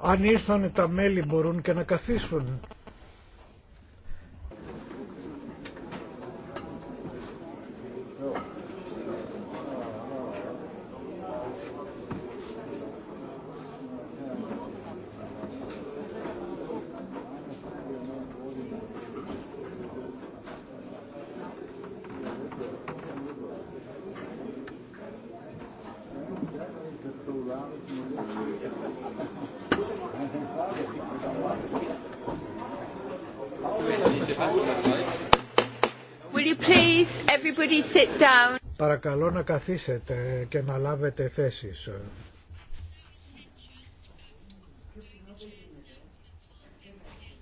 Αν ήρθαν τα μέλη μπορούν και να καθίσουν. παρακαλώ να καθίσετε και να λάβετε θέσεις.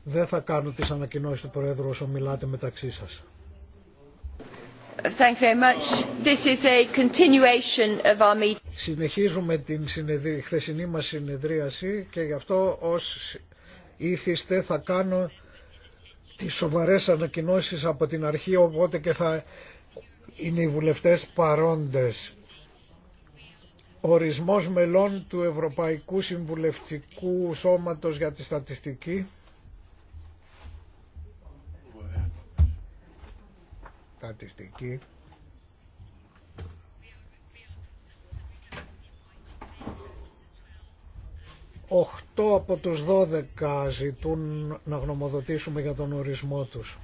Δεν θα κάνω τις ανακοινώσεις του Προέδρου όσο μιλάτε μεταξύ σας. Thank you very much. This is a continuation of our meeting. Συνεχίζουμε την χθεσινή μας συνεδρίαση και γι' αυτό ως ήθιστε θα κάνω τις σοβαρές ανακοινώσεις από την αρχή οπότε και θα είναι οι βουλευτές παρόντες. Ορισμός μελών του Ευρωπαϊκού Συμβουλευτικού Σώματος για τη Στατιστική. Στατιστική. Οχτώ από τους δώδεκα ζητούν να γνωμοδοτήσουμε για τον ορισμό τους.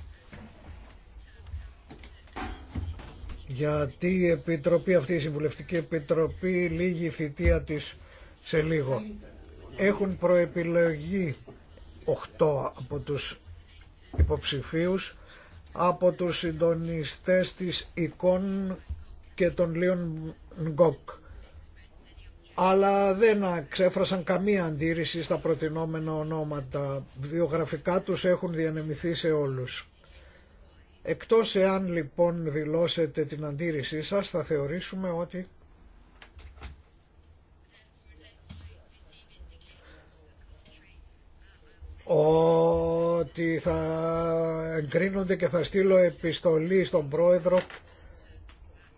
γιατί η Επιτροπή, αυτή η Συμβουλευτική Επιτροπή λίγη θητεία της σε λίγο. Έχουν προεπιλογή 8 από τους υποψηφίους από τους συντονιστές της εικόν και των Λίων Γκόκ. Αλλά δεν ξέφρασαν καμία αντίρρηση στα προτινόμενα ονόματα. Βιογραφικά τους έχουν διανεμηθεί σε όλους. Εκτός εάν λοιπόν δηλώσετε την αντίρρησή σας θα θεωρήσουμε ότι ότι θα εγκρίνονται και θα στείλω επιστολή στον πρόεδρο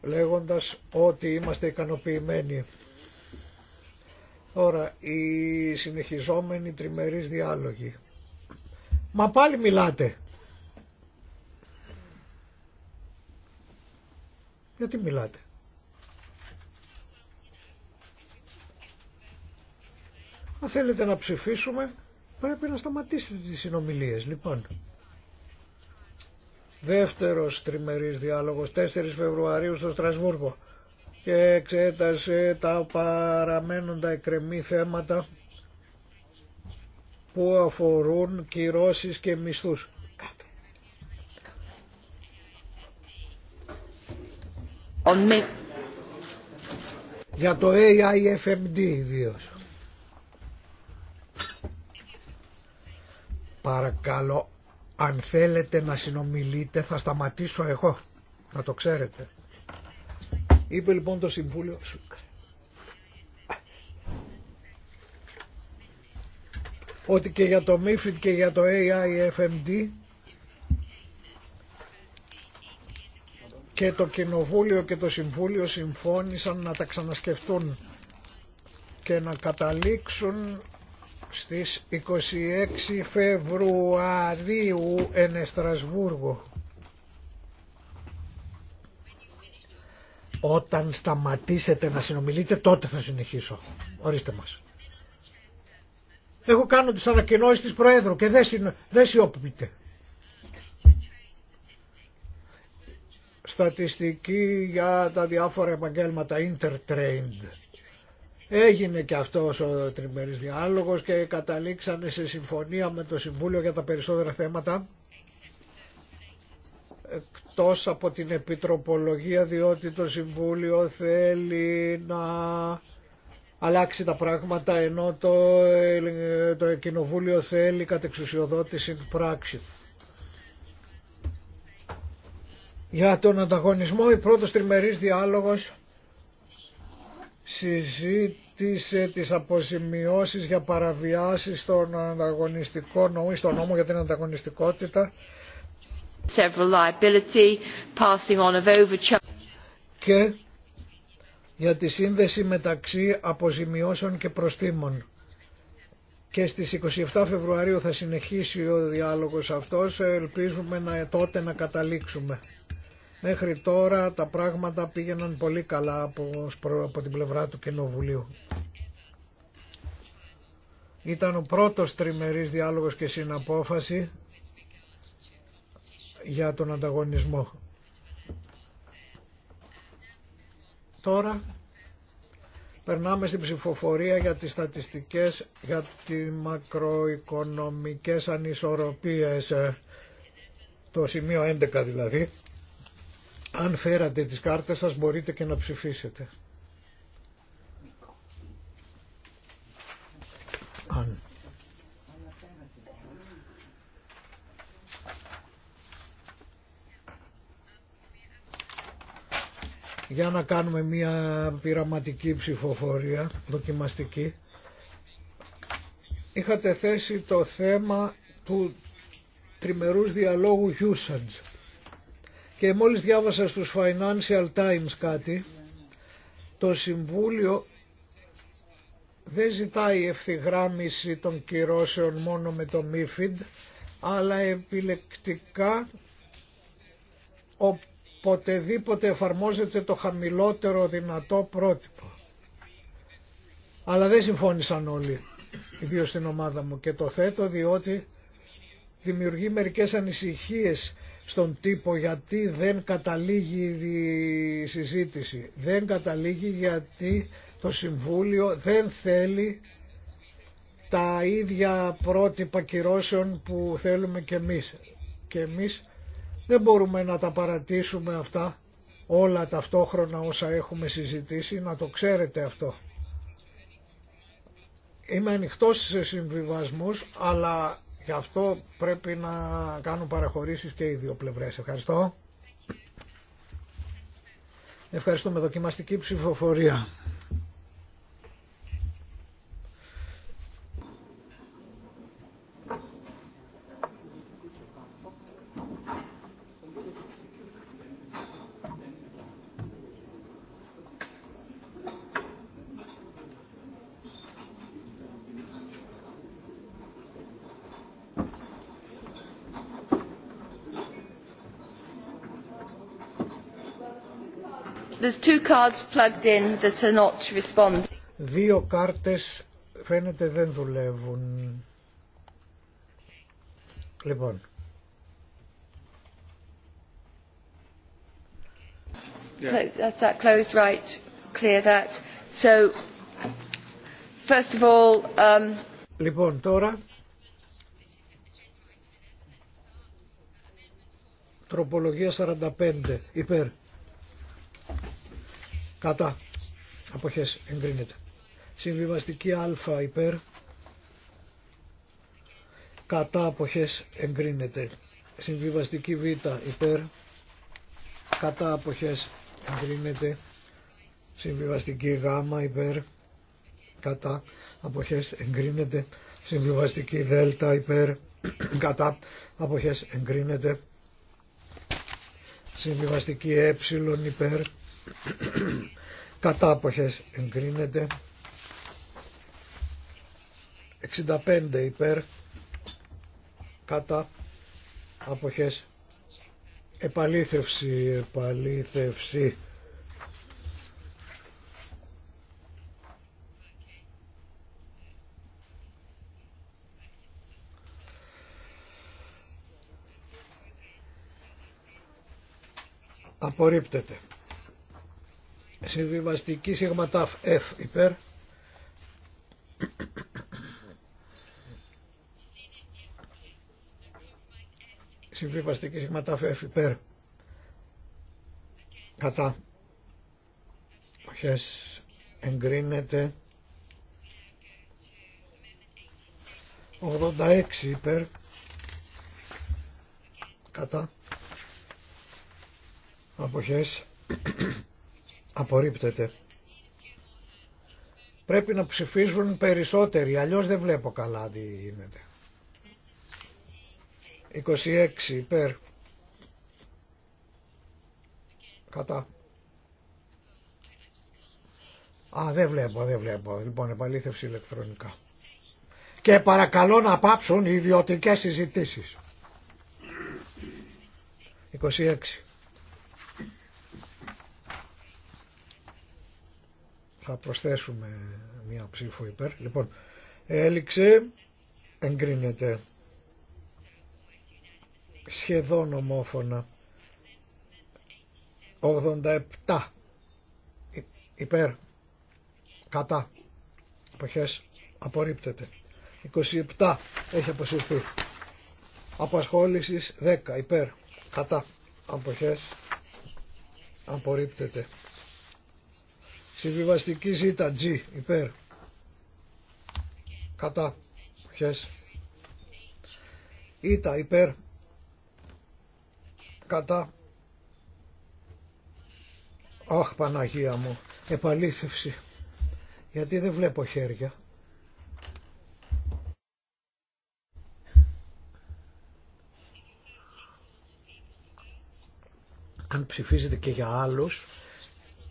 λέγοντας ότι είμαστε ικανοποιημένοι. Τώρα, οι συνεχιζόμενοι τριμερείς διάλογοι. Μα πάλι μιλάτε. Γιατί μιλάτε. Αν θέλετε να ψηφίσουμε πρέπει να σταματήσετε τις συνομιλίες. Λοιπόν, δεύτερος τριμερής διάλογος 4 Φεβρουαρίου στο Στρασβούργο και εξέτασε τα παραμένοντα εκκρεμή θέματα που αφορούν κυρώσεις και μισθούς. Για το AIFMD ιδίω. Παρακαλώ, αν θέλετε να συνομιλείτε θα σταματήσω εγώ, να το ξέρετε. Είπε λοιπόν το Συμβούλιο ότι και για το MIFID και για το AIFMD και το Κοινοβούλιο και το Συμβούλιο συμφώνησαν να τα ξανασκεφτούν και να καταλήξουν στις 26 Φεβρουαρίου εν Εστρασβούργο. Όταν σταματήσετε να συνομιλείτε τότε θα συνεχίσω. Ορίστε μας. Εγώ κάνω τις ανακοινώσεις της Προέδρου και δεν, συνο... στατιστική για τα διάφορα επαγγέλματα intertrained. Έγινε και αυτό ο τριμερής διάλογος και καταλήξανε σε συμφωνία με το Συμβούλιο για τα περισσότερα θέματα εκτός από την επιτροπολογία διότι το Συμβούλιο θέλει να αλλάξει τα πράγματα ενώ το, ε, το Κοινοβούλιο θέλει κατεξουσιοδότηση πράξη. Για τον ανταγωνισμό η πρώτος τριμερής διάλογος συζήτησε τις αποζημιώσεις για παραβιάσεις ανταγωνιστικό νόμο ή στον νόμο για την ανταγωνιστικότητα και για τη σύνδεση μεταξύ αποζημιώσεων και προστήμων. Και στις 27 Φεβρουαρίου θα συνεχίσει ο διάλογος αυτός, ελπίζουμε να, τότε να καταλήξουμε. Μέχρι τώρα τα πράγματα πήγαιναν πολύ καλά από, από την πλευρά του Κοινοβουλίου. Ήταν ο πρώτος τριμερής διάλογος και συναπόφαση για τον ανταγωνισμό. Τώρα περνάμε στην ψηφοφορία για τις στατιστικές, για τις μακροοικονομικές ανισορροπίες, το σημείο 11 δηλαδή. Αν φέρατε τις κάρτες σας μπορείτε και να ψηφίσετε. Για να κάνουμε μια πειραματική ψηφοφορία, δοκιμαστική. Είχατε θέσει το θέμα του τριμερούς διαλόγου usage και μόλις διάβασα στους Financial Times κάτι, το Συμβούλιο δεν ζητάει ευθυγράμμιση των κυρώσεων μόνο με το MIFID, αλλά επιλεκτικά οποτεδήποτε εφαρμόζεται το χαμηλότερο δυνατό πρότυπο. Αλλά δεν συμφώνησαν όλοι, ιδίως στην ομάδα μου και το θέτω διότι δημιουργεί μερικές ανησυχίες στον τύπο γιατί δεν καταλήγει η συζήτηση. Δεν καταλήγει γιατί το Συμβούλιο δεν θέλει τα ίδια πρότυπα κυρώσεων που θέλουμε και εμείς. Και εμείς δεν μπορούμε να τα παρατήσουμε αυτά όλα ταυτόχρονα όσα έχουμε συζητήσει, να το ξέρετε αυτό. Είμαι ανοιχτό σε συμβιβασμούς, αλλά Γι' αυτό πρέπει να κάνουν παραχωρήσεις και οι δύο πλευρές. Ευχαριστώ. Ευχαριστούμε. Δοκιμαστική ψηφοφορία. cards plugged in that are not responding. Δύο κάρτες φαίνεται δεν δουλεύουν. Λοιπόν. Yeah. That's that closed right. Clear that. So, first of all, um... Λοιπόν, τώρα τροπολογία 45 υπέρ κατά αποχές εγκρίνεται συμβιβαστική α υπέρ κατά αποχές εγκρίνεται συμβιβαστική β υπέρ κατά αποχές εγκρίνεται συμβιβαστική γ υπέρ κατά αποχές εγκρίνεται συμβιβαστική δ υπέρ κατά αποχές εγκρίνεται συμβιβαστική ε υπέρ κατά αποχές εγκρίνεται 65 υπέρ κατά αποχές επαλήθευση επαλήθευση απορρίπτεται Συμβιβαστική σιγματάφ F υπέρ. Συμβιβαστική σιγματάφ F υπέρ. Κατά. Ποιες εγκρίνεται. 86 υπέρ. Κατά. Αποχές Απορρίπτεται. Πρέπει να ψηφίζουν περισσότεροι, αλλιώς δεν βλέπω καλά τι γίνεται. 26 υπέρ. Κατά. Α, δεν βλέπω, δεν βλέπω. Λοιπόν, επαλήθευση ηλεκτρονικά. Και παρακαλώ να πάψουν οι ιδιωτικές συζητήσεις. 26. θα προσθέσουμε μία ψήφο υπέρ. Λοιπόν, έληξε, εγκρίνεται σχεδόν ομόφωνα 87 υπέρ κατά εποχές απορρίπτεται 27 έχει αποσυρθεί απασχόλησης 10 υπέρ κατά εποχές απορρίπτεται Συμβιβαστική ζήτα G υπέρ. Κατά. Χες. Ήτα υπέρ. Κατά. Αχ Παναγία μου. Επαλήθευση. Γιατί δεν βλέπω χέρια. Αν ψηφίζετε και για άλλους,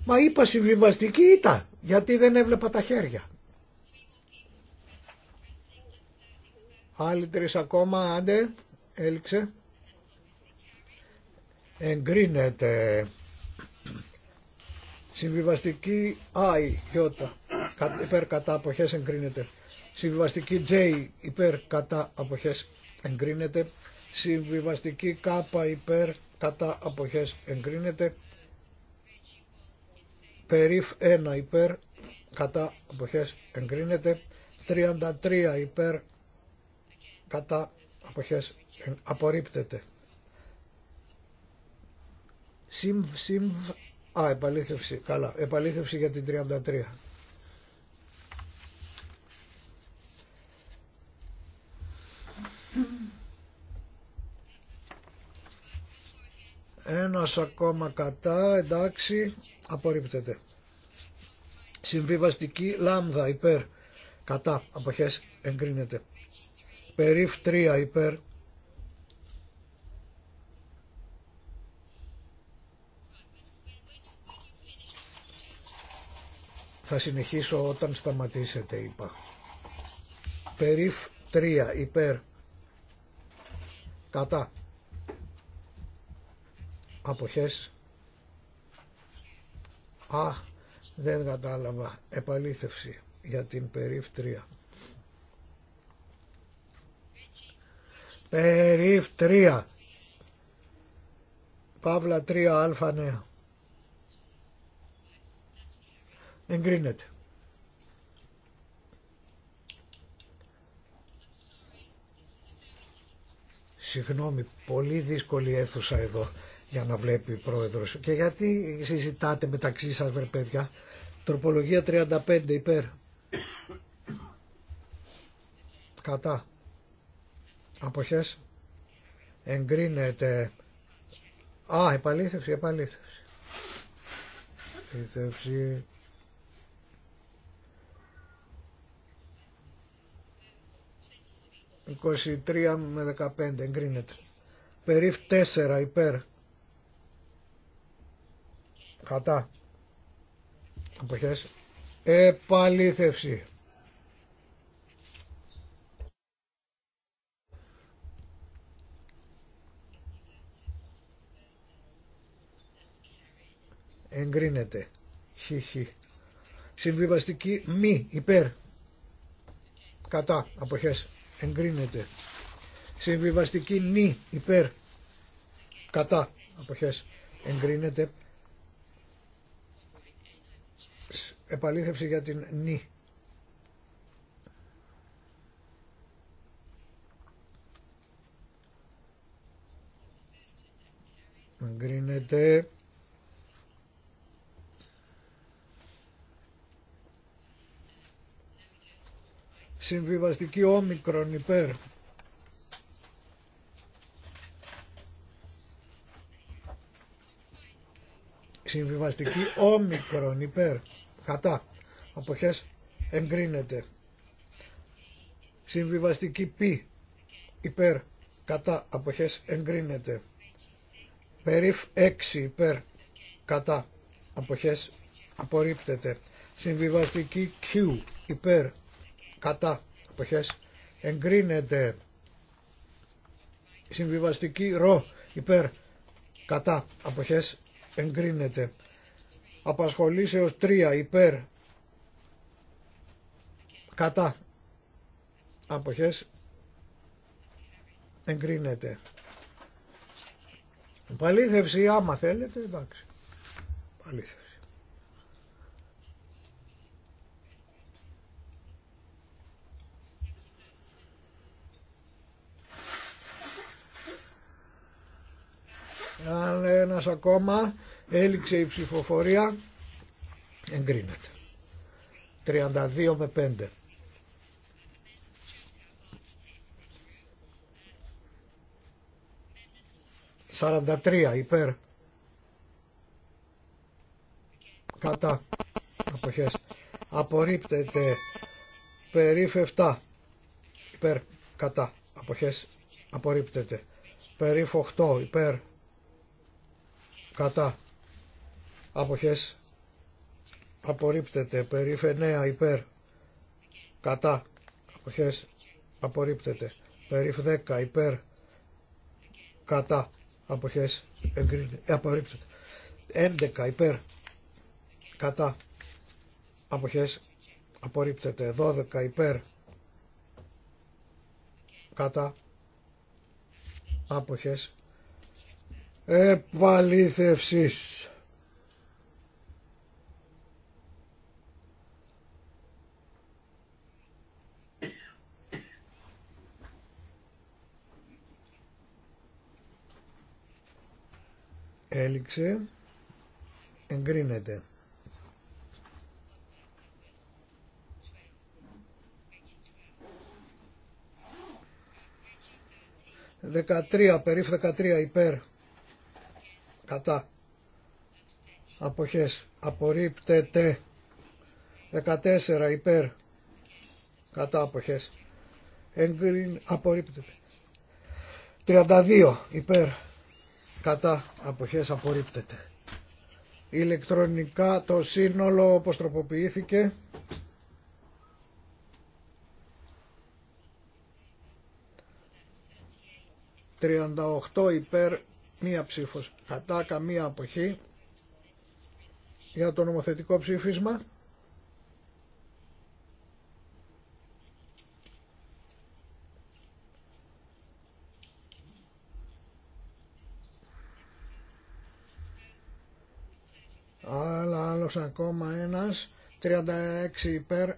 Μα είπα συμβιβαστική ήταν, γιατί δεν έβλεπα τα χέρια. Άλλοι τρεις ακόμα, άντε, έληξε. Εγκρίνεται. Συμβιβαστική Ι Ι, υπέρ κατά αποχές εγκρίνεται. Συμβιβαστική J, υπέρ κατά αποχές εγκρίνεται. Συμβιβαστική Κ υπέρ κατά αποχές εγκρίνεται περίφ 1 υπέρ κατά αποχές εγκρίνεται 33 υπέρ κατά αποχές απορρίπτεται Συμβ, συμβ, α, επαλήθευση, καλά, επαλήθευση για την 33. Ένας ακόμα κατά, εντάξει, απορρίπτεται. Συμβιβαστική λάμδα υπέρ, κατά, αποχές, εγκρίνεται. Περίφ 3 υπέρ, Θα συνεχίσω όταν σταματήσετε είπα. Περίφ 3 υπέρ κατά αποχές α δεν κατάλαβα επαλήθευση για την περίφτρια περίφτρια παύλα 3 α νέα εγκρίνεται συγγνώμη πολύ δύσκολη αίθουσα εδώ για να βλέπει ο πρόεδρος. Και γιατί συζητάτε μεταξύ σας βρε παιδιά. Τροπολογία 35 υπέρ. Κατά. Αποχές. Εγκρίνεται. Α, επαλήθευση, επαλήθευση. Επαλήθευση. «23 με 15 εγκρίνεται. Περίφ 4 υπέρ κατά αποχές επαλήθευση εγκρίνεται χιχι συμβιβαστική μη υπέρ κατά αποχές εγκρίνεται συμβιβαστική νη υπέρ κατά αποχές εγκρίνεται επαλήθευση για την νη. Εγκρίνεται. Συμβιβαστική όμικρον υπέρ. Συμβιβαστική όμικρον υπέρ κατά αποχές εγκρίνεται συμβιβαστική π υπέρ κατά αποχές εγκρίνεται περίφ 6 υπέρ κατά αποχές απορρίπτεται συμβιβαστική Q υπέρ κατά αποχές εγκρίνεται συμβιβαστική ρο υπέρ κατά αποχές εγκρίνεται απασχολήσεως 3 υπέρ κατά αποχές εγκρίνεται. Παλήθευση άμα θέλετε εντάξει. Παλήθευση. Αν ένας ακόμα Έληξε η ψηφοφορία. Εγκρίνεται. 32 με 5. 43 υπέρ κατά αποχές απορρίπτεται Περίφευτα υπέρ κατά αποχές απορρίπτεται περίφ 8 υπέρ κατά αποχές απορρίπτεται περίφε υπέρ κατά αποχές απορρίπτεται περίφ 10 υπέρ κατά αποχές εγκρίνεται ε, απορρίπτεται 11 υπέρ κατά αποχές απορρίπτεται 12 υπέρ κατά άποχες επαλήθευσης Έληξε. Εγκρίνεται. 13, περίπου 13 υπέρ, κατά, αποχές, απορρίπτεται, 14 υπέρ, κατά αποχές, εγκρίν, απορρίπτεται, 32 υπέρ, κατά αποχές απορρίπτεται. Ηλεκτρονικά το σύνολο όπως τροποποιήθηκε. ...38 υπέρ, μία ψήφος κατά, καμία αποχή για το νομοθετικό ψήφισμα. ψήφος ακόμα ένας, 36 υπέρ,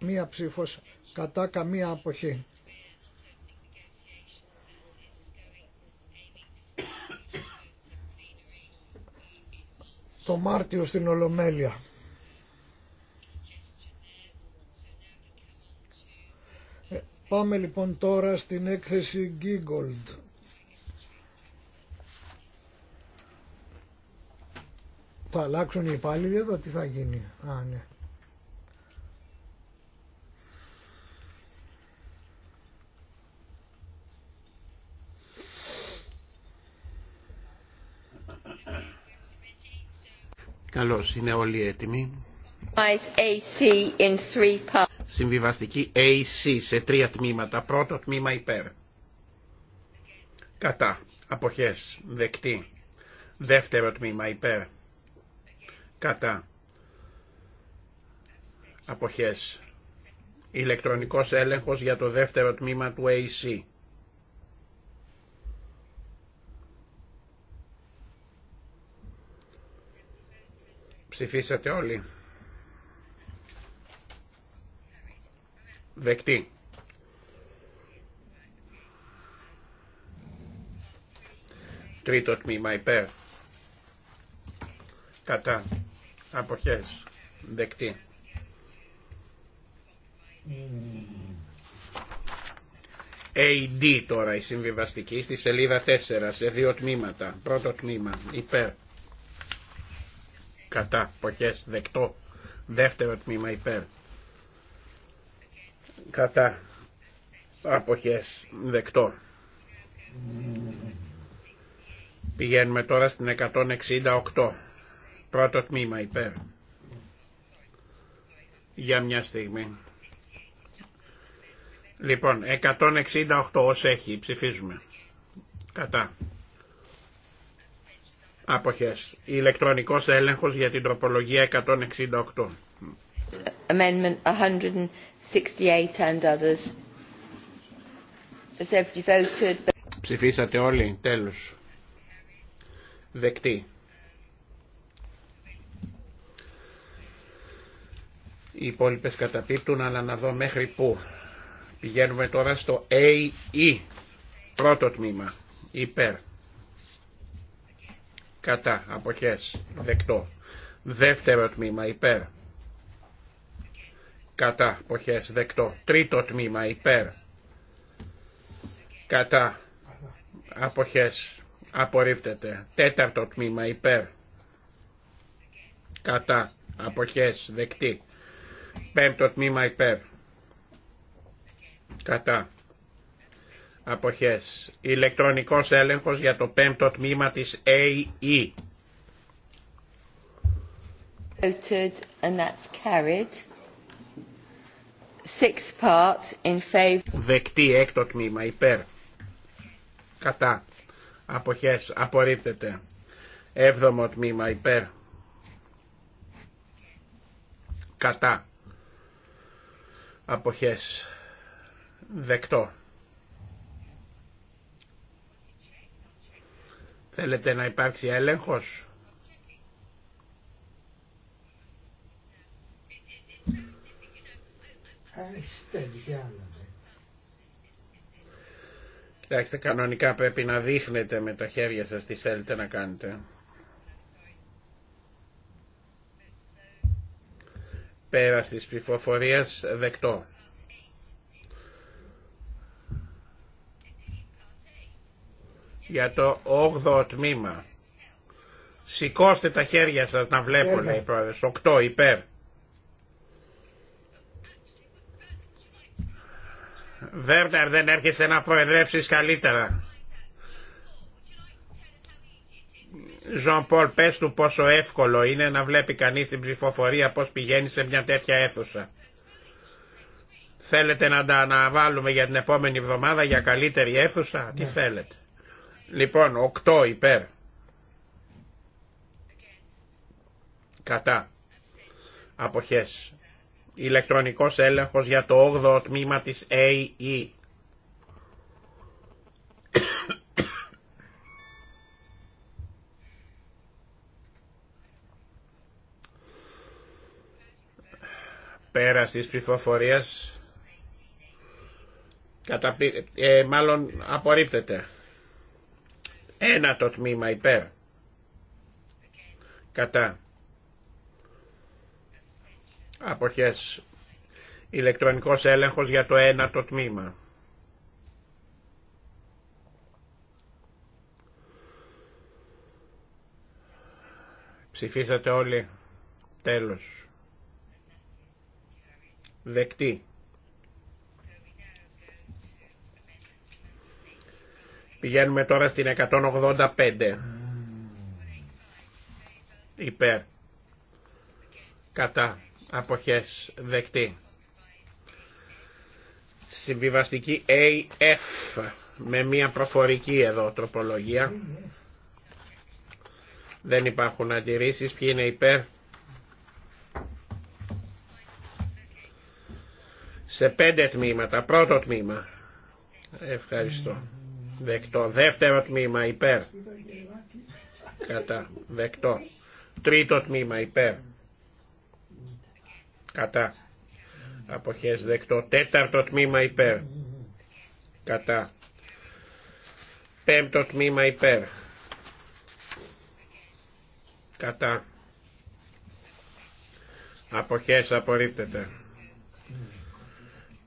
μία ψήφος κατά καμία αποχή. Το Μάρτιο στην Ολομέλεια. Ε, πάμε λοιπόν τώρα στην έκθεση Giggold. Θα αλλάξουν οι υπάλληλοι εδώ, τι θα γίνει. Α, ναι. Καλώς, είναι όλοι έτοιμοι. Συμβιβαστική AC σε τρία τμήματα. Πρώτο τμήμα υπέρ. Κατά. Αποχές. Δεκτή. Δεύτερο τμήμα υπέρ κατά αποχές ηλεκτρονικός έλεγχος για το δεύτερο τμήμα του AC ψηφίσατε όλοι δεκτή τρίτο τμήμα υπέρ κατά αποχές δεκτή. AD ε, τώρα η συμβιβαστική στη σελίδα 4 σε δύο τμήματα. Πρώτο τμήμα υπέρ κατά αποχές δεκτό. Δεύτερο τμήμα υπέρ κατά αποχές δεκτό. Πηγαίνουμε τώρα στην 168 Πρώτο τμήμα υπέρ. Για μια στιγμή. Λοιπόν, 168 ως έχει, ψηφίζουμε. Κατά. Αποχές. Ηλεκτρονικός έλεγχος για την τροπολογία 168. Amendment 168 and others. Voted, Ψηφίσατε όλοι, τέλος. Δεκτή. Οι υπόλοιπε καταπίπτουν, αλλά να δω μέχρι πού. Πηγαίνουμε τώρα στο AE, πρώτο τμήμα, υπέρ. Κατά, αποχές, δεκτό. Δεύτερο τμήμα, υπέρ. Κατά, αποχές, δεκτό. Τρίτο τμήμα, υπέρ. Κατά, αποχές, απορρίπτεται. Τέταρτο τμήμα, υπέρ. Κατά, αποχές, δεκτή. Πέμπτο τμήμα υπέρ. Κατά. Αποχές. Ηλεκτρονικός έλεγχος για το πέμπτο τμήμα της AE. Voted and that's carried. Δεκτή έκτο τμήμα υπέρ. Κατά. Αποχές. Απορρίπτεται. Έβδομο τμήμα υπέρ. Κατά αποχές δεκτό. Θέλετε να υπάρξει έλεγχος. Κοιτάξτε, κανονικά πρέπει να δείχνετε με τα χέρια σας τι θέλετε να κάνετε. Πέρα τη ψηφοφορίας δεκτό. Για το 8ο τμήμα. Σηκώστε τα χέρια σας να βλέπω λέει πρόεδρος. 8 υπέρ. Βέρνερ δεν έρχεσαι να προεδρεύσεις καλύτερα. Ζων Πολ πες του πόσο εύκολο είναι να βλέπει κανεί την ψηφοφορία πώ πηγαίνει σε μια τέτοια αίθουσα. Θέλετε να τα αναβάλουμε για την επόμενη εβδομάδα για καλύτερη αίθουσα, τι ναι. θέλετε. Λοιπόν, οκτώ υπέρ. Κατά. Αποχές. Ηλεκτρονικός έλεγχος για το 8ο τμήμα της AE. Πέρας της ψηφοφορίας. Καταπι... Ε, μάλλον απορρίπτεται. Ένα το τμήμα υπέρ. Κατά. Αποχές. Ηλεκτρονικός έλεγχος για το ένα το τμήμα. Ψηφίσατε όλοι. Τέλος. Δεκτή. Πηγαίνουμε τώρα στην 185. Υπέρ. Κατά. Αποχές. Δεκτή. Συμβιβαστική AF. Με μία προφορική εδώ τροπολογία. Δεν υπάρχουν αντιρρήσεις. Ποιοι είναι υπέρ. σε πέντε τμήματα. Πρώτο τμήμα. Ευχαριστώ. Δεκτό. Δεύτερο τμήμα υπέρ. Κατά. Δεκτό. Τρίτο τμήμα υπέρ. Κατά. Αποχές δεκτό. Τέταρτο τμήμα υπέρ. Κατά. Πέμπτο τμήμα υπέρ. Κατά. Αποχές απορρίπτεται.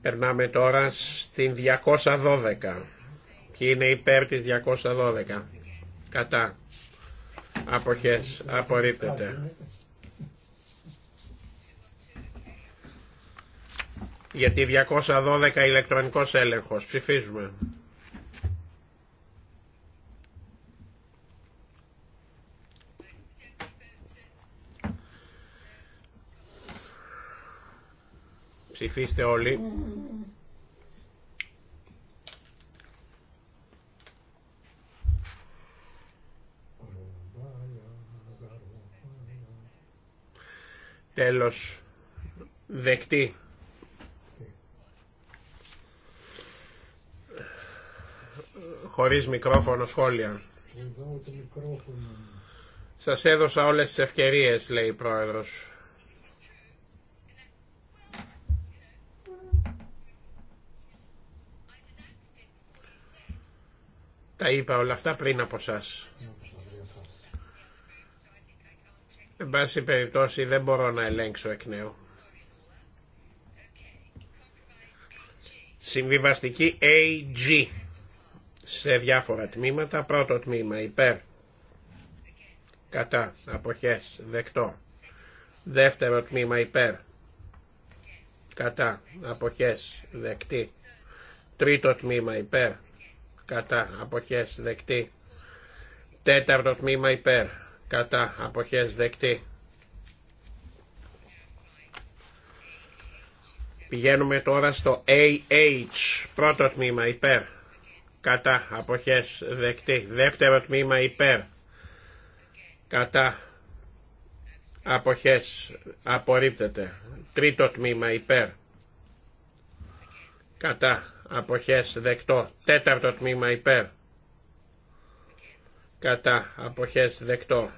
Περνάμε τώρα στην 212. Ποιοι είναι υπέρ της 212. Κατά. Αποχές. Απορρίπτεται. Γιατί 212 ηλεκτρονικός έλεγχος. Ψηφίζουμε. Ψηφίστε όλοι. Τέλος. Δεκτή. Χωρίς μικρόφωνο σχόλια. Σας έδωσα όλες τις ευκαιρίες, λέει η Πρόεδρος. Τα είπα όλα αυτά πριν από εσά. Εν πάση περιπτώσει δεν μπορώ να ελέγξω εκ νέου. Συμβιβαστική AG σε διάφορα τμήματα. Πρώτο τμήμα υπέρ κατά αποχές δεκτό. Δεύτερο τμήμα υπέρ κατά αποχές δεκτή. Τρίτο τμήμα υπέρ κατά αποχές δεκτή. Τέταρτο τμήμα υπέρ κατά αποχές δεκτή. Πηγαίνουμε τώρα στο AH, πρώτο τμήμα υπέρ, κατά αποχές δεκτή, δεύτερο τμήμα υπέρ, κατά αποχές απορρίπτεται, τρίτο τμήμα υπέρ, κατά αποχές δεκτό. Τέταρτο τμήμα υπέρ κατά αποχές δεκτό.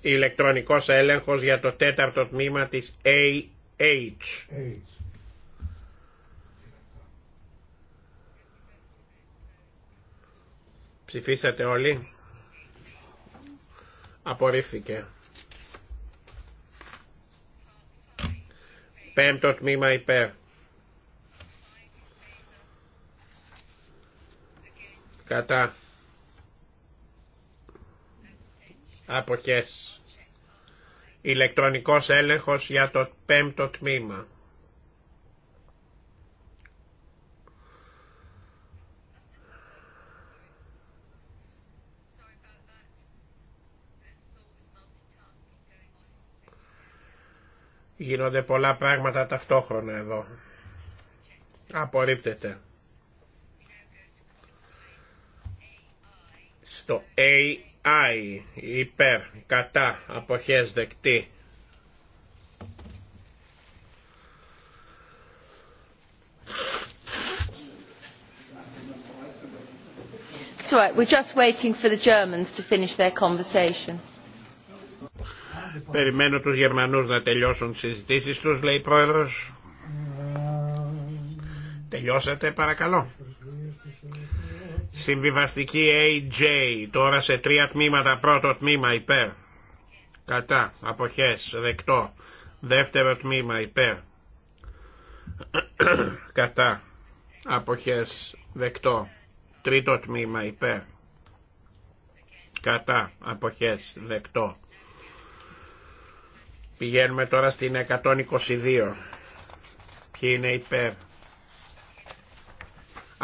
Ηλεκτρονικός έλεγχος για το τέταρτο τμήμα της AH. H. Ψηφίσατε όλοι. Απορρίφθηκε. Πέμπτο τμήμα υπέρ. κατά αποχές. Ηλεκτρονικός έλεγχος για το πέμπτο τμήμα. Γίνονται πολλά πράγματα ταυτόχρονα εδώ. Απορρίπτεται. στο AI υπέρ κατά αποχές δεκτή Περιμένω τους Γερμανούς να τελειώσουν τις συζητήσεις τους, λέει η Πρόεδρος. Ε, Τελειώσατε παρακαλώ. Συμβιβαστική AJ, τώρα σε τρία τμήματα, πρώτο τμήμα υπέρ, κατά, αποχές, δεκτό, δεύτερο τμήμα υπέρ, κατά, αποχές, δεκτό, τρίτο τμήμα υπέρ, κατά, αποχές, δεκτό. Πηγαίνουμε τώρα στην 122. Ποιοι είναι υπέρ,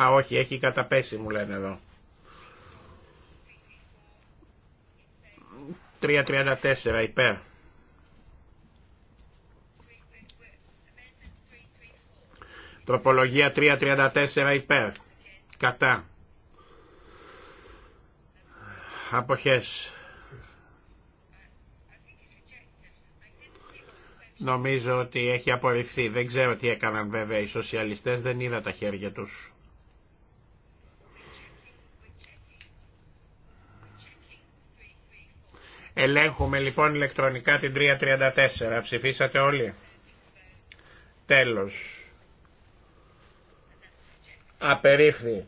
Α, όχι, έχει καταπέσει μου λένε εδώ. 3.34 υπέρ. Τροπολογία 3.34 υπέρ. Κατά. Αποχές. Νομίζω ότι έχει απορριφθεί. Δεν ξέρω τι έκαναν βέβαια οι σοσιαλιστές, δεν είδα τα χέρια τους. Ελέγχουμε λοιπόν ηλεκτρονικά την 334. Ψηφίσατε όλοι. Τέλος. Απερίφθη.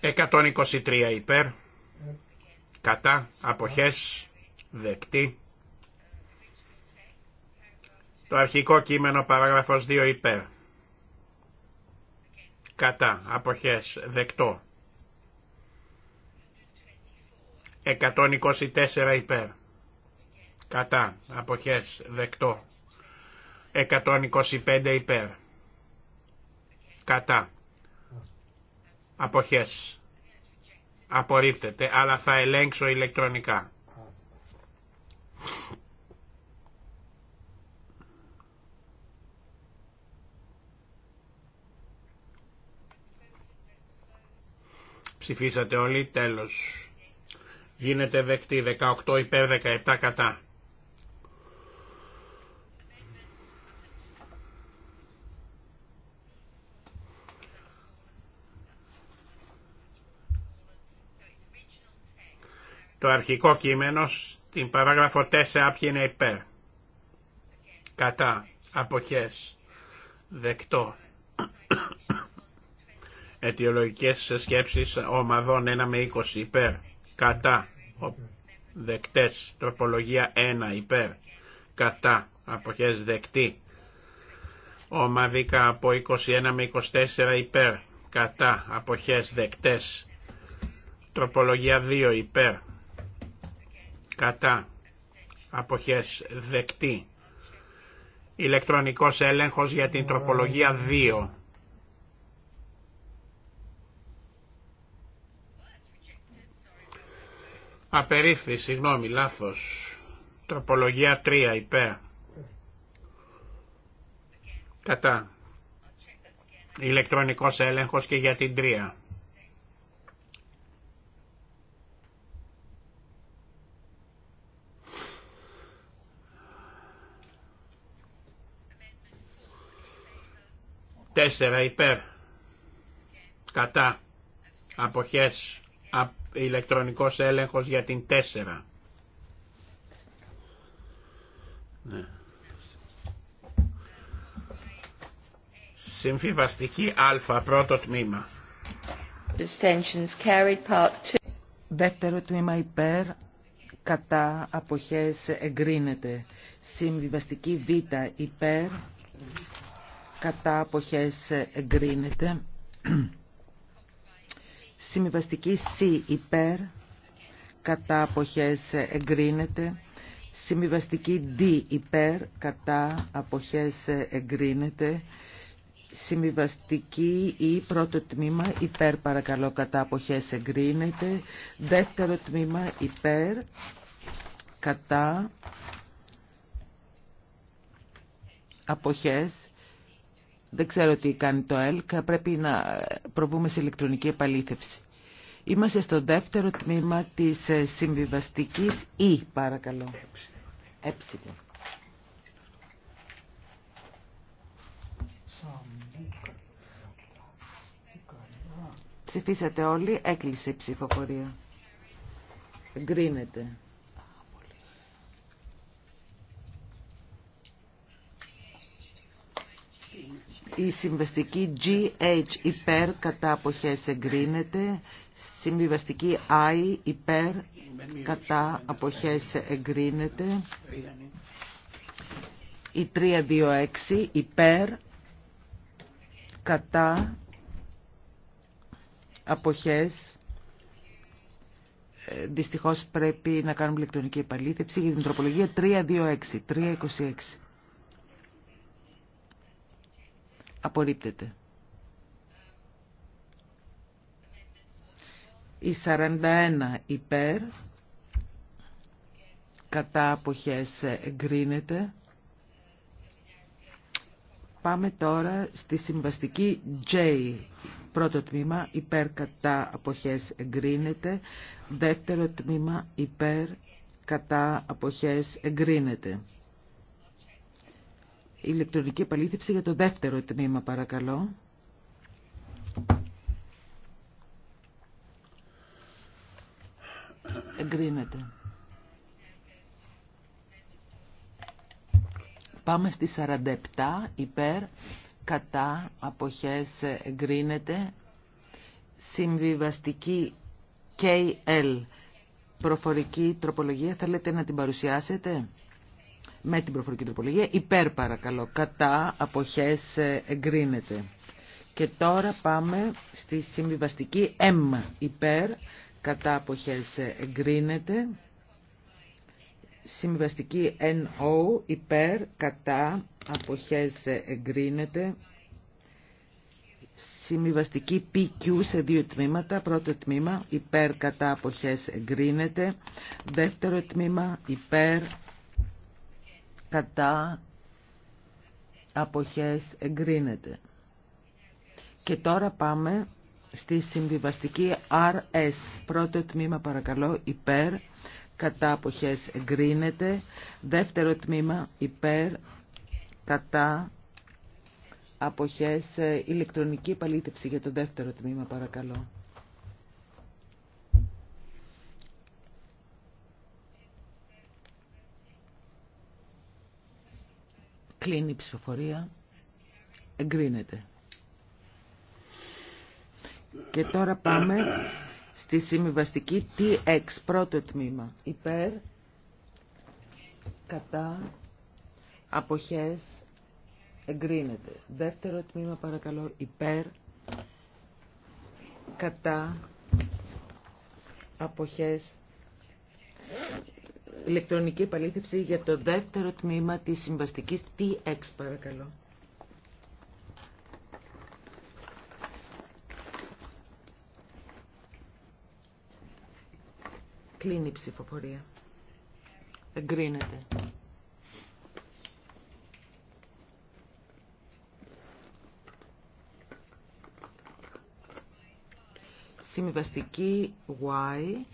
123 υπέρ. Κατά. Αποχές. Δεκτή. Το αρχικό κείμενο παράγραφος 2 υπέρ. Κατά. Αποχές. Δεκτό. 124 υπέρ. Κατά. Αποχές. Δεκτό. 125 υπέρ. Κατά. Αποχές. Απορρίπτεται, αλλά θα ελέγξω ηλεκτρονικά. Ψηφίσατε όλοι, τέλος. Γίνεται δεκτή 18 υπέρ 17 κατά. Το αρχικό κείμενο στην παράγραφο 4 ποιοι είναι υπέρ. Κατά. Αποχές. Δεκτό αιτιολογικές σκέψεις ομαδών 1 με 20 υπέρ, κατά, δεκτές, τροπολογία 1 υπέρ, κατά, αποχές δεκτή, ομαδικά από 21 με 24 υπέρ, κατά, αποχές δεκτές, τροπολογία 2 υπέρ, κατά, αποχές δεκτή, ηλεκτρονικός έλεγχος για την τροπολογία 2, Απερίφθη, συγγνώμη, λάθος. Τροπολογία 3 υπέρ. Κατά. Ηλεκτρονικός έλεγχος και για την 3. Τέσσερα υπέρ. Κατά. Αποχές ηλεκτρονικός έλεγχος για την 4. Ναι. Συμφιβαστική Α, πρώτο τμήμα. Carried part Δεύτερο τμήμα υπέρ, κατά, αποχές, εγκρίνεται. Συμβιβαστική Β, υπέρ, κατά, αποχές, εγκρίνεται. Συμβιβαστική C υπέρ, κατά αποχές εγκρίνεται. Συμβιβαστική D υπέρ, κατά αποχές εγκρίνεται. Συμβιβαστική ή e πρώτο τμήμα υπέρ παρακαλώ κατά αποχές εγκρίνεται. Δεύτερο τμήμα υπέρ κατά αποχές δεν ξέρω τι κάνει το ΕΛΚ, πρέπει να προβούμε σε ηλεκτρονική επαλήθευση. Είμαστε στο δεύτερο τμήμα της ε, συμβιβαστικής Ή, e, παρακαλώ. Ε. Ψηφίσατε όλοι, έκλεισε η παρακαλω ψηφισατε ολοι Εγκρίνεται. Η συμβαστική GH υπέρ κατά αποχές εγκρίνεται. Συμβιβαστική I υπέρ κατά αποχές εγκρίνεται. Η 326 υπέρ κατά αποχές ε, δυστυχώς πρέπει να κάνουμε ηλεκτρονική επαλήθευση για την τροπολογία 326. 326. Απορρίπτεται. Η 41 υπέρ. Κατά αποχές εγκρίνεται. Πάμε τώρα στη συμβαστική J. Πρώτο τμήμα υπέρ κατά αποχές εγκρίνεται. Δεύτερο τμήμα υπέρ κατά αποχές εγκρίνεται ηλεκτρονική επαλήθευση για το δεύτερο τμήμα παρακαλώ. Εγκρίνεται. Πάμε στη 47 υπέρ κατά αποχές εγκρίνεται συμβιβαστική KL προφορική τροπολογία θέλετε να την παρουσιάσετε με την προφορική τροπολογία. Υπέρ παρακαλώ. Κατά αποχές ε, εγκρίνεται. Και τώρα πάμε στη συμβιβαστική M. Υπέρ κατά αποχές ε, εγκρίνεται. Συμβιβαστική NO. Υπέρ κατά αποχές ε, εγκρίνεται. Συμβιβαστική PQ σε δύο τμήματα. Πρώτο τμήμα υπέρ κατά αποχές εγκρίνεται. Δεύτερο τμήμα υπέρ κατά αποχές εγκρίνεται. Και τώρα πάμε στη συμβιβαστική RS. Πρώτο τμήμα παρακαλώ υπέρ, κατά αποχές εγκρίνεται. Δεύτερο τμήμα υπέρ, κατά αποχές ε, ηλεκτρονική παλήτευση για το δεύτερο τμήμα παρακαλώ. Κλείνει η ψηφοφορία. Εγκρίνεται. Και τώρα πάμε στη συμβιβαστική TX, πρώτο τμήμα. Υπέρ, κατά, αποχές, εγκρίνεται. Δεύτερο τμήμα παρακαλώ, υπέρ, κατά, αποχές, ηλεκτρονική επαλήθευση για το δεύτερο τμήμα της συμβαστικής TX παρακαλώ. Κλείνει η ψηφοφορία. Εγκρίνεται. Συμβαστική Y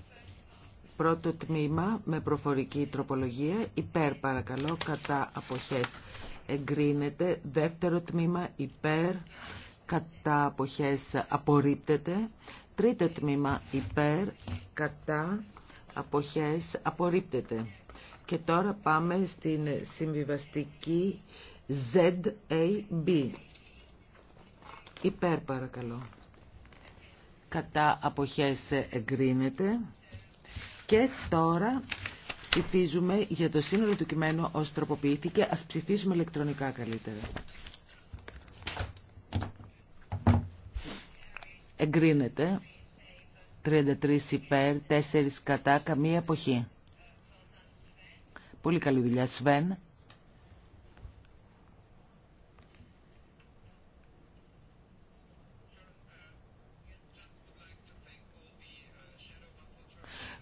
Πρώτο τμήμα με προφορική τροπολογία. Υπέρ παρακαλώ. Κατά αποχές εγκρίνεται. Δεύτερο τμήμα υπέρ. Κατά αποχές απορρίπτεται. Τρίτο τμήμα υπέρ. Κατά αποχές απορρίπτεται. Και τώρα πάμε στην συμβιβαστική ZAB. Υπέρ παρακαλώ. Κατά αποχές εγκρίνεται. Και τώρα ψηφίζουμε για το σύνολο του κειμένου ως τροποποιήθηκε. Ας ψηφίσουμε ηλεκτρονικά καλύτερα. Εγκρίνεται. 33 υπέρ, 4 κατά, καμία εποχή. Πολύ καλή δουλειά, Σβέν.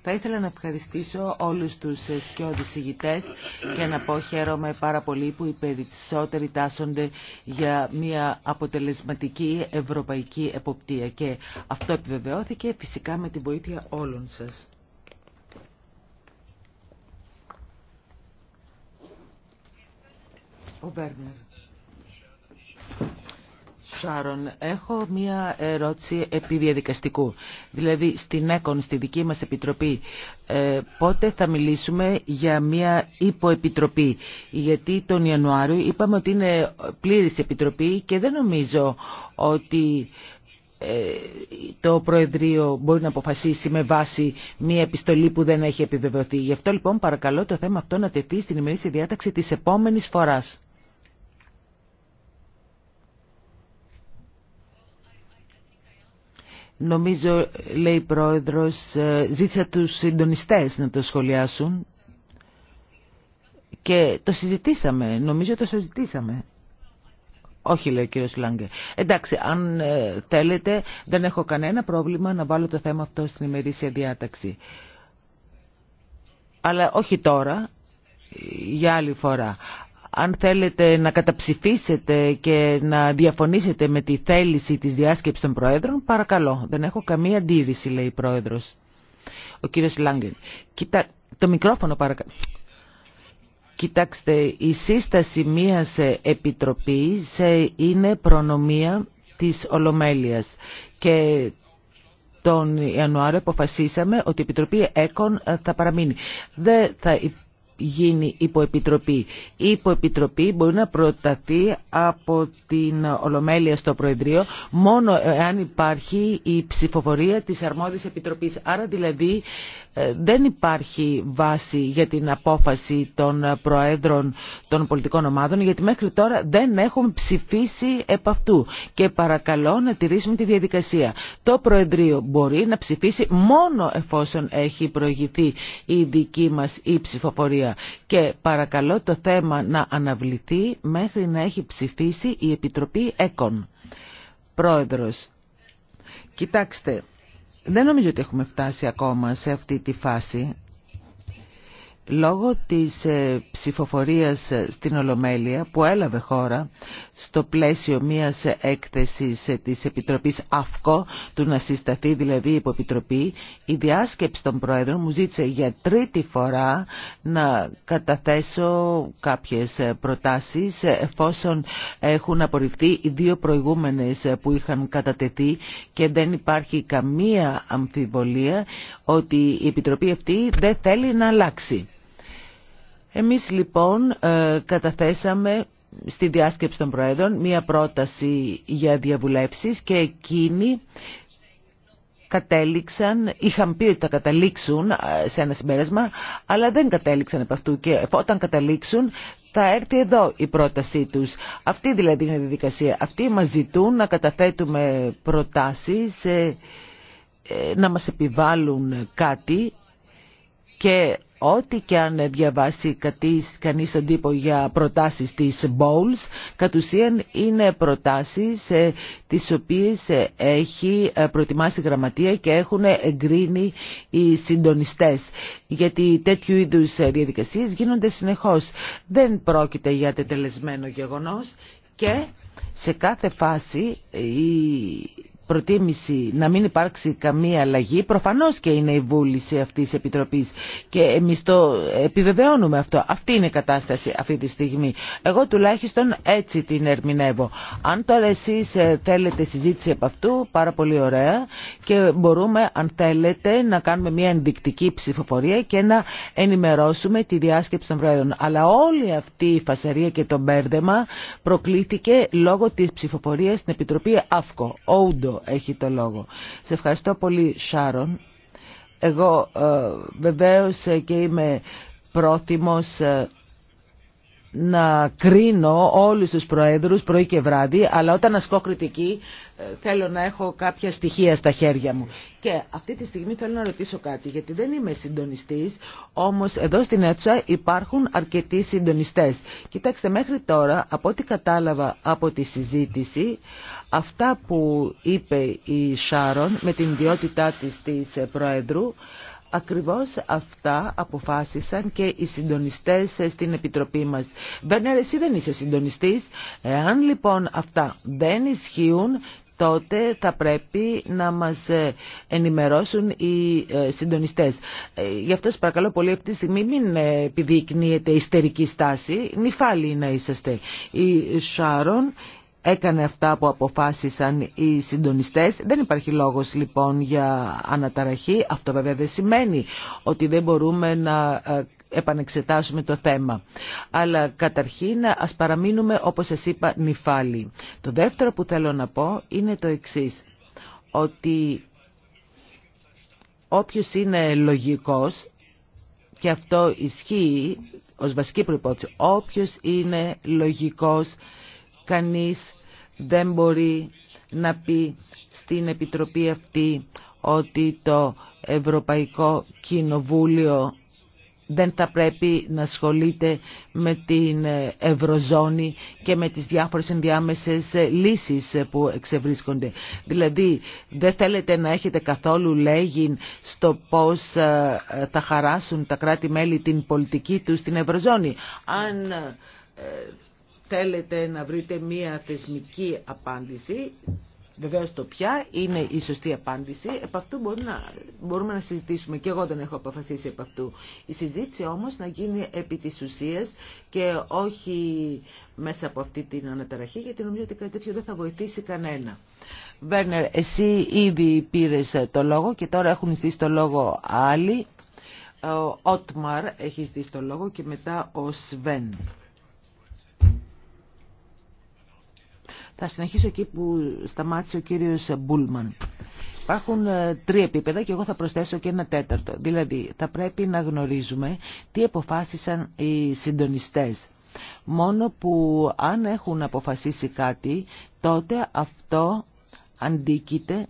Θα ήθελα να ευχαριστήσω όλους τους σκιώδης ηγητές και να πω χαίρομαι πάρα πολύ που οι περισσότεροι τάσσονται για μια αποτελεσματική ευρωπαϊκή εποπτεία και αυτό επιβεβαιώθηκε φυσικά με τη βοήθεια όλων σας. Ο Σαρών, έχω μία ερώτηση επί διαδικαστικού. Δηλαδή, στην ΕΚΟΝ, στη δική μας Επιτροπή, ε, πότε θα μιλήσουμε για μία υποεπιτροπή. Γιατί τον Ιανουάριο είπαμε ότι είναι πλήρης επιτροπή και δεν νομίζω ότι ε, το Προεδρείο μπορεί να αποφασίσει με βάση μια επιστολή που δεν έχει επιβεβαιωθεί. Γι' αυτό λοιπόν παρακαλώ το θέμα αυτό να τεθεί στην ημερήσια διάταξη της επόμενης φοράς. Νομίζω, λέει η Πρόεδρος, ε, ζήτησα τους συντονιστές να το σχολιάσουν και το συζητήσαμε, νομίζω το συζητήσαμε. Όχι, λέει ο κύριος Λάγκε. Εντάξει, αν ε, θέλετε, δεν έχω κανένα πρόβλημα να βάλω το θέμα αυτό στην ημερήσια διάταξη. Αλλά όχι τώρα, για άλλη φορά αν θέλετε να καταψηφίσετε και να διαφωνήσετε με τη θέληση της διάσκεψης των Προέδρων, παρακαλώ. Δεν έχω καμία αντίρρηση, λέει η Πρόεδρος. Ο κύριος Λάγκεν. Κοίτα, το μικρόφωνο παρακαλώ. Κοιτάξτε, η σύσταση μίας επιτροπής ε, είναι προνομία της Ολομέλειας και τον Ιανουάριο αποφασίσαμε ότι η Επιτροπή ΕΚΟΝ ε, θα παραμείνει. Δεν θα γίνει υποεπιτροπή. Η υποεπιτροπή μπορεί να προταθεί από την Ολομέλεια στο Προεδρείο μόνο αν υπάρχει η ψηφοφορία της αρμόδιας επιτροπής. Άρα δηλαδή ε, δεν υπάρχει βάση για την απόφαση των προέδρων των πολιτικών ομάδων γιατί μέχρι τώρα δεν έχουν ψηφίσει επ' αυτού και παρακαλώ να τηρήσουμε τη διαδικασία. Το Προεδρείο μπορεί να ψηφίσει μόνο εφόσον έχει προηγηθεί η δική μας η ψηφοφορία και παρακαλώ το θέμα να αναβληθεί μέχρι να έχει ψηφίσει η Επιτροπή ΕΚΟΝ. Πρόεδρος, κοιτάξτε, δεν νομίζω ότι έχουμε φτάσει ακόμα σε αυτή τη φάση Λόγω της ε, ψηφοφορίας ε, στην Ολομέλεια που έλαβε χώρα στο πλαίσιο μιας έκθεσης ε, της Επιτροπής ΑΦΚΟ του να συσταθεί δηλαδή υπό Υποπιτροπή η διάσκεψη των Πρόεδρων μου ζήτησε για τρίτη φορά να καταθέσω κάποιες προτάσεις εφόσον έχουν απορριφθεί οι δύο προηγούμενες που είχαν κατατεθεί και δεν υπάρχει καμία αμφιβολία ότι η Επιτροπή αυτή δεν θέλει να αλλάξει. Εμείς λοιπόν ε, καταθέσαμε στη διάσκεψη των Προέδρων μία πρόταση για διαβουλεύσεις και εκείνοι κατέληξαν, είχαν πει ότι θα καταλήξουν ε, σε ένα συμπέρασμα, αλλά δεν κατέληξαν από αυτού και όταν καταλήξουν θα έρθει εδώ η πρότασή τους. Αυτή δηλαδή είναι η διαδικασία. Αυτοί μας ζητούν να καταθέτουμε προτάσεις, ε, να μας επιβάλλουν κάτι και Ό,τι και αν διαβάσει κανεί τον τύπο για προτάσεις της Bowles, κατ' ουσίαν είναι προτάσεις ε, τις οποίες ε, έχει ε, προετοιμάσει η Γραμματεία και έχουν εγκρίνει οι συντονιστές. Γιατί τέτοιου είδους διαδικασίες γίνονται συνεχώς. Δεν πρόκειται για τετελεσμένο γεγονός και σε κάθε φάση η προτίμηση να μην υπάρξει καμία αλλαγή, προφανώς και είναι η βούληση αυτής της Επιτροπής και εμείς το επιβεβαιώνουμε αυτό. Αυτή είναι η κατάσταση αυτή τη στιγμή. Εγώ τουλάχιστον έτσι την ερμηνεύω. Αν τώρα εσείς ε, θέλετε συζήτηση από αυτού, πάρα πολύ ωραία και μπορούμε αν θέλετε να κάνουμε μια ενδεικτική ψηφοφορία και να ενημερώσουμε τη διάσκεψη των Πρόεδρων. Αλλά όλη αυτή η φασαρία και το μπέρδεμα προκλήθηκε λόγω της ψηφοφορίας στην Επιτροπή ΑΦΚΟ. Ούντο, έχει το λόγο. Σε ευχαριστώ πολύ Σάρων. Εγώ ε, βεβαίως ε, και είμαι πρόθυμος ε, να κρίνω όλους τους προέδρους πρωί και βράδυ, αλλά όταν ασκώ κριτική ε, θέλω να έχω κάποια στοιχεία στα χέρια μου. Και αυτή τη στιγμή θέλω να ρωτήσω κάτι, γιατί δεν είμαι συντονιστής, όμως εδώ στην αίθουσα υπάρχουν αρκετοί συντονιστές. Κοιτάξτε, μέχρι τώρα, από ό,τι κατάλαβα από τη συζήτηση, Αυτά που είπε η Σάρον με την ιδιότητά της της Πρόεδρου, Ακριβώς αυτά αποφάσισαν και οι συντονιστές στην Επιτροπή μας. Βέρνερ, εσύ δεν είσαι συντονιστής. Εάν λοιπόν αυτά δεν ισχύουν, τότε θα πρέπει να μας ενημερώσουν οι ε, συντονιστές. Ε, γι' αυτό σας παρακαλώ πολύ αυτή τη στιγμή μην ε, επιδεικνύεται ιστερική στάση, νυφάλιοι να είσαστε. Η Σάρον έκανε αυτά που αποφάσισαν οι συντονιστές. Δεν υπάρχει λόγος λοιπόν για αναταραχή. Αυτό βέβαια δεν σημαίνει ότι δεν μπορούμε να ε, επανεξετάσουμε το θέμα. Αλλά καταρχήν ας παραμείνουμε όπως σας είπα νυφάλιοι. Το δεύτερο που θέλω να πω είναι το εξής. Ότι όποιος είναι λογικός και αυτό ισχύει ως βασική προϋπόθεση. Όποιος είναι λογικός Κανείς δεν μπορεί να πει στην Επιτροπή αυτή ότι το Ευρωπαϊκό Κοινοβούλιο δεν θα πρέπει να ασχολείται με την Ευρωζώνη και με τις διάφορες ενδιάμεσες λύσεις που εξευρίσκονται. Δηλαδή, δεν θέλετε να έχετε καθόλου λέγει στο πώς ε, θα χαράσουν τα κράτη-μέλη την πολιτική τους στην Ευρωζώνη. Αν ε, θέλετε να βρείτε μία θεσμική απάντηση, Βεβαίω το ποια είναι η σωστή απάντηση, επ' αυτού να, μπορούμε να συζητήσουμε και εγώ δεν έχω αποφασίσει επ' αυτού. Η συζήτηση όμως να γίνει επί της ουσίας και όχι μέσα από αυτή την αναταραχή, γιατί νομίζω ότι κάτι τέτοιο δεν θα βοηθήσει κανένα. Βέρνερ, εσύ ήδη πήρες το λόγο και τώρα έχουν στήσει το λόγο άλλοι. Ο Ότμαρ έχει στήσει το λόγο και μετά ο Σβέν. Θα συνεχίσω εκεί που σταμάτησε ο κύριος Μπούλμαν. Υπάρχουν ε, τρία επίπεδα και εγώ θα προσθέσω και ένα τέταρτο. Δηλαδή, θα πρέπει να γνωρίζουμε τι αποφάσισαν οι συντονιστές. Μόνο που αν έχουν αποφασίσει κάτι, τότε αυτό αντίκειται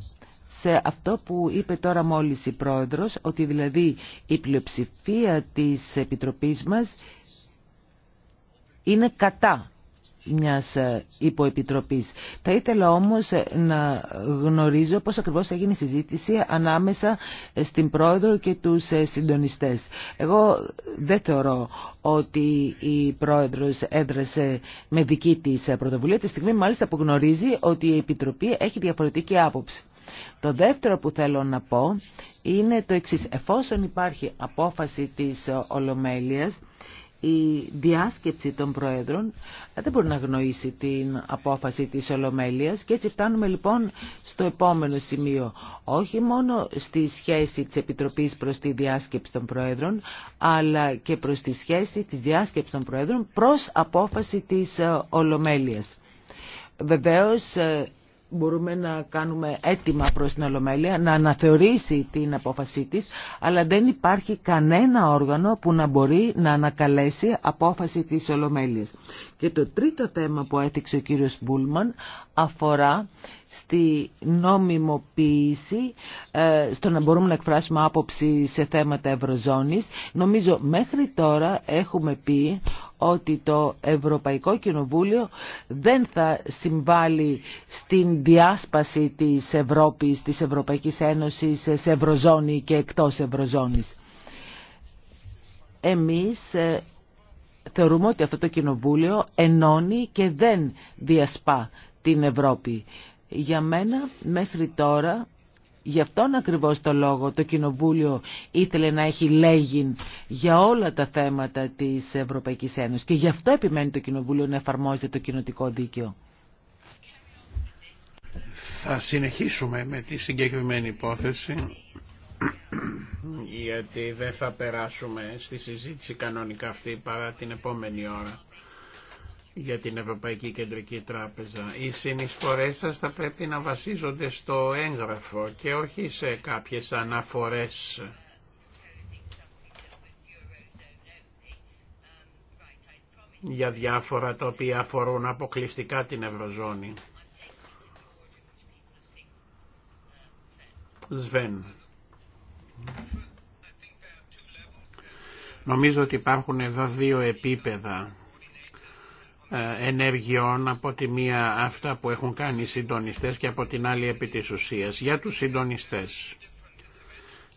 σε αυτό που είπε τώρα μόλις η πρόεδρος, ότι δηλαδή η πλειοψηφία της Επιτροπής μας είναι κατά μιας ε, υποεπιτροπής. Θα ήθελα όμως ε, να γνωρίζω πώς ακριβώς έγινε η συζήτηση ανάμεσα ε, στην πρόεδρο και τους συντονιστές. Εγώ δεν θεωρώ ότι η πρόεδρος έδρασε με δική της πρωτοβουλία τη στιγμή μάλιστα που γνωρίζει ότι η Επιτροπή έχει διαφορετική άποψη. Το δεύτερο που θέλω να πω είναι το εξής. Εφόσον υπάρχει απόφαση της Ολομέλειας η διάσκεψη των Προέδρων ε, δεν μπορεί να γνωρίσει την απόφαση της Ολομέλειας και έτσι φτάνουμε λοιπόν στο επόμενο σημείο. Όχι μόνο στη σχέση της Επιτροπής προς τη διάσκεψη των Προέδρων αλλά και προς τη σχέση της διάσκεψης των Προέδρων προς απόφαση της ε, Ολομέλειας. Βεβαίως ε, μπορούμε να κάνουμε έτοιμα προς την Ολομέλεια να αναθεωρήσει την απόφασή της, αλλά δεν υπάρχει κανένα όργανο που να μπορεί να ανακαλέσει απόφαση της Ολομέλειας. Και το τρίτο θέμα που έθιξε ο κύριος Μπούλμαν αφορά στη νόμιμοποίηση, ε, στο να μπορούμε να εκφράσουμε άποψη σε θέματα Ευρωζώνης. Νομίζω μέχρι τώρα έχουμε πει ότι το Ευρωπαϊκό Κοινοβούλιο δεν θα συμβάλλει στην διάσπαση της Ευρώπης, της Ευρωπαϊκής Ένωσης σε Ευρωζώνη και εκτός Ευρωζώνης. Εμείς ε, θεωρούμε ότι αυτό το Κοινοβούλιο ενώνει και δεν διασπά την Ευρώπη. Για μένα μέχρι τώρα Γι' αυτόν ακριβώς το λόγο το Κοινοβούλιο ήθελε να έχει λέγην για όλα τα θέματα της Ευρωπαϊκής Ένωσης και γι' αυτό επιμένει το Κοινοβούλιο να εφαρμόζεται το κοινοτικό δίκαιο. Θα συνεχίσουμε με τη συγκεκριμένη υπόθεση γιατί δεν θα περάσουμε στη συζήτηση κανονικά αυτή παρά την επόμενη ώρα για την Ευρωπαϊκή Κεντρική Τράπεζα. Οι συνεισφορές σας θα πρέπει να βασίζονται στο έγγραφο και όχι σε κάποιες αναφορές. για διάφορα τα οποία αφορούν αποκλειστικά την Ευρωζώνη. Σβέν. Νομίζω ότι υπάρχουν εδώ δύο επίπεδα ε, ενεργειών από τη μία αυτά που έχουν κάνει οι συντονιστές και από την άλλη επί της ουσίας. Για τους συντονιστές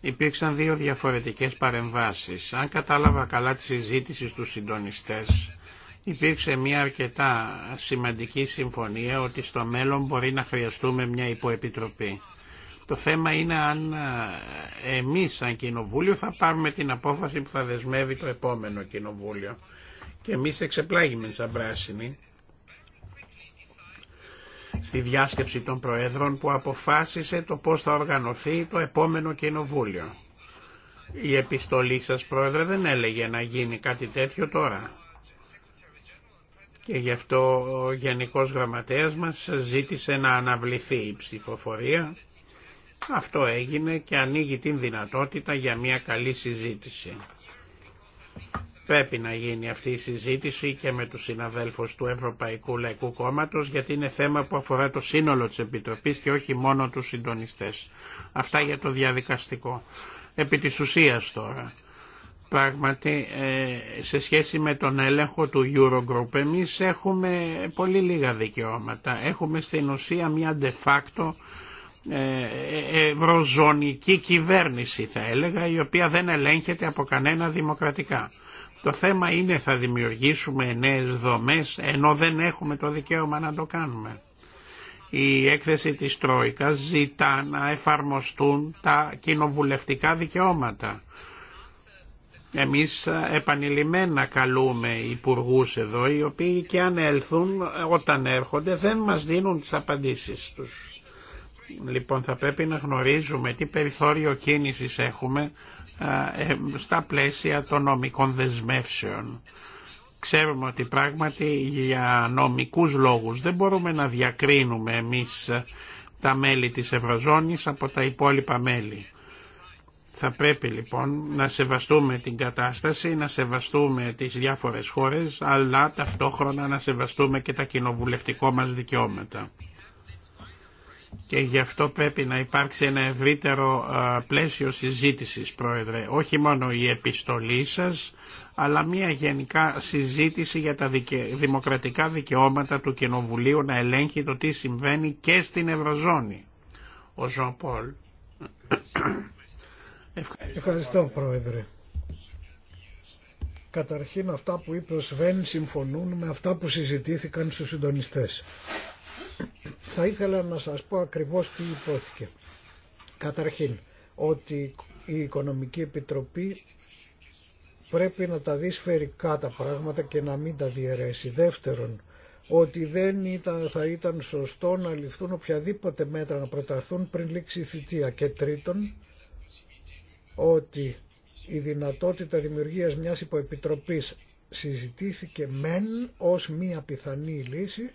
υπήρξαν δύο διαφορετικές παρεμβάσεις. Αν κατάλαβα καλά τη συζήτηση στους συντονιστές υπήρξε μια αρκετά σημαντική συμφωνία ότι στο μέλλον μπορεί να χρειαστούμε μια υποεπιτροπή. Το θέμα είναι αν ε, εμείς σαν κοινοβούλιο θα πάρουμε την απόφαση που θα δεσμεύει το επόμενο κοινοβούλιο και εμείς εξεπλάγημε σαν πράσινοι στη διάσκεψη των Προέδρων που αποφάσισε το πώς θα οργανωθεί το επόμενο κοινοβούλιο. Η επιστολή σας, Πρόεδρε, δεν έλεγε να γίνει κάτι τέτοιο τώρα. Και γι' αυτό ο Γενικός Γραμματέας μας ζήτησε να αναβληθεί η ψηφοφορία. Αυτό έγινε και ανοίγει την δυνατότητα για μια καλή συζήτηση. Πρέπει να γίνει αυτή η συζήτηση και με τους συναδέλφους του Ευρωπαϊκού Λαϊκού Κόμματος γιατί είναι θέμα που αφορά το σύνολο της Επιτροπής και όχι μόνο τους συντονιστές. Αυτά για το διαδικαστικό. Επί της ουσίας τώρα. Πράγματι, ε, σε σχέση με τον έλεγχο του Eurogroup, εμείς έχουμε πολύ λίγα δικαιώματα. Έχουμε στην ουσία μια de facto ε, ευρωζωνική κυβέρνηση, θα έλεγα, η οποία δεν ελέγχεται από κανένα δημοκρατικά. Το θέμα είναι θα δημιουργήσουμε νέες δομές ενώ δεν έχουμε το δικαίωμα να το κάνουμε. Η έκθεση της Τρόικας ζητά να εφαρμοστούν τα κοινοβουλευτικά δικαιώματα. Εμείς επανειλημμένα καλούμε υπουργού εδώ οι οποίοι και αν έλθουν όταν έρχονται δεν μας δίνουν τις απαντήσεις τους. Λοιπόν θα πρέπει να γνωρίζουμε τι περιθώριο κίνησης έχουμε ε, στα πλαίσια των νομικών δεσμεύσεων. Ξέρουμε ότι πράγματι για νομικούς λόγους δεν μπορούμε να διακρίνουμε εμείς τα μέλη της Ευρωζώνης από τα υπόλοιπα μέλη. Θα πρέπει λοιπόν να σεβαστούμε την κατάσταση, να σεβαστούμε τις διάφορες χώρες, αλλά ταυτόχρονα να σεβαστούμε και τα κοινοβουλευτικό μας δικαιώματα και γι' αυτό πρέπει να υπάρξει ένα ευρύτερο πλαίσιο συζήτησης, Πρόεδρε. Όχι μόνο η επιστολή σας, αλλά μια γενικά συζήτηση για τα δημοκρατικά δικαιώματα του Κοινοβουλίου να ελέγχει το τι συμβαίνει και στην Ευρωζώνη. Ο Ζων Πολ. Ευχαριστώ, Ευχαριστώ, Πρόεδρε. Καταρχήν αυτά που είπε ο Σβέν συμφωνούν με αυτά που συζητήθηκαν στους συντονιστές. Θα ήθελα να σας πω ακριβώς τι υπόθηκε. Καταρχήν, ότι η Οικονομική Επιτροπή πρέπει να τα δει σφαιρικά τα πράγματα και να μην τα διαιρέσει. Δεύτερον, ότι δεν ήταν, θα ήταν σωστό να ληφθούν οποιαδήποτε μέτρα να προταθούν πριν λήξει η θητεία. Και τρίτον, ότι η δυνατότητα δημιουργίας μιας υποεπιτροπής συζητήθηκε μεν ως μία πιθανή λύση,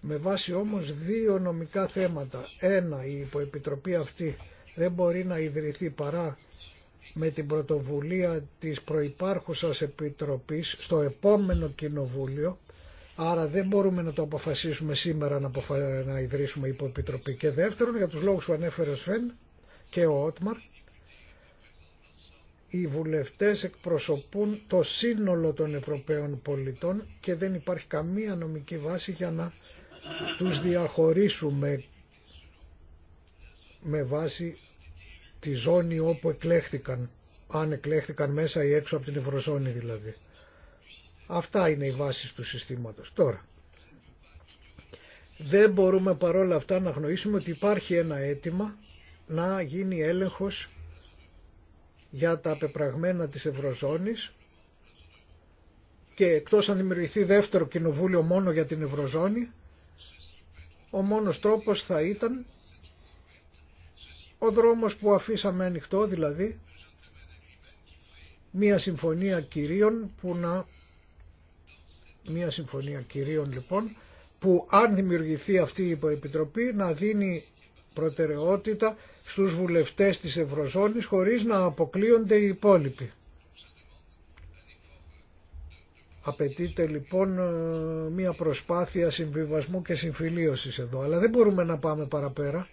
με βάση όμως δύο νομικά θέματα. Ένα, η υποεπιτροπή αυτή δεν μπορεί να ιδρυθεί παρά με την πρωτοβουλία της προϋπάρχουσας επιτροπής στο επόμενο κοινοβούλιο, άρα δεν μπορούμε να το αποφασίσουμε σήμερα να, αποφα... να ιδρύσουμε υποεπιτροπή. Και δεύτερον, για τους λόγους που ανέφερε ο Σφεν και ο Ότμαρ, οι βουλευτές εκπροσωπούν το σύνολο των Ευρωπαίων πολιτών και δεν υπάρχει καμία νομική βάση για να τους διαχωρίσουμε με βάση τη ζώνη όπου εκλέχθηκαν, αν εκλέχθηκαν μέσα ή έξω από την Ευρωζώνη δηλαδή. Αυτά είναι οι βάσεις του συστήματος. Τώρα, δεν μπορούμε παρόλα αυτά να γνωρίσουμε ότι υπάρχει ένα αίτημα να γίνει έλεγχος για τα απεπραγμένα της Ευρωζώνης και εκτός αν δημιουργηθεί δεύτερο κοινοβούλιο μόνο για την Ευρωζώνη ο μόνος τρόπος θα ήταν ο δρόμος που αφήσαμε ανοιχτό, δηλαδή μία συμφωνία κυρίων που να μία συμφωνία κυρίων λοιπόν που αν δημιουργηθεί αυτή η υποεπιτροπή να δίνει προτεραιότητα στους βουλευτές της Ευρωζώνης χωρίς να αποκλείονται οι υπόλοιποι. Απαιτείται λοιπόν ε, μία προσπάθεια συμβιβασμού και συμφιλίωσης εδώ. Αλλά δεν μπορούμε να πάμε παραπέρα.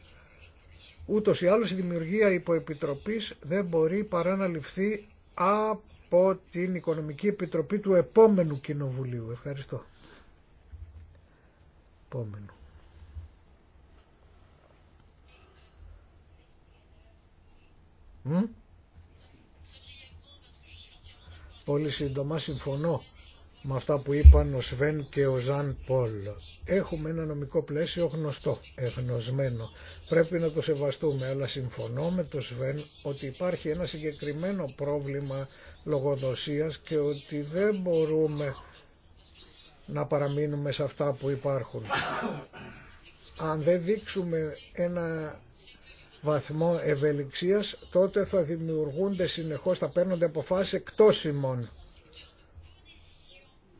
Ούτως ή άλλως η δημιουργία υποεπιτροπής δεν μπορεί παρά να ληφθεί από την Οικονομική Επιτροπή του επόμενου Κοινοβουλίου. Ευχαριστώ. Επόμενο. Πολύ σύντομα συμφωνώ με αυτά που είπαν ο Σβέν και ο Ζαν Πολ. Έχουμε ένα νομικό πλαίσιο γνωστό, εγνωσμένο. Πρέπει να το σεβαστούμε, αλλά συμφωνώ με τον Σβέν ότι υπάρχει ένα συγκεκριμένο πρόβλημα λογοδοσίας και ότι δεν μπορούμε να παραμείνουμε σε αυτά που υπάρχουν. Αν δεν δείξουμε ένα βαθμό ευελιξίας, τότε θα δημιουργούνται συνεχώς, θα παίρνονται αποφάσεις εκτός ημών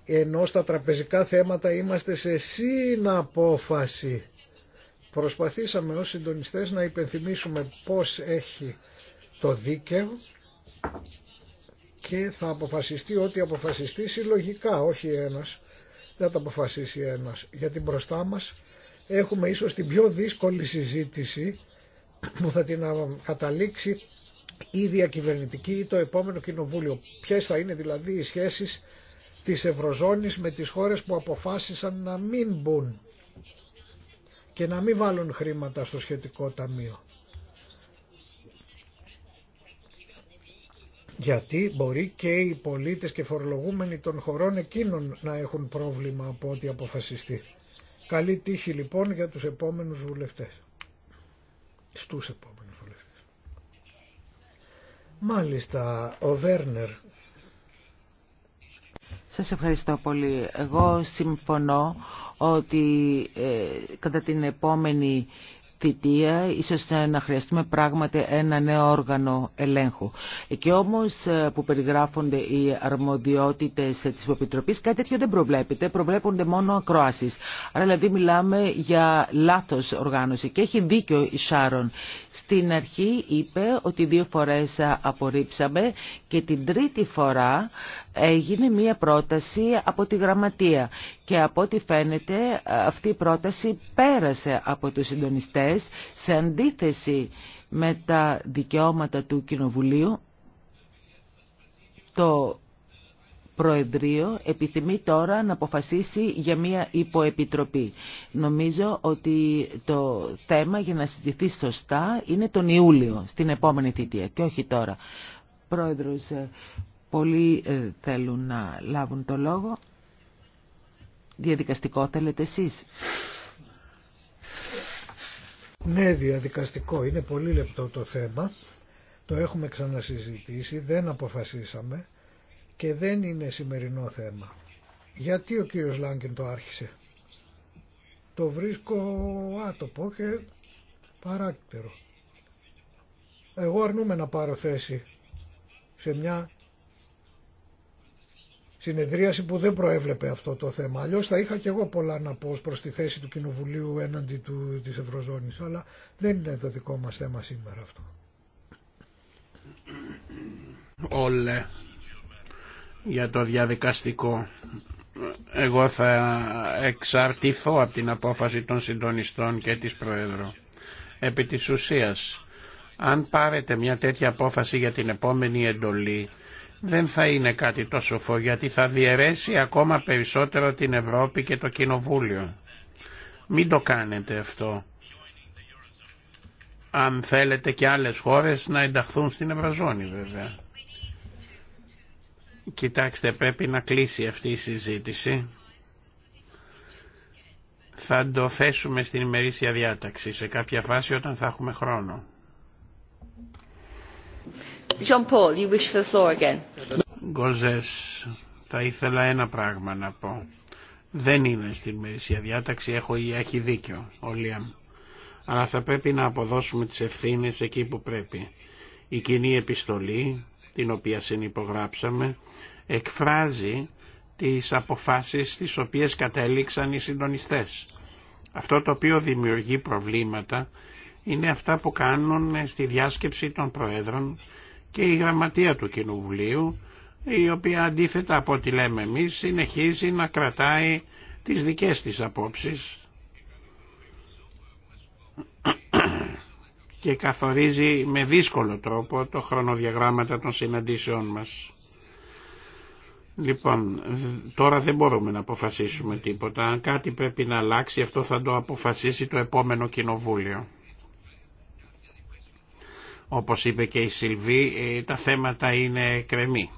ενώ στα τραπεζικά θέματα είμαστε σε συναπόφαση. Προσπαθήσαμε ως συντονιστές να υπενθυμίσουμε πώς έχει το δίκαιο και θα αποφασιστεί ό,τι αποφασιστεί συλλογικά, όχι ένας. Δεν θα αποφασίσει ένας. Γιατί μπροστά μας έχουμε ίσως την πιο δύσκολη συζήτηση που θα την καταλήξει η διακυβερνητική ή το επόμενο κοινοβούλιο. Ποιες θα είναι δηλαδή οι σχέσεις της Ευρωζώνης με τις χώρες που αποφάσισαν να μην μπουν και να μην βάλουν χρήματα στο σχετικό ταμείο. Γιατί μπορεί και οι πολίτες και φορολογούμενοι των χωρών εκείνων να έχουν πρόβλημα από ό,τι αποφασιστεί. Καλή τύχη λοιπόν για τους επόμενους βουλευτές. Στους επόμενους βουλευτές. Μάλιστα, ο Βέρνερ σας ευχαριστώ πολύ. Εγώ συμφωνώ ότι ε, κατά την επόμενη θητεία ίσως να χρειαστούμε πράγματι ένα νέο όργανο ελέγχου. Και όμως ε, που περιγράφονται οι αρμοδιότητες της Επιτροπής κάτι τέτοιο δεν προβλέπεται, προβλέπονται μόνο ακροάσεις. Άρα δηλαδή μιλάμε για λάθος οργάνωση και έχει δίκιο η Σάρον. Στην αρχή είπε ότι δύο φορές απορρίψαμε και την τρίτη φορά έγινε μία πρόταση από τη γραμματεία και από ό,τι φαίνεται αυτή η πρόταση πέρασε από τους συντονιστέ σε αντίθεση με τα δικαιώματα του Κοινοβουλίου το Προεδρείο επιθυμεί τώρα να αποφασίσει για μια υποεπιτροπή. Νομίζω ότι το θέμα για να συζητηθεί σωστά είναι τον Ιούλιο, στην επόμενη θητεία και όχι τώρα. Πρόεδρος, ε, πολλοί ε, θέλουν να λάβουν το λόγο. Διαδικαστικό θέλετε εσείς. Ναι, διαδικαστικό. Είναι πολύ λεπτό το θέμα. Το έχουμε ξανασυζητήσει, δεν αποφασίσαμε και δεν είναι σημερινό θέμα. Γιατί ο κύριος Λάγκεν το άρχισε. Το βρίσκω άτοπο και παράκτερο. Εγώ αρνούμαι να πάρω θέση σε μια συνεδρίαση που δεν προέβλεπε αυτό το θέμα. Αλλιώ θα είχα και εγώ πολλά να πω προ τη θέση του Κοινοβουλίου έναντι του, της Ευρωζώνης, αλλά δεν είναι το δικό μας θέμα σήμερα αυτό. Όλε για το διαδικαστικό. Εγώ θα εξαρτηθώ από την απόφαση των συντονιστών και της Προέδρου. Επί της ουσίας, αν πάρετε μια τέτοια απόφαση για την επόμενη εντολή, δεν θα είναι κάτι τόσο φω γιατί θα διαιρέσει ακόμα περισσότερο την Ευρώπη και το Κοινοβούλιο. Μην το κάνετε αυτό αν θέλετε και άλλες χώρες να ενταχθούν στην Ευρωζώνη βέβαια. Κοιτάξτε πρέπει να κλείσει αυτή η συζήτηση. Θα το θέσουμε στην ημερήσια διάταξη σε κάποια φάση όταν θα έχουμε χρόνο. Jean Γκοζές, θα ήθελα ένα πράγμα να πω. Δεν είναι στην μερισία διάταξη, έχω ή έχει δίκιο, όλοι Αλλά θα πρέπει να αποδώσουμε τις ευθύνες εκεί που πρέπει. Η κοινή επιστολή, την οποία συνυπογράψαμε, εκφράζει τις αποφάσεις τις οποίες κατέληξαν οι συντονιστές. Αυτό το οποίο δημιουργεί προβλήματα είναι αυτά που κάνουν στη διάσκεψη των Προέδρων και η γραμματεία του Κοινοβουλίου η οποία αντίθετα από ό,τι λέμε εμείς συνεχίζει να κρατάει τις δικές της απόψεις και καθορίζει με δύσκολο τρόπο το χρονοδιαγράμματα των συναντήσεών μας. Λοιπόν, τώρα δεν μπορούμε να αποφασίσουμε τίποτα. Αν κάτι πρέπει να αλλάξει, αυτό θα το αποφασίσει το επόμενο κοινοβούλιο. Όπως είπε και η Σιλβή, ε, τα θέματα είναι κρεμή.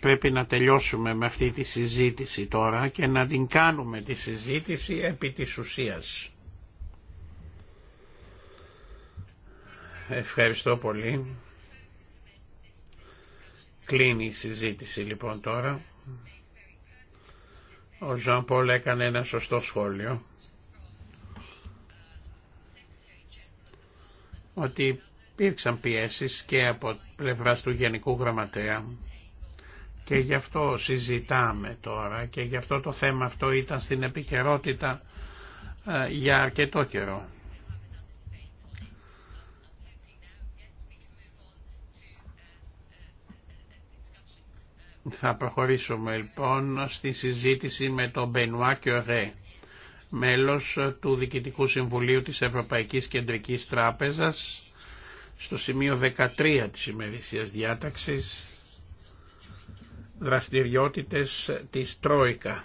Πρέπει να τελειώσουμε με αυτή τη συζήτηση τώρα και να την κάνουμε τη συζήτηση επί της ουσίας. Ευχαριστώ πολύ. Κλείνει η συζήτηση λοιπόν τώρα. Ο Ζαν έκανε ένα σωστό σχόλιο. ότι υπήρξαν πιέσεις και από πλευράς του Γενικού Γραμματέα και γι' αυτό συζητάμε τώρα και γι' αυτό το θέμα αυτό ήταν στην επικαιρότητα ε, για αρκετό καιρό. Θα προχωρήσουμε λοιπόν στη συζήτηση με τον Μπενουά Κιωρέ μέλος του Διοικητικού Συμβουλίου της Ευρωπαϊκής Κεντρικής Τράπεζας, στο σημείο 13 της ημερησίας διάταξης, δραστηριότητες της Τρόικα.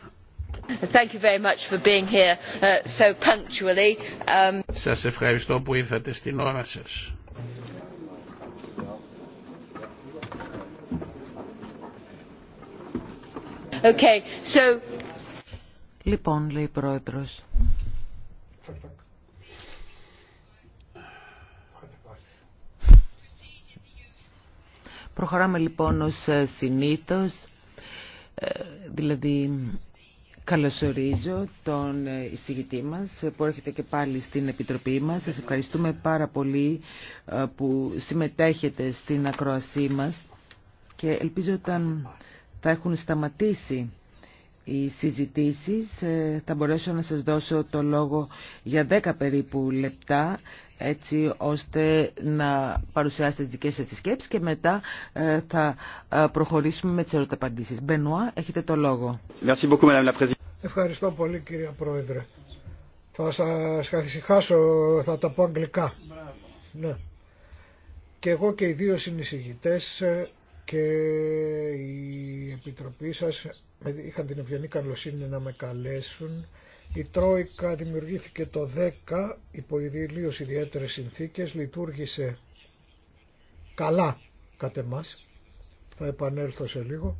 Thank you very much for being here uh, so punctually. Um, σας ευχαριστώ που ήρθατε στην ώρα σας. Okay, so Λοιπόν, λέει η Πρόεδρος. Προχωράμε λοιπόν ως ε, συνήθως, ε, δηλαδή καλωσορίζω τον ε, εισηγητή μας που έρχεται και πάλι στην Επιτροπή μας. Σας ευχαριστούμε πάρα πολύ που συμμετέχετε στην ακροασή μας και ελπίζω όταν θα έχουν σταματήσει οι συζητήσεις ε, θα μπορέσω να σας δώσω το λόγο για 10 περίπου λεπτά έτσι ώστε να παρουσιάσετε τις δικές σας σκέψεις και μετά ε, θα ε, προχωρήσουμε με τις ερωτεπαντήσεις. Μπενουά, έχετε το λόγο. Ευχαριστώ πολύ κύριε Πρόεδρε. Θα σας καθησυχάσω, θα τα πω αγγλικά. Ναι. Και εγώ και οι δύο συνεισηγητές και η Επιτροπή σας είχαν την ευγενή καλοσύνη να με καλέσουν. Η Τρόικα δημιουργήθηκε το 10 υπό ιδίως ιδιαίτερες συνθήκες, λειτουργήσε καλά κατ' εμάς. Θα επανέλθω σε λίγο.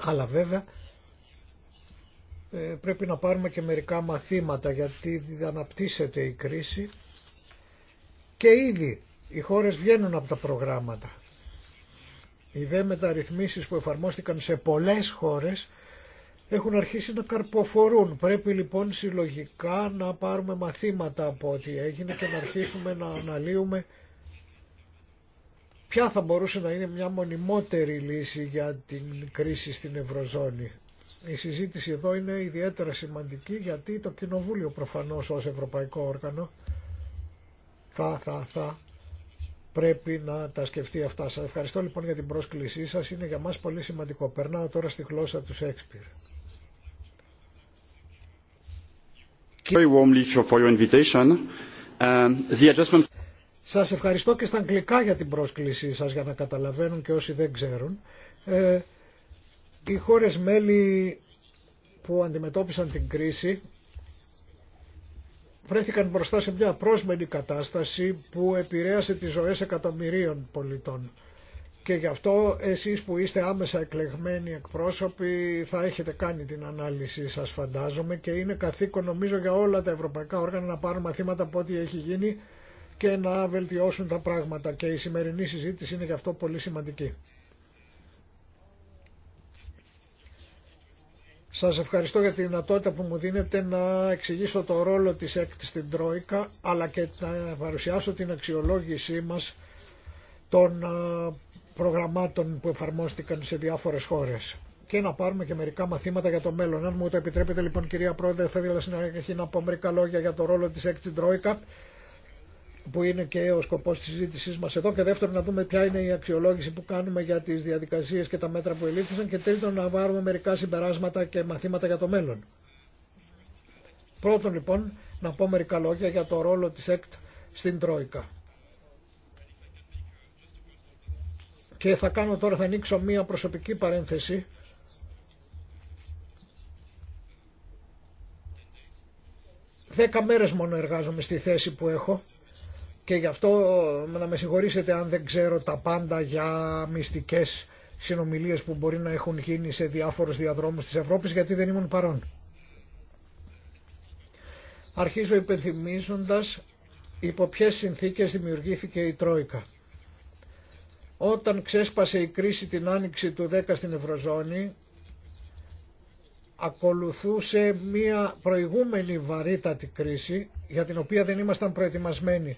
Αλλά βέβαια ε, πρέπει να πάρουμε και μερικά μαθήματα γιατί αναπτύσσεται η κρίση και ήδη οι χώρες βγαίνουν από τα προγράμματα. Οι δε μεταρρυθμίσεις που εφαρμόστηκαν σε πολλές χώρες έχουν αρχίσει να καρποφορούν. Πρέπει λοιπόν συλλογικά να πάρουμε μαθήματα από ό,τι έγινε και να αρχίσουμε να αναλύουμε ποια θα μπορούσε να είναι μια μονιμότερη λύση για την κρίση στην Ευρωζώνη. Η συζήτηση εδώ είναι ιδιαίτερα σημαντική γιατί το Κοινοβούλιο προφανώς ως Ευρωπαϊκό Όργανο θα, θα, θα πρέπει να τα σκεφτεί αυτά. Σας ευχαριστώ λοιπόν για την πρόσκλησή σας. Είναι για μας πολύ σημαντικό. Περνάω τώρα στη γλώσσα του Σέξπιρ. Um, σας ευχαριστώ και στα αγγλικά για την πρόσκλησή σας για να καταλαβαίνουν και όσοι δεν ξέρουν. Ε, οι χώρες μέλη που αντιμετώπισαν την κρίση βρέθηκαν μπροστά σε μια πρόσμενη κατάσταση που επηρέασε τις ζωές εκατομμυρίων πολιτών. Και γι' αυτό εσείς που είστε άμεσα εκλεγμένοι εκπρόσωποι θα έχετε κάνει την ανάλυση σας φαντάζομαι και είναι καθήκον νομίζω για όλα τα ευρωπαϊκά όργανα να πάρουν μαθήματα από ό,τι έχει γίνει και να βελτιώσουν τα πράγματα και η σημερινή συζήτηση είναι γι' αυτό πολύ σημαντική. Σας ευχαριστώ για τη δυνατότητα που μου δίνετε να εξηγήσω το ρόλο της ΕΚΤ στην Τρόικα αλλά και να παρουσιάσω την αξιολόγησή μας των προγραμμάτων που εφαρμόστηκαν σε διάφορες χώρες και να πάρουμε και μερικά μαθήματα για το μέλλον. Αν μου το επιτρέπετε λοιπόν κυρία Πρόεδρε θα ήθελα να πω μερικά λόγια για το ρόλο της ΕΚΤ στην Τρόικα που είναι και ο σκοπός της συζήτησής μας εδώ και δεύτερον να δούμε ποια είναι η αξιολόγηση που κάνουμε για τις διαδικασίες και τα μέτρα που ελήφθησαν και τρίτον να βάρουμε μερικά συμπεράσματα και μαθήματα για το μέλλον. Πρώτον λοιπόν να πω μερικά λόγια για το ρόλο της ΕΚΤ στην Τρόικα. Και θα κάνω τώρα, θα ανοίξω μία προσωπική παρένθεση. Δέκα μέρες μόνο εργάζομαι στη θέση που έχω και γι' αυτό ε, να με συγχωρήσετε αν δεν ξέρω τα πάντα για μυστικές συνομιλίες που μπορεί να έχουν γίνει σε διάφορους διαδρόμους της Ευρώπης γιατί δεν ήμουν παρόν. Αρχίζω υπενθυμίζοντας υπό ποιες συνθήκες δημιουργήθηκε η Τρόικα. Όταν ξέσπασε η κρίση την άνοιξη του 10 στην Ευρωζώνη, ακολουθούσε μία προηγούμενη βαρύτατη κρίση για την οποία δεν ήμασταν προετοιμασμένοι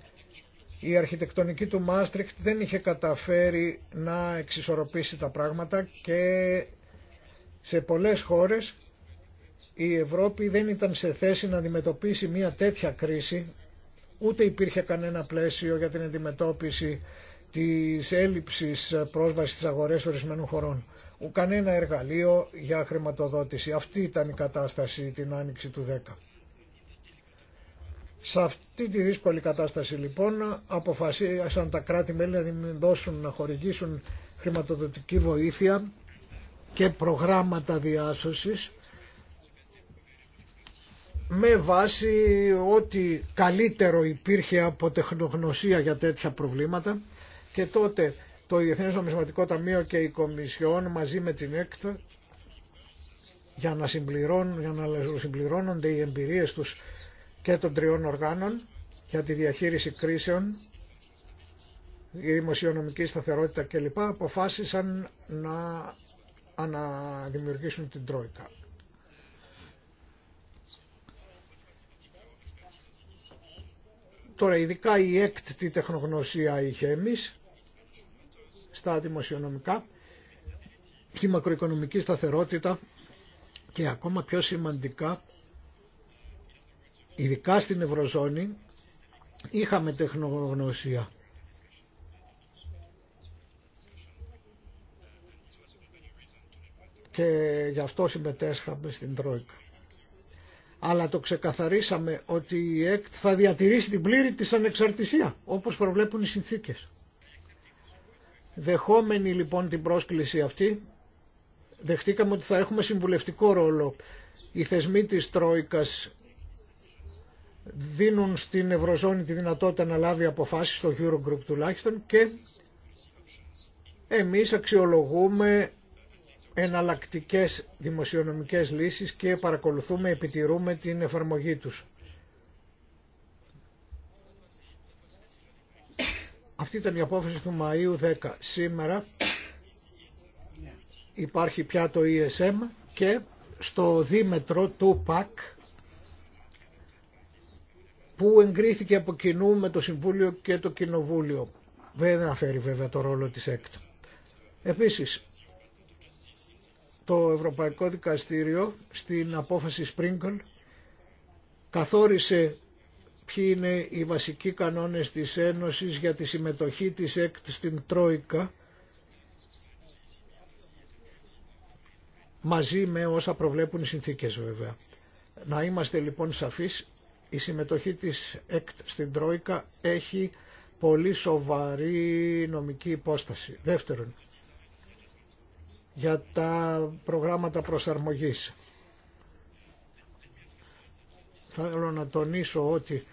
η αρχιτεκτονική του Μάστριχτ δεν είχε καταφέρει να εξισορροπήσει τα πράγματα και σε πολλές χώρες η Ευρώπη δεν ήταν σε θέση να αντιμετωπίσει μια τέτοια κρίση ούτε υπήρχε κανένα πλαίσιο για την αντιμετώπιση της έλλειψης πρόσβασης στις αγορές ορισμένων χωρών. Κανένα εργαλείο για χρηματοδότηση. Αυτή ήταν η κατάσταση την άνοιξη του 10. Σε αυτή τη δύσκολη κατάσταση λοιπόν αποφασίσαν τα κράτη-μέλη να δώσουν, να χορηγήσουν χρηματοδοτική βοήθεια και προγράμματα διάσωσης με βάση ό,τι καλύτερο υπήρχε από τεχνογνωσία για τέτοια προβλήματα και τότε το Διεθνές Ταμείο και η Κομισιόν μαζί με την ΕΚΤ για να, για να συμπληρώνονται οι εμπειρίες τους και των τριών οργάνων για τη διαχείριση κρίσεων, η δημοσιονομική σταθερότητα κλπ. αποφάσισαν να αναδημιουργήσουν την Τρόικα. Τώρα ειδικά η έκτη τεχνογνωσία είχε εμείς στα δημοσιονομικά, στη μακροοικονομική σταθερότητα και ακόμα πιο σημαντικά ειδικά στην Ευρωζώνη, είχαμε τεχνογνωσία. Και γι' αυτό συμμετέσχαμε στην Τρόικα. Αλλά το ξεκαθαρίσαμε ότι η ΕΚΤ θα διατηρήσει την πλήρη της ανεξαρτησία, όπως προβλέπουν οι συνθήκες. Δεχόμενοι λοιπόν την πρόσκληση αυτή, δεχτήκαμε ότι θα έχουμε συμβουλευτικό ρόλο. Οι θεσμοί της Τρόικας δίνουν στην Ευρωζώνη τη δυνατότητα να λάβει αποφάσεις στο Eurogroup τουλάχιστον και εμείς αξιολογούμε εναλλακτικές δημοσιονομικές λύσεις και παρακολουθούμε, επιτηρούμε την εφαρμογή τους. Αυτή ήταν η απόφαση του Μαΐου 10. Σήμερα υπάρχει πια το ESM και στο δίμετρο του ΠΑΚ που εγκρίθηκε από κοινού με το Συμβούλιο και το Κοινοβούλιο. Δεν αναφέρει βέβαια το ρόλο της ΕΚΤ. Επίσης, το Ευρωπαϊκό Δικαστήριο στην απόφαση Sprinkle καθόρισε ποιοι είναι οι βασικοί κανόνες της Ένωσης για τη συμμετοχή της ΕΚΤ στην Τρόικα μαζί με όσα προβλέπουν οι συνθήκες βέβαια. Να είμαστε λοιπόν σαφείς η συμμετοχή της ΕΚΤ στην Τρόικα έχει πολύ σοβαρή νομική υπόσταση. Δεύτερον, για τα προγράμματα προσαρμογής. Θέλω να τονίσω ότι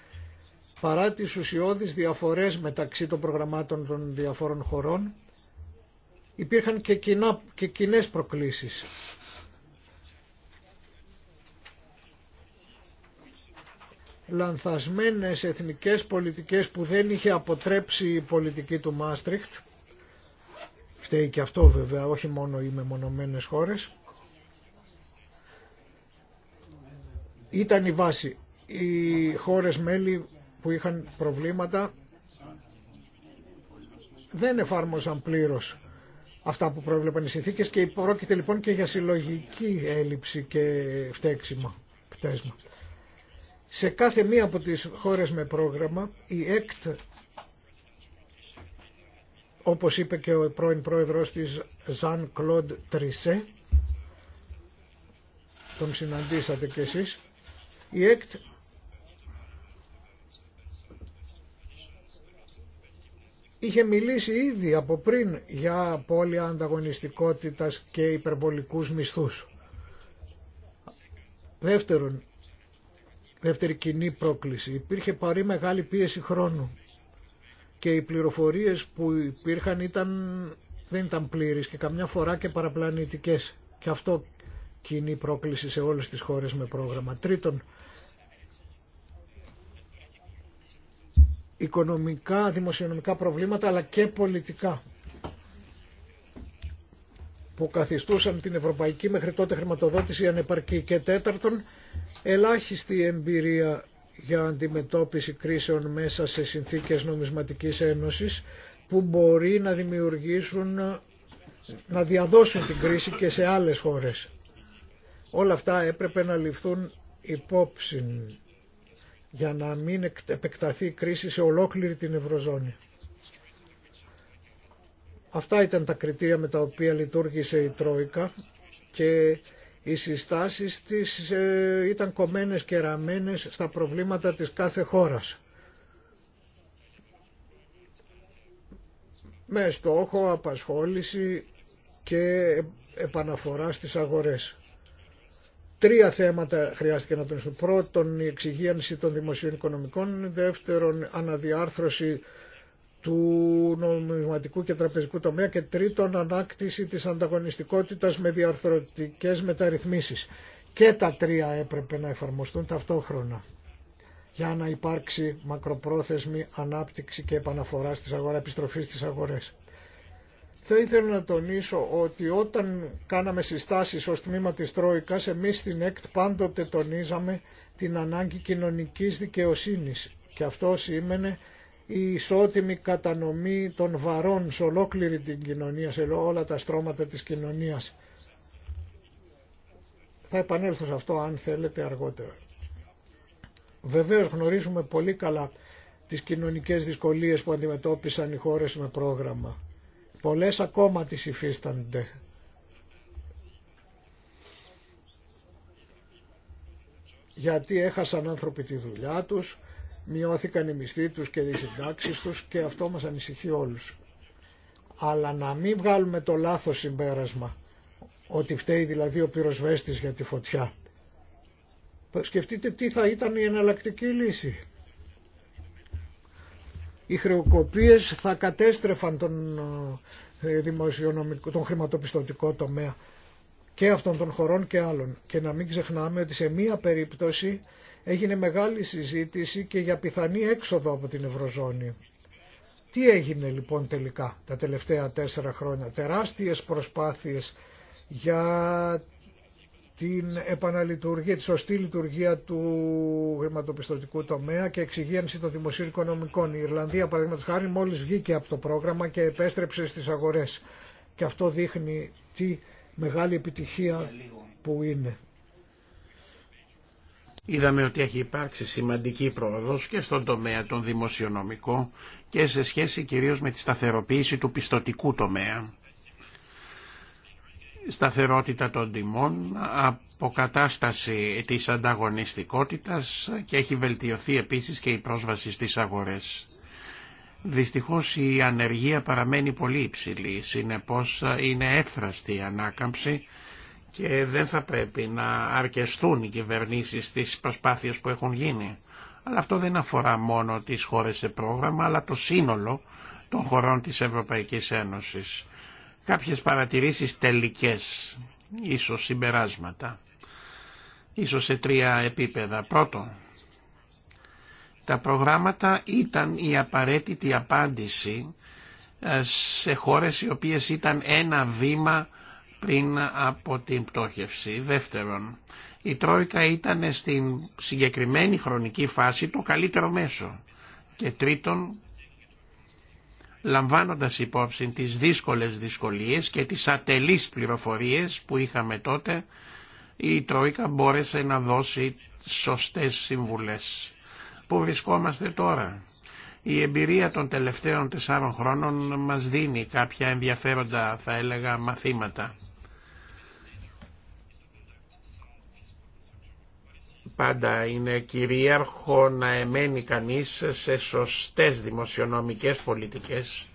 παρά τις ουσιώδεις διαφορές μεταξύ των προγραμμάτων των διαφόρων χωρών, υπήρχαν και, κοινά, και κοινές προκλήσεις λανθασμένες εθνικές πολιτικές που δεν είχε αποτρέψει η πολιτική του Μάστριχτ φταίει και αυτό βέβαια όχι μόνο οι μεμονωμένες χώρες ήταν η βάση οι χώρες μέλη που είχαν προβλήματα δεν εφάρμοσαν πλήρως αυτά που προβλέπαν οι συνθήκες και πρόκειται λοιπόν και για συλλογική έλλειψη και φταίξιμα, πτέσμα. Σε κάθε μία από τις χώρες με πρόγραμμα η ΕΚΤ όπως είπε και ο πρώην πρόεδρος της Ζαν Κλοντ Τρισέ τον συναντήσατε και εσείς η ΕΚΤ είχε μιλήσει ήδη από πριν για απώλεια ανταγωνιστικότητας και υπερβολικούς μισθούς. Δεύτερον, Δεύτερη κοινή πρόκληση. Υπήρχε παρή μεγάλη πίεση χρόνου και οι πληροφορίες που υπήρχαν ήταν, δεν ήταν πλήρες και καμιά φορά και παραπλανητικές. Και αυτό κοινή πρόκληση σε όλες τις χώρες με πρόγραμμα. Τρίτον, οικονομικά, δημοσιονομικά προβλήματα αλλά και πολιτικά που καθιστούσαν την ευρωπαϊκή μέχρι τότε χρηματοδότηση ανεπαρκή και τέταρτον ελάχιστη εμπειρία για αντιμετώπιση κρίσεων μέσα σε συνθήκες νομισματικής ένωσης που μπορεί να δημιουργήσουν, να διαδώσουν την κρίση και σε άλλες χώρες. Όλα αυτά έπρεπε να ληφθούν υπόψη για να μην επεκταθεί η κρίση σε ολόκληρη την Ευρωζώνη. Αυτά ήταν τα κριτήρια με τα οποία λειτουργήσε η Τρόικα και οι συστάσεις της ε, ήταν κομμένες και ραμμένες στα προβλήματα της κάθε χώρας. Με στόχο απασχόληση και επαναφορά στις αγορές. Τρία θέματα χρειάστηκε να τονιστούν. Πρώτον, η εξυγίανση των δημοσίων οικονομικών. Δεύτερον, αναδιάρθρωση του νομισματικού και τραπεζικού τομέα και τρίτον ανάκτηση της ανταγωνιστικότητας με διαρθρωτικές μεταρρυθμίσεις. Και τα τρία έπρεπε να εφαρμοστούν ταυτόχρονα για να υπάρξει μακροπρόθεσμη ανάπτυξη και επαναφορά στις αγορές, επιστροφή στις αγορές. Θα ήθελα να τονίσω ότι όταν κάναμε συστάσεις ως τμήμα της Τρόικας, εμείς στην ΕΚΤ πάντοτε τονίζαμε την ανάγκη κοινωνικής δικαιοσύνης και αυτό σήμαινε η ισότιμη κατανομή των βαρών σε ολόκληρη την κοινωνία, σε όλα τα στρώματα της κοινωνίας. Θα επανέλθω σε αυτό αν θέλετε αργότερα. Βεβαίως γνωρίζουμε πολύ καλά τις κοινωνικές δυσκολίες που αντιμετώπισαν οι χώρες με πρόγραμμα. Πολλές ακόμα τις υφίστανται. Γιατί έχασαν άνθρωποι τη δουλειά τους, μειώθηκαν οι μισθοί τους και οι συντάξει τους και αυτό μας ανησυχεί όλους. Αλλά να μην βγάλουμε το λάθος συμπέρασμα, ότι φταίει δηλαδή ο πυροσβέστης για τη φωτιά. Σκεφτείτε τι θα ήταν η εναλλακτική λύση. Οι χρεοκοπίες θα κατέστρεφαν τον, ε, δημοσιονομικό, τον χρηματοπιστωτικό τομέα και αυτών των χωρών και άλλων. Και να μην ξεχνάμε ότι σε μία περίπτωση έγινε μεγάλη συζήτηση και για πιθανή έξοδο από την Ευρωζώνη. Τι έγινε λοιπόν τελικά τα τελευταία τέσσερα χρόνια. Τεράστιες προσπάθειες για την επαναλειτουργία, τη σωστή λειτουργία του χρηματοπιστωτικού τομέα και εξυγίανση των δημοσίων οικονομικών. Η Ιρλανδία, παραδείγματο χάρη, μόλι βγήκε από το πρόγραμμα και επέστρεψε στι αγορέ. Και αυτό δείχνει τι μεγάλη επιτυχία που είναι. Είδαμε ότι έχει υπάρξει σημαντική πρόοδος και στον τομέα των δημοσιονομικών και σε σχέση κυρίως με τη σταθεροποίηση του πιστοτικού τομέα. Σταθερότητα των τιμών, αποκατάσταση της ανταγωνιστικότητας και έχει βελτιωθεί επίσης και η πρόσβαση στις αγορές. Δυστυχώς η ανεργία παραμένει πολύ υψηλή, συνεπώς είναι έφραστη η ανάκαμψη και δεν θα πρέπει να αρκεστούν οι κυβερνήσεις στις προσπάθειες που έχουν γίνει. Αλλά αυτό δεν αφορά μόνο τις χώρες σε πρόγραμμα, αλλά το σύνολο των χωρών της Ευρωπαϊκής Ένωσης. Κάποιες παρατηρήσεις τελικές, ίσως συμπεράσματα, ίσως σε τρία επίπεδα. Πρώτον, τα προγράμματα ήταν η απαραίτητη απάντηση ε, σε χώρες οι οποίες ήταν ένα βήμα πριν από την πτώχευση. Δεύτερον, η Τρόικα ήταν στην συγκεκριμένη χρονική φάση το καλύτερο μέσο. Και τρίτον, λαμβάνοντας υπόψη τις δύσκολες δυσκολίες και τις ατελείς πληροφορίες που είχαμε τότε, η Τρόικα μπόρεσε να δώσει σωστές συμβουλές. Πού βρισκόμαστε τώρα. Η εμπειρία των τελευταίων τεσσάρων χρόνων μας δίνει κάποια ενδιαφέροντα, θα έλεγα, μαθήματα. πάντα είναι κυρίαρχο να εμένει κανείς σε σωστές δημοσιονομικές πολιτικές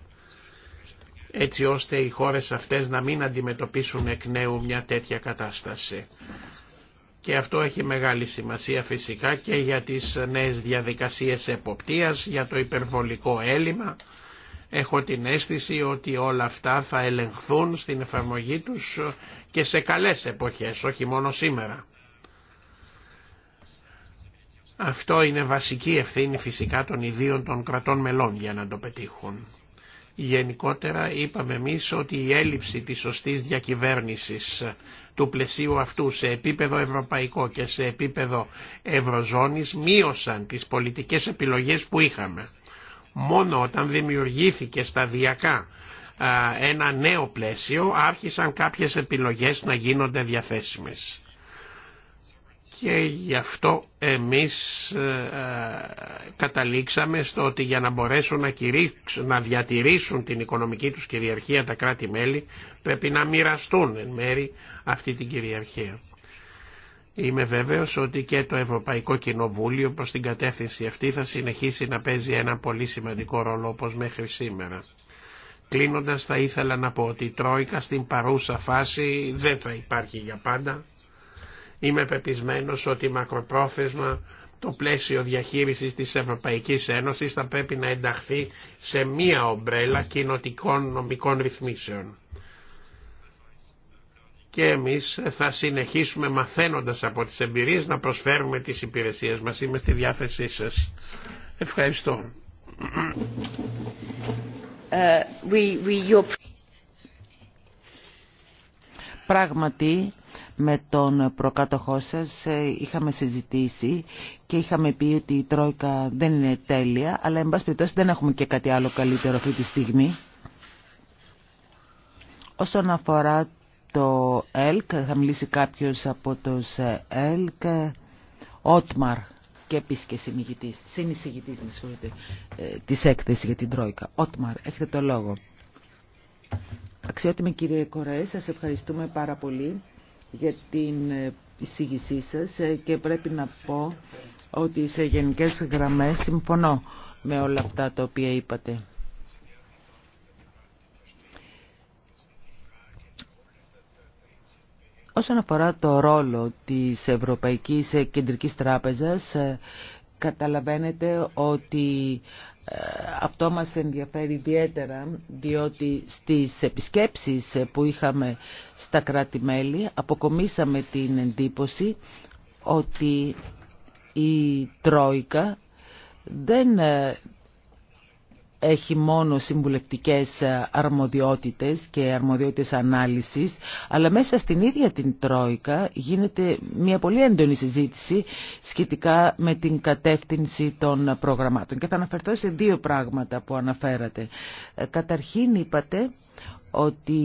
έτσι ώστε οι χώρες αυτές να μην αντιμετωπίσουν εκ νέου μια τέτοια κατάσταση. Και αυτό έχει μεγάλη σημασία φυσικά και για τις νέες διαδικασίες εποπτείας, για το υπερβολικό έλλειμμα. Έχω την αίσθηση ότι όλα αυτά θα ελεγχθούν στην εφαρμογή τους και σε καλές εποχές, όχι μόνο σήμερα. Αυτό είναι βασική ευθύνη φυσικά των ιδίων των κρατών μελών για να το πετύχουν. Γενικότερα είπαμε εμείς ότι η έλλειψη της σωστής διακυβέρνησης του πλαισίου αυτού σε επίπεδο ευρωπαϊκό και σε επίπεδο ευρωζώνης μείωσαν τις πολιτικές επιλογές που είχαμε. Μόνο όταν δημιουργήθηκε σταδιακά ένα νέο πλαίσιο άρχισαν κάποιες επιλογές να γίνονται διαθέσιμες και γι' αυτό εμείς ε, ε, καταλήξαμε στο ότι για να μπορέσουν να, να διατηρήσουν την οικονομική τους κυριαρχία τα κράτη-μέλη πρέπει να μοιραστούν εν μέρη αυτή την κυριαρχία. Είμαι βέβαιος ότι και το Ευρωπαϊκό Κοινοβούλιο προς την κατεύθυνση αυτή θα συνεχίσει να παίζει ένα πολύ σημαντικό ρόλο όπως μέχρι σήμερα. Κλείνοντας θα ήθελα να πω ότι η Τρόικα στην παρούσα φάση δεν θα υπάρχει για πάντα Είμαι πεπισμένος ότι μακροπρόθεσμα το πλαίσιο διαχείρισης της Ευρωπαϊκής Ένωσης θα πρέπει να ενταχθεί σε μία ομπρέλα κοινοτικών νομικών ρυθμίσεων. Και εμείς θα συνεχίσουμε μαθαίνοντας από τις εμπειρίες να προσφέρουμε τις υπηρεσίες μας. Είμαι στη διάθεσή σας. Ευχαριστώ. Ε, Πράγματι, με τον προκάτοχό σα ε, είχαμε συζητήσει και είχαμε πει ότι η Τρόικα δεν είναι τέλεια, αλλά εν πάση περιπτώσει δεν έχουμε και κάτι άλλο καλύτερο αυτή τη στιγμή. Όσον αφορά το ΕΛΚ, θα μιλήσει κάποιος από το ε, ΕΛΚ, Ότμαρ και επίση και συνηγητής, συνεισηγητής με συγχωρείτε, ε, της έκθεσης για την Τρόικα. Ότμαρ, έχετε το λόγο. Αξιότιμη κύριε Κορέ, σας ευχαριστούμε πάρα πολύ για την ε, εισήγησή σας ε, και πρέπει να πω ότι σε γενικές γραμμές συμφωνώ με όλα αυτά τα οποία είπατε. Όσον αφορά το ρόλο της Ευρωπαϊκής Κεντρικής Τράπεζας, ε, καταλαβαίνετε ότι αυτό μας ενδιαφέρει ιδιαίτερα διότι στις επισκέψεις που είχαμε στα κράτη-μέλη αποκομίσαμε την εντύπωση ότι η Τρόικα δεν ε, έχει μόνο συμβουλευτικές ε, αρμοδιότητες και αρμοδιότητες ανάλυσης, αλλά μέσα στην ίδια την Τρόικα γίνεται μια πολύ έντονη συζήτηση σχετικά με την κατεύθυνση των προγραμμάτων. Και θα αναφερθώ σε δύο πράγματα που αναφέρατε. Ε, καταρχήν είπατε ότι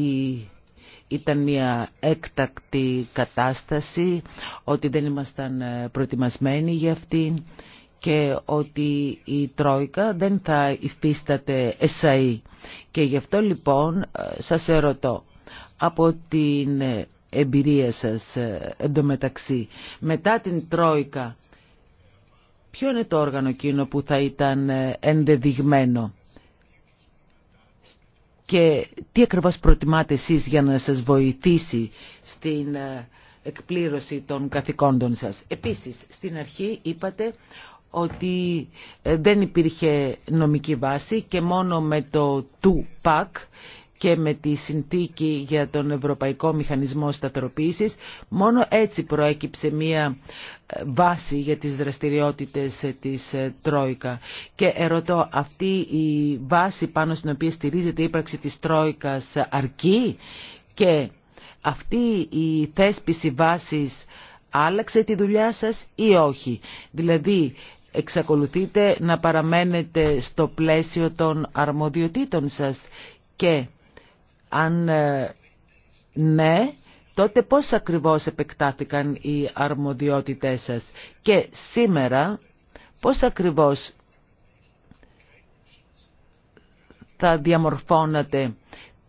ήταν μια έκτακτη κατάσταση, ότι δεν ήμασταν ε, προετοιμασμένοι για αυτήν και ότι η Τρόικα δεν θα υφίσταται εσαΐ. Και γι' αυτό λοιπόν ε, σας ερωτώ από την ε, εμπειρία σας ε, εντωμεταξύ μετά την Τρόικα ποιο είναι το όργανο εκείνο που θα ήταν ενδεδειγμένο και τι ακριβώς προτιμάτε εσείς για να σας βοηθήσει στην εκπλήρωση των καθηκόντων σας. Επίσης, στην αρχή είπατε ότι ε, δεν υπήρχε νομική βάση και μόνο με το του και με τη συνθήκη για τον Ευρωπαϊκό Μηχανισμό Σταθεροποίησης. Μόνο έτσι προέκυψε μία ε, βάση για τις δραστηριότητες ε, της Τρόικα. Και ερωτώ, αυτή η βάση πάνω στην οποία στηρίζεται η ύπαρξη της Τρόικας αρκεί και αυτή η θέσπιση βάσης άλλαξε τη δουλειά σας ή όχι. Δηλαδή, εξακολουθείτε να παραμένετε στο πλαίσιο των αρμοδιοτήτων σας και αν ε, ναι, τότε πώς ακριβώς επεκτάθηκαν οι αρμοδιότητές σας και σήμερα πώς ακριβώς θα διαμορφώνατε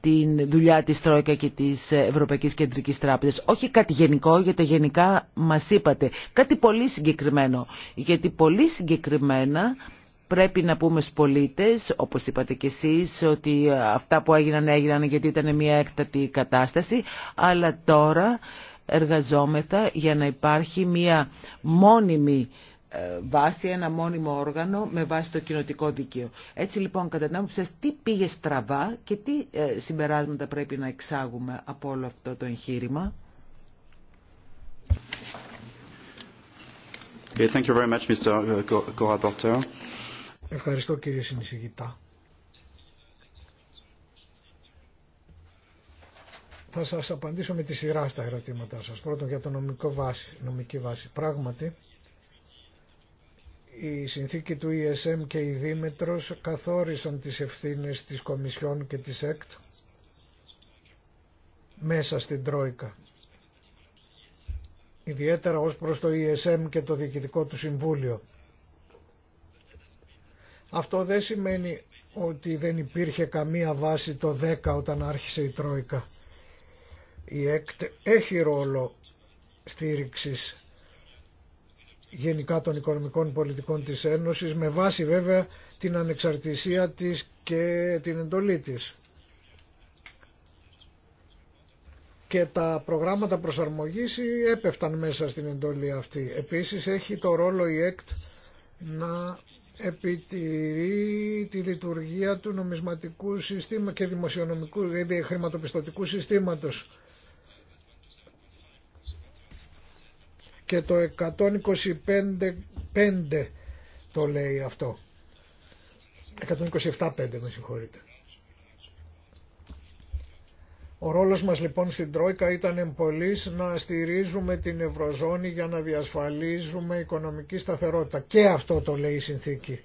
την δουλειά της Τρόικα και της Ευρωπαϊκής Κεντρικής Τράπεζας. Όχι κάτι γενικό, γιατί γενικά μας είπατε. Κάτι πολύ συγκεκριμένο. Γιατί πολύ συγκεκριμένα πρέπει να πούμε στους πολίτες, όπως είπατε και εσείς, ότι αυτά που έγιναν έγιναν γιατί ήταν μια έκτατη κατάσταση, αλλά τώρα εργαζόμεθα για να υπάρχει μια μόνιμη βάσει ένα μόνιμο όργανο με βάση το κοινοτικό δίκαιο. Έτσι λοιπόν κατά την άποψη τι πήγε στραβά και τι ε, συμπεράσματα πρέπει να εξάγουμε από όλο αυτό το εγχείρημα. Okay, thank you very much, Mr. Uh, Ευχαριστώ κύριε συνεισηγητά. Θα σας απαντήσω με τη σειρά στα ερωτήματά σας. Πρώτον για το νομικό βάση, νομική βάση. Πράγματι, η συνθήκη του ESM και η Δήμετρος καθόρισαν τις ευθύνες της Κομισιόν και της ΕΚΤ μέσα στην Τρόικα. Ιδιαίτερα ως προς το ESM και το Διοικητικό του Συμβούλιο. Αυτό δεν σημαίνει ότι δεν υπήρχε καμία βάση το 10 όταν άρχισε η Τρόικα. Η ΕΚΤ έχει ρόλο στήριξης γενικά των οικονομικών πολιτικών της Ένωσης με βάση βέβαια την ανεξαρτησία της και την εντολή της. Και τα προγράμματα προσαρμογής έπεφταν μέσα στην εντολή αυτή. Επίσης έχει το ρόλο η ΕΚΤ να επιτηρεί τη λειτουργία του νομισματικού συστήματος και δημοσιονομικού, δηλαδή χρηματοπιστωτικού συστήματος και το 125.5 το λέει αυτό. 127.5 με συγχωρείτε. Ο ρόλος μας λοιπόν στην Τρόικα ήταν εμπολής να στηρίζουμε την Ευρωζώνη για να διασφαλίζουμε οικονομική σταθερότητα. Και αυτό το λέει η συνθήκη.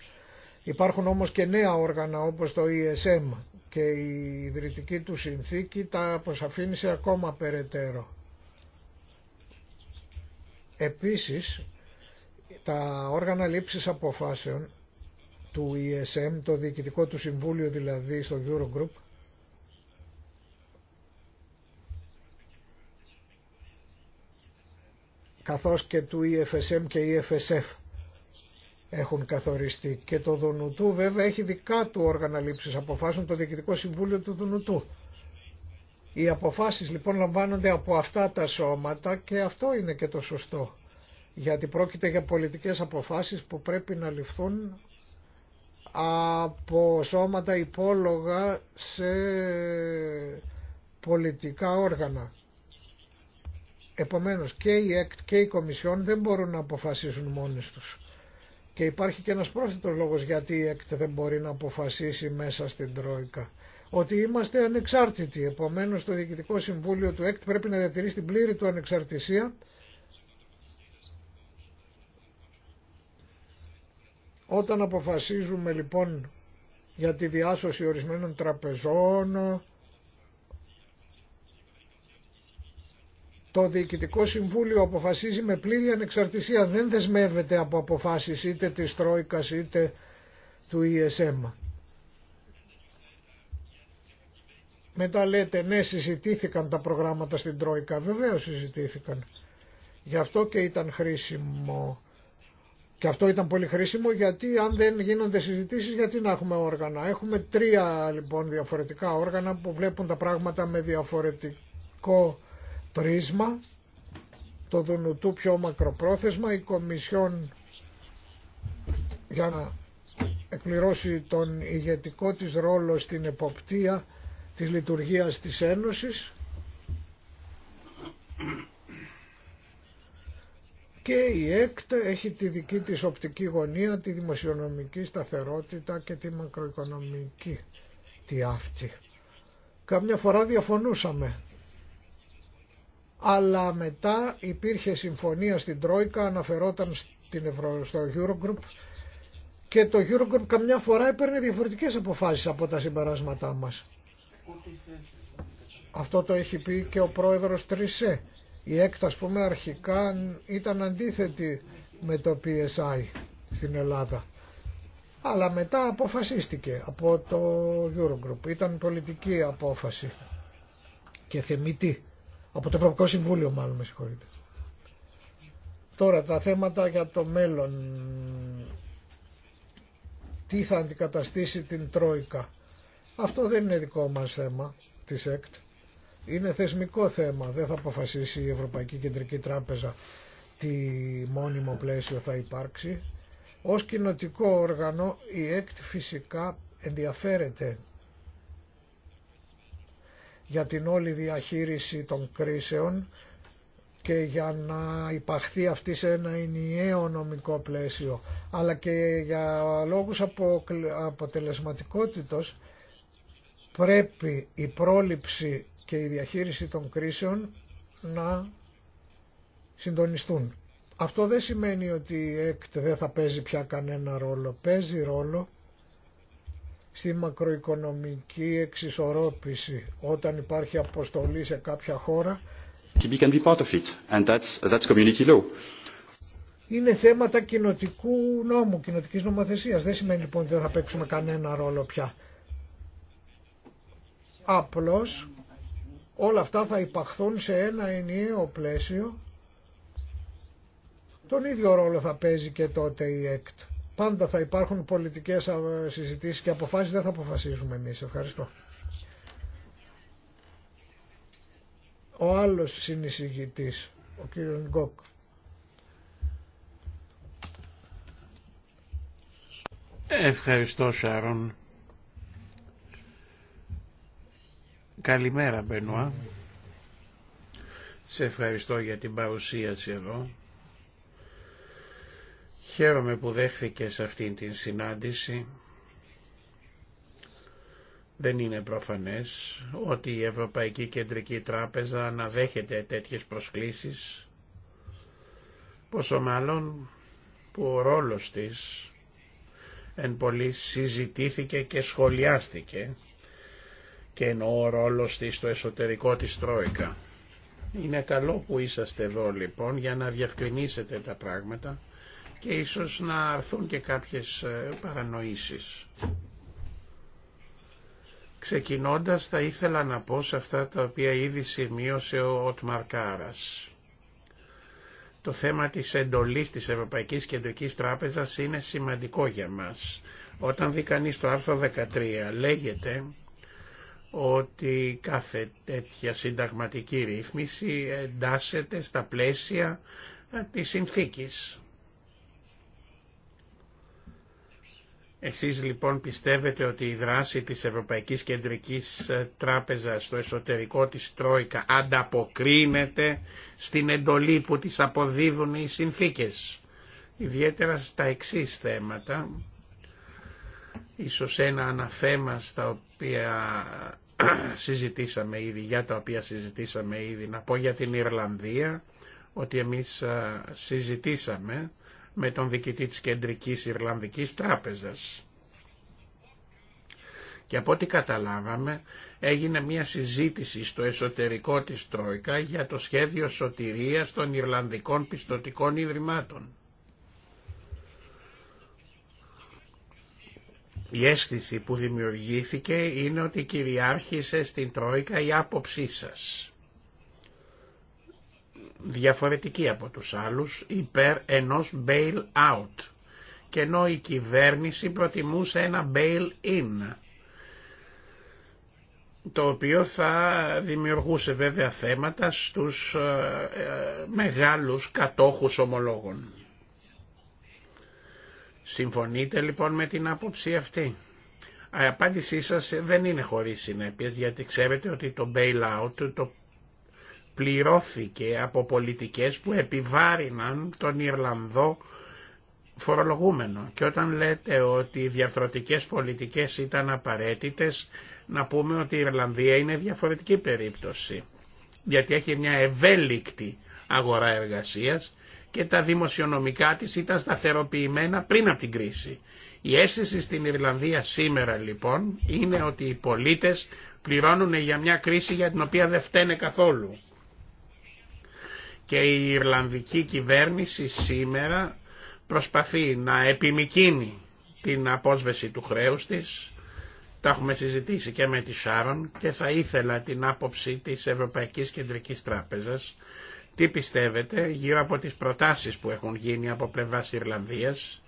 Υπάρχουν όμως και νέα όργανα όπως το ESM και η ιδρυτική του συνθήκη τα αποσαφήνισε ακόμα περαιτέρω. Επίσης, τα όργανα λήψης αποφάσεων του ESM, το διοικητικό του συμβούλιο δηλαδή στο Eurogroup, καθώς και του EFSM και EFSF έχουν καθοριστεί. Και το Δουνουτού βέβαια έχει δικά του όργανα λήψης αποφάσεων, το Διοικητικό Συμβούλιο του Δουνουτού. Οι αποφάσεις λοιπόν λαμβάνονται από αυτά τα σώματα και αυτό είναι και το σωστό. Γιατί πρόκειται για πολιτικές αποφάσεις που πρέπει να ληφθούν από σώματα υπόλογα σε πολιτικά όργανα. Επομένως και η ΕΚΤ και η Κομισιόν δεν μπορούν να αποφασίσουν μόνες τους. Και υπάρχει και ένας πρόσθετος λόγος γιατί η ΕΚΤ δεν μπορεί να αποφασίσει μέσα στην Τρόικα ότι είμαστε ανεξάρτητοι. Επομένως το Διοικητικό Συμβούλιο του ΕΚΤ πρέπει να διατηρήσει την πλήρη του ανεξαρτησία Όταν αποφασίζουμε λοιπόν για τη διάσωση ορισμένων τραπεζών, το Διοικητικό Συμβούλιο αποφασίζει με πλήρη ανεξαρτησία, δεν δεσμεύεται από αποφάσεις είτε της Τρόικας είτε του ESM. Μετά λέτε ναι συζητήθηκαν τα προγράμματα στην Τρόικα. Βεβαίως συζητήθηκαν. Γι' αυτό και ήταν χρήσιμο. Και αυτό ήταν πολύ χρήσιμο γιατί αν δεν γίνονται συζητήσεις γιατί να έχουμε όργανα. Έχουμε τρία λοιπόν διαφορετικά όργανα που βλέπουν τα πράγματα με διαφορετικό πρίσμα. Το Δουνουτού πιο μακροπρόθεσμα, η Κομισιόν για να εκπληρώσει τον ηγετικό της ρόλο στην εποπτεία της λειτουργίας της Ένωσης και η ΕΚΤ έχει τη δική της οπτική γωνία, τη δημοσιονομική σταθερότητα και τη μακροοικονομική τη αυτή. Καμιά φορά διαφωνούσαμε. Αλλά μετά υπήρχε συμφωνία στην Τρόικα, αναφερόταν στην στο Eurogroup και το Eurogroup καμιά φορά έπαιρνε διαφορετικές αποφάσεις από τα συμπεράσματά μας. Αυτό το έχει πει και ο πρόεδρος Τρισέ. Η έκτα, που πούμε, αρχικά ήταν αντίθετη με το PSI στην Ελλάδα. Αλλά μετά αποφασίστηκε από το Eurogroup. Ήταν πολιτική απόφαση και θεμητή. Από το Ευρωπαϊκό Συμβούλιο μάλλον, με συγχωρείτε. Τώρα τα θέματα για το μέλλον. Τι θα αντικαταστήσει την Τρόικα. Αυτό δεν είναι δικό μας θέμα της ΕΚΤ. Είναι θεσμικό θέμα. Δεν θα αποφασίσει η Ευρωπαϊκή Κεντρική Τράπεζα τι μόνιμο πλαίσιο θα υπάρξει. Ως κοινοτικό όργανο η ΕΚΤ φυσικά ενδιαφέρεται για την όλη διαχείριση των κρίσεων και για να υπαχθεί αυτή σε ένα ενιαίο νομικό πλαίσιο αλλά και για λόγους αποτελεσματικότητος πρέπει η πρόληψη και η διαχείριση των κρίσεων να συντονιστούν. Αυτό δεν σημαίνει ότι η ΕΚΤ δεν θα παίζει πια κανένα ρόλο. Παίζει ρόλο στη μακροοικονομική εξισορρόπηση όταν υπάρχει αποστολή σε κάποια χώρα. Είναι θέματα κοινοτικού νόμου, κοινοτικής νομοθεσίας. Δεν σημαίνει λοιπόν ότι δεν θα παίξουμε κανένα ρόλο πια. Απλώς όλα αυτά θα υπαχθούν σε ένα ενιαίο πλαίσιο. Τον ίδιο ρόλο θα παίζει και τότε η ΕΚΤ. Πάντα θα υπάρχουν πολιτικές συζητήσεις και αποφάσεις δεν θα αποφασίζουμε εμείς. Ευχαριστώ. Ο άλλος συνεισηγητής, ο κύριος Γκόκ. Ευχαριστώ Σάρον. Καλημέρα Μπενουά. Σε ευχαριστώ για την παρουσίαση εδώ. Χαίρομαι που δέχθηκες αυτήν την συνάντηση. Δεν είναι προφανές ότι η Ευρωπαϊκή Κεντρική Τράπεζα αναδέχεται τέτοιες προσκλήσεις, πόσο μάλλον που ο ρόλος της εν πολύ συζητήθηκε και σχολιάστηκε και εννοώ ο ρόλος στο εσωτερικό της Τρόικα. Είναι καλό που είσαστε εδώ λοιπόν για να διευκρινίσετε τα πράγματα και ίσως να αρθούν και κάποιες ε, παρανοήσεις. Ξεκινώντας θα ήθελα να πω σε αυτά τα οποία ήδη σημείωσε ο Οτμαρ Το θέμα της εντολής της Ευρωπαϊκής Κεντρικής Τράπεζας είναι σημαντικό για μας. Όταν δει κανείς το άρθρο 13 λέγεται ότι κάθε τέτοια συνταγματική ρύθμιση εντάσσεται στα πλαίσια ε, της συνθήκης. Εσείς λοιπόν πιστεύετε ότι η δράση της Ευρωπαϊκής Κεντρικής ε, Τράπεζας στο εσωτερικό της Τρόικα ανταποκρίνεται στην εντολή που της αποδίδουν οι συνθήκες. Ιδιαίτερα στα εξής θέματα, ίσως ένα αναθέμα στα οποία συζητήσαμε ήδη, για τα οποία συζητήσαμε ήδη. Να πω για την Ιρλανδία ότι εμείς συζητήσαμε με τον διοικητή της Κεντρικής Ιρλανδικής Τράπεζας. Και από ό,τι καταλάβαμε έγινε μια συζήτηση στο εσωτερικό της Τρόικα για το σχέδιο σωτηρίας των Ιρλανδικών πιστοτικών ιδρυμάτων. Η αίσθηση που δημιουργήθηκε είναι ότι κυριάρχησε στην Τρόικα η άποψή σας. Διαφορετική από τους άλλους, υπέρ ενός bail-out. Και ενώ η κυβέρνηση προτιμούσε ένα bail-in, το οποίο θα δημιουργούσε βέβαια θέματα στους ε, ε, μεγάλους κατόχους ομολόγων. Συμφωνείτε λοιπόν με την άποψη αυτή. Η απάντησή σας δεν είναι χωρίς συνέπειες γιατί ξέρετε ότι το bailout το πληρώθηκε από πολιτικές που επιβάρυναν τον Ιρλανδό φορολογούμενο. Και όταν λέτε ότι οι διαφορετικές πολιτικές ήταν απαραίτητες, να πούμε ότι η Ιρλανδία είναι διαφορετική περίπτωση. Γιατί έχει μια ευέλικτη αγορά εργασίας και τα δημοσιονομικά της ήταν σταθεροποιημένα πριν από την κρίση. Η αίσθηση στην Ιρλανδία σήμερα λοιπόν είναι ότι οι πολίτες πληρώνουν για μια κρίση για την οποία δεν φταίνε καθόλου. Και η Ιρλανδική κυβέρνηση σήμερα προσπαθεί να επιμικίνει την απόσβεση του χρέους της. Τα έχουμε συζητήσει και με τη Σάρων και θα ήθελα την άποψη της Ευρωπαϊκής Κεντρικής Τράπεζας τι πιστεύετε γύρω από τις προτάσεις που έχουν γίνει από πλευράς Ιρλανδίας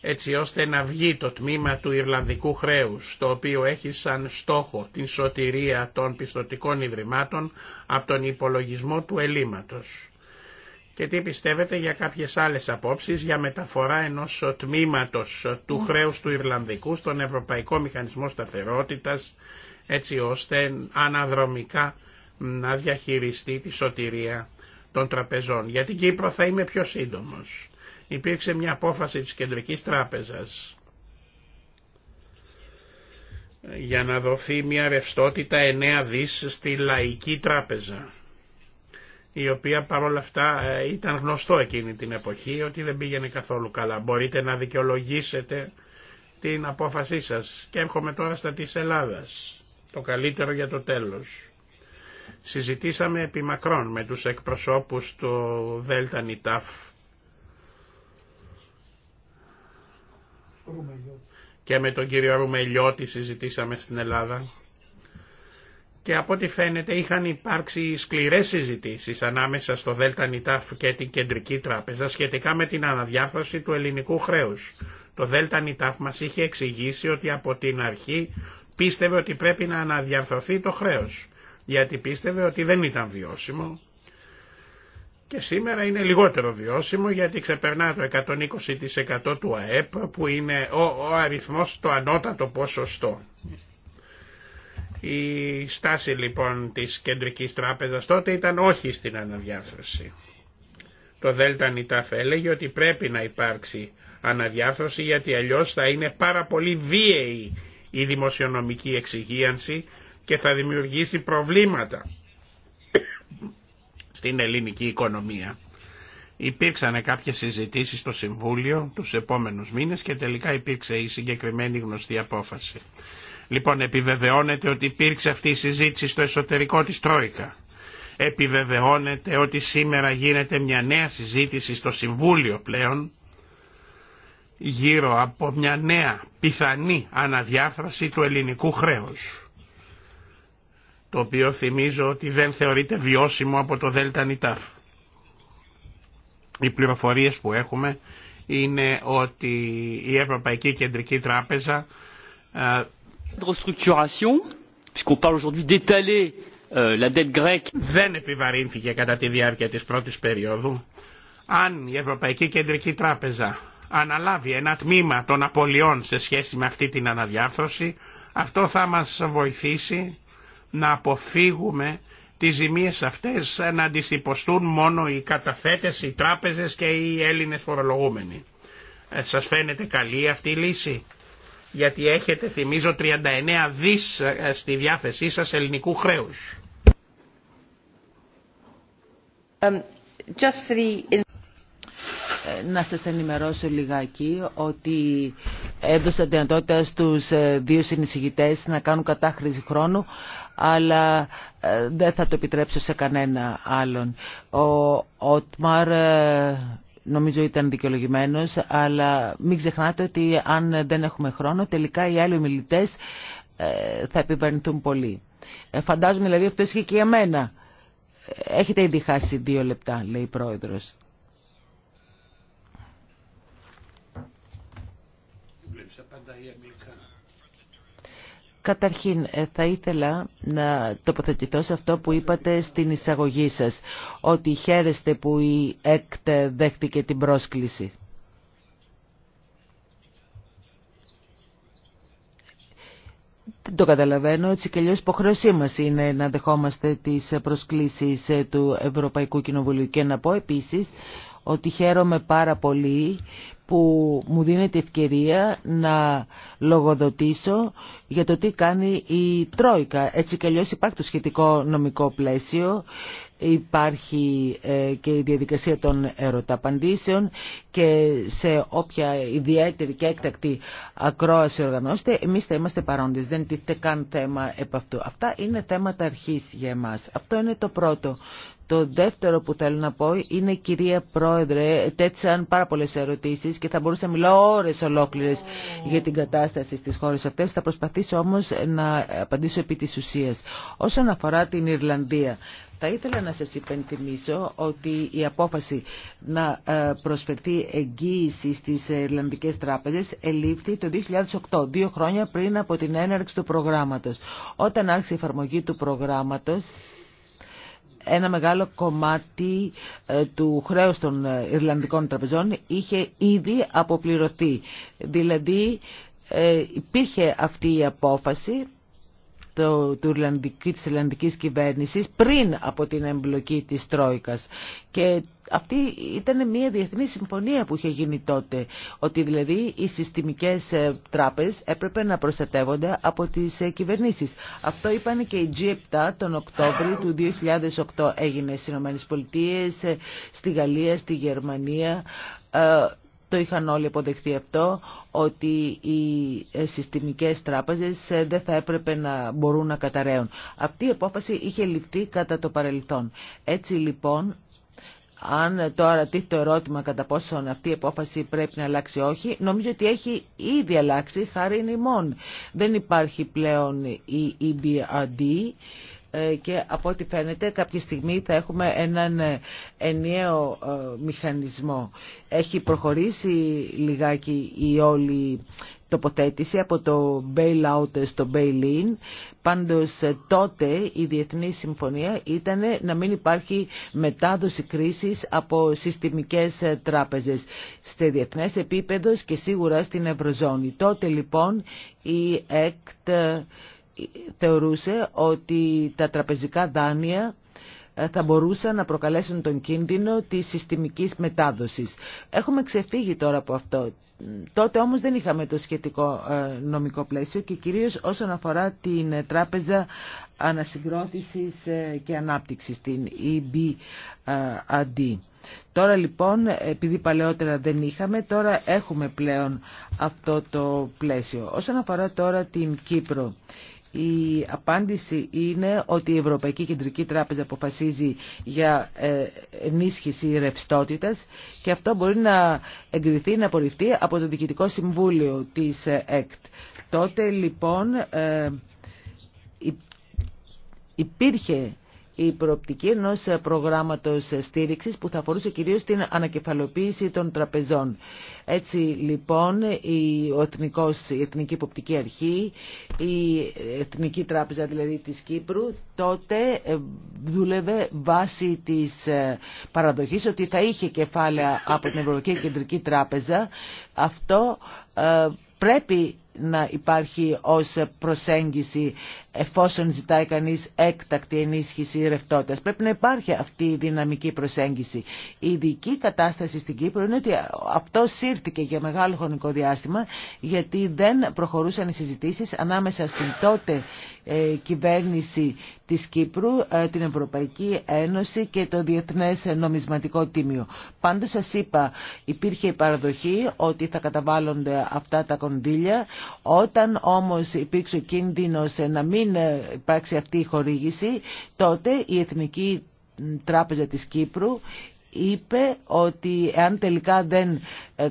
έτσι ώστε να βγει το τμήμα του Ιρλανδικού χρέους, το οποίο έχει σαν στόχο την σωτηρία των πιστοτικών ιδρυμάτων από τον υπολογισμό του ελλείμματος. Και τι πιστεύετε για κάποιες άλλες απόψεις για μεταφορά ενός τμήματος του χρέους του Ιρλανδικού στον Ευρωπαϊκό Μηχανισμό Σταθερότητας, έτσι ώστε αναδρομικά να διαχειριστεί τη σωτηρία των τραπεζών. Για την Κύπρο θα είμαι πιο σύντομος. Υπήρξε μια απόφαση της Κεντρικής Τράπεζας για να δοθεί μια ρευστότητα 9 δις στη Λαϊκή Τράπεζα η οποία παρόλα αυτά ε, ήταν γνωστό εκείνη την εποχή ότι δεν πήγαινε καθόλου καλά. Μπορείτε να δικαιολογήσετε την απόφασή σας και έρχομαι τώρα στα της Ελλάδας. Το καλύτερο για το τέλος. Συζητήσαμε επί μακρόν με τους εκπροσώπους του Δέλτα Νιτάφ και με τον κύριο Ρουμελιώτη συζητήσαμε στην Ελλάδα και από ό,τι φαίνεται είχαν υπάρξει σκληρές συζητήσεις ανάμεσα στο Δέλτα Νιτάφ και την Κεντρική Τράπεζα σχετικά με την αναδιάρθρωση του ελληνικού χρέους. Το Δέλτα Νιτάφ μας είχε εξηγήσει ότι από την αρχή πίστευε ότι πρέπει να αναδιαρθρωθεί το χρέος γιατί πίστευε ότι δεν ήταν βιώσιμο και σήμερα είναι λιγότερο βιώσιμο γιατί ξεπερνά το 120% του ΑΕΠ που είναι ο, ο αριθμός το ανώτατο ποσοστό. Η στάση λοιπόν της Κεντρικής Τράπεζας τότε ήταν όχι στην αναδιάθρωση. Το Δέλτα Νιτάφ έλεγε ότι πρέπει να υπάρξει αναδιάθρωση γιατί αλλιώς θα είναι πάρα πολύ βίαιη η δημοσιονομική εξυγίανση και θα δημιουργήσει προβλήματα στην ελληνική οικονομία. Υπήρξαν κάποιες συζητήσεις στο Συμβούλιο τους επόμενους μήνες και τελικά υπήρξε η συγκεκριμένη γνωστή απόφαση. Λοιπόν, επιβεβαιώνεται ότι υπήρξε αυτή η συζήτηση στο εσωτερικό της Τρόικα. Επιβεβαιώνεται ότι σήμερα γίνεται μια νέα συζήτηση στο Συμβούλιο πλέον γύρω από μια νέα πιθανή αναδιάφραση του ελληνικού χρέους το οποίο θυμίζω ότι δεν θεωρείται βιώσιμο από το Δέλτα Νιτάφ. Οι πληροφορίες που έχουμε είναι ότι η Ευρωπαϊκή Κεντρική Τράπεζα ε, euh, δεν επιβαρύνθηκε κατά τη διάρκεια της πρώτης περίοδου. Αν η Ευρωπαϊκή Κεντρική Τράπεζα αναλάβει ένα τμήμα των απολειών σε σχέση με αυτή την αναδιάρθρωση, αυτό θα μας βοηθήσει να αποφύγουμε τις ζημίες αυτές να τις μόνο οι καταθέτες, οι τράπεζες και οι Έλληνες φορολογούμενοι. Ε, σας φαίνεται καλή αυτή η λύση γιατί έχετε θυμίζω 39 δις ε, στη διάθεσή σας ελληνικού χρέους. Ε, να σας ενημερώσω λιγάκι ότι έδωσα δυνατότητα στους δύο συνεισηγητές να κάνουν κατάχρηση χρόνου αλλά ε, δεν θα το επιτρέψω σε κανένα άλλον. Ο Ότμαρ ε, νομίζω ήταν δικαιολογημένο, αλλά μην ξεχνάτε ότι αν δεν έχουμε χρόνο τελικά οι άλλοι ομιλητέ ε, θα επιβαρυνθούν πολύ. Φαντάζομαι δηλαδή αυτό ισχύει και για μένα. Έχετε ήδη χάσει δύο λεπτά, λέει η πρόεδρος. Καταρχήν, ε, θα ήθελα να τοποθετηθώ σε αυτό που είπατε στην εισαγωγή σας, ότι χαίρεστε που η ΕΚΤ δέχτηκε την πρόσκληση. Δεν το καταλαβαίνω, έτσι και αλλιώς υποχρέωσή μας είναι να δεχόμαστε τις προσκλήσεις ε, του Ευρωπαϊκού Κοινοβουλίου. Και να πω επίσης ότι χαίρομαι πάρα πολύ που μου δίνεται ευκαιρία να λογοδοτήσω για το τι κάνει η Τρόικα. Έτσι κι αλλιώς υπάρχει το σχετικό νομικό πλαίσιο, υπάρχει ε, και η διαδικασία των ερωταπαντήσεων και σε όποια ιδιαίτερη και έκτακτη ακρόαση οργανώστε, εμείς θα είμαστε παρόντες, δεν τίθεται καν θέμα επ' αυτού. Αυτά είναι θέματα αρχής για εμάς. Αυτό είναι το πρώτο. Το δεύτερο που θέλω να πω είναι, κυρία Πρόεδρε, τέτοιαν πάρα πολλέ ερωτήσει και θα μπορούσα να μιλώ ώρε ολόκληρε για την κατάσταση στι χώρε αυτέ. Θα προσπαθήσω όμω να απαντήσω επί τη ουσία. Όσον αφορά την Ιρλανδία, θα ήθελα να σα υπενθυμίσω ότι η απόφαση να ε, προσφερθεί εγγύηση στι Ιρλανδικές Τράπεζε ελήφθη το 2008, δύο χρόνια πριν από την έναρξη του προγράμματο. Όταν άρχισε η εφαρμογή του προγράμματο ένα μεγάλο κομμάτι ε, του χρέους των ε, Ιρλανδικών τραπεζών είχε ήδη αποπληρωθεί. Δηλαδή ε, υπήρχε αυτή η απόφαση το, του Ιρλανδική, της κυβέρνησης πριν από την εμπλοκή της Τρόικας και αυτή ήταν μια διεθνή συμφωνία που είχε γίνει τότε, ότι δηλαδή οι συστημικές ε, τράπεζες έπρεπε να προστατεύονται από τις ε, κυβερνήσεις. Αυτό είπαν και οι G7 τον Οκτώβριο του 2008 έγινε στις ΗΠΑ, ε, στη Γαλλία, στη Γερμανία το είχαν όλοι αποδεχθεί αυτό, ότι οι συστημικές τράπεζες δεν θα έπρεπε να μπορούν να καταραίουν. Αυτή η απόφαση είχε ληφθεί κατά το παρελθόν. Έτσι λοιπόν αν τώρα τίθεται το ερώτημα κατά πόσο αυτή η απόφαση πρέπει να αλλάξει όχι, νομίζω ότι έχει ήδη αλλάξει χάρη νημών. Δεν υπάρχει πλέον η EBRD ε, και από ό,τι φαίνεται κάποια στιγμή θα έχουμε έναν ενιαίο ε, μηχανισμό. Έχει προχωρήσει λιγάκι η όλη τοποθέτηση από το bailout στο bail-in. Πάντως ε, τότε η Διεθνή Συμφωνία ήταν να μην υπάρχει μετάδοση κρίσης από συστημικές ε, τράπεζες σε διεθνές επίπεδος και σίγουρα στην Ευρωζώνη. Τότε λοιπόν η ΕΚΤ ε, θεωρούσε ότι τα τραπεζικά δάνεια θα μπορούσαν να προκαλέσουν τον κίνδυνο της συστημικής μετάδοσης. Έχουμε ξεφύγει τώρα από αυτό. Τότε όμως δεν είχαμε το σχετικό ε, νομικό πλαίσιο και κυρίως όσον αφορά την ε, Τράπεζα Ανασυγκρότησης ε, και Ανάπτυξης, την EBRD. Τώρα λοιπόν, επειδή παλαιότερα δεν είχαμε, τώρα έχουμε πλέον αυτό το πλαίσιο. Όσον αφορά τώρα την Κύπρο, η απάντηση είναι ότι η Ευρωπαϊκή Κεντρική Τράπεζα αποφασίζει για ε, ενίσχυση ρευστότητας και αυτό μπορεί να εγκριθεί, να απορριφθεί από το Διοικητικό Συμβούλιο της ε, ΕΚΤ. Τότε λοιπόν ε, υπήρχε η προοπτική ενός προγράμματος στήριξης που θα αφορούσε κυρίως την ανακεφαλοποίηση των τραπεζών. Έτσι λοιπόν η, Εθνικός, Εθνική Υποπτική Αρχή, η Εθνική Τράπεζα δηλαδή της Κύπρου τότε ε, δούλευε βάσει της ε, παραδοχής ότι θα είχε κεφάλαια από την Ευρωπαϊκή Κεντρική Τράπεζα. Αυτό ε, πρέπει να υπάρχει ως προσέγγιση εφόσον ζητάει κανείς έκτακτη ενίσχυση ρευτότητας. Πρέπει να υπάρχει αυτή η δυναμική προσέγγιση. Η ειδική κατάσταση στην Κύπρο είναι ότι αυτό σύρθηκε για μεγάλο χρονικό διάστημα γιατί δεν προχωρούσαν οι συζητήσεις ανάμεσα στην τότε ε, κυβέρνηση της Κύπρου, ε, την Ευρωπαϊκή Ένωση και το Διεθνές Νομισματικό Τίμιο. Πάντως σας είπα, υπήρχε η παραδοχή ότι θα καταβάλλονται αυτά τα κονδύλια. Όταν όμως υπήρξε κίνδυνος να μην ε, υπάρξει αυτή η χορήγηση, τότε η Εθνική Τράπεζα της Κύπρου είπε ότι αν τελικά δεν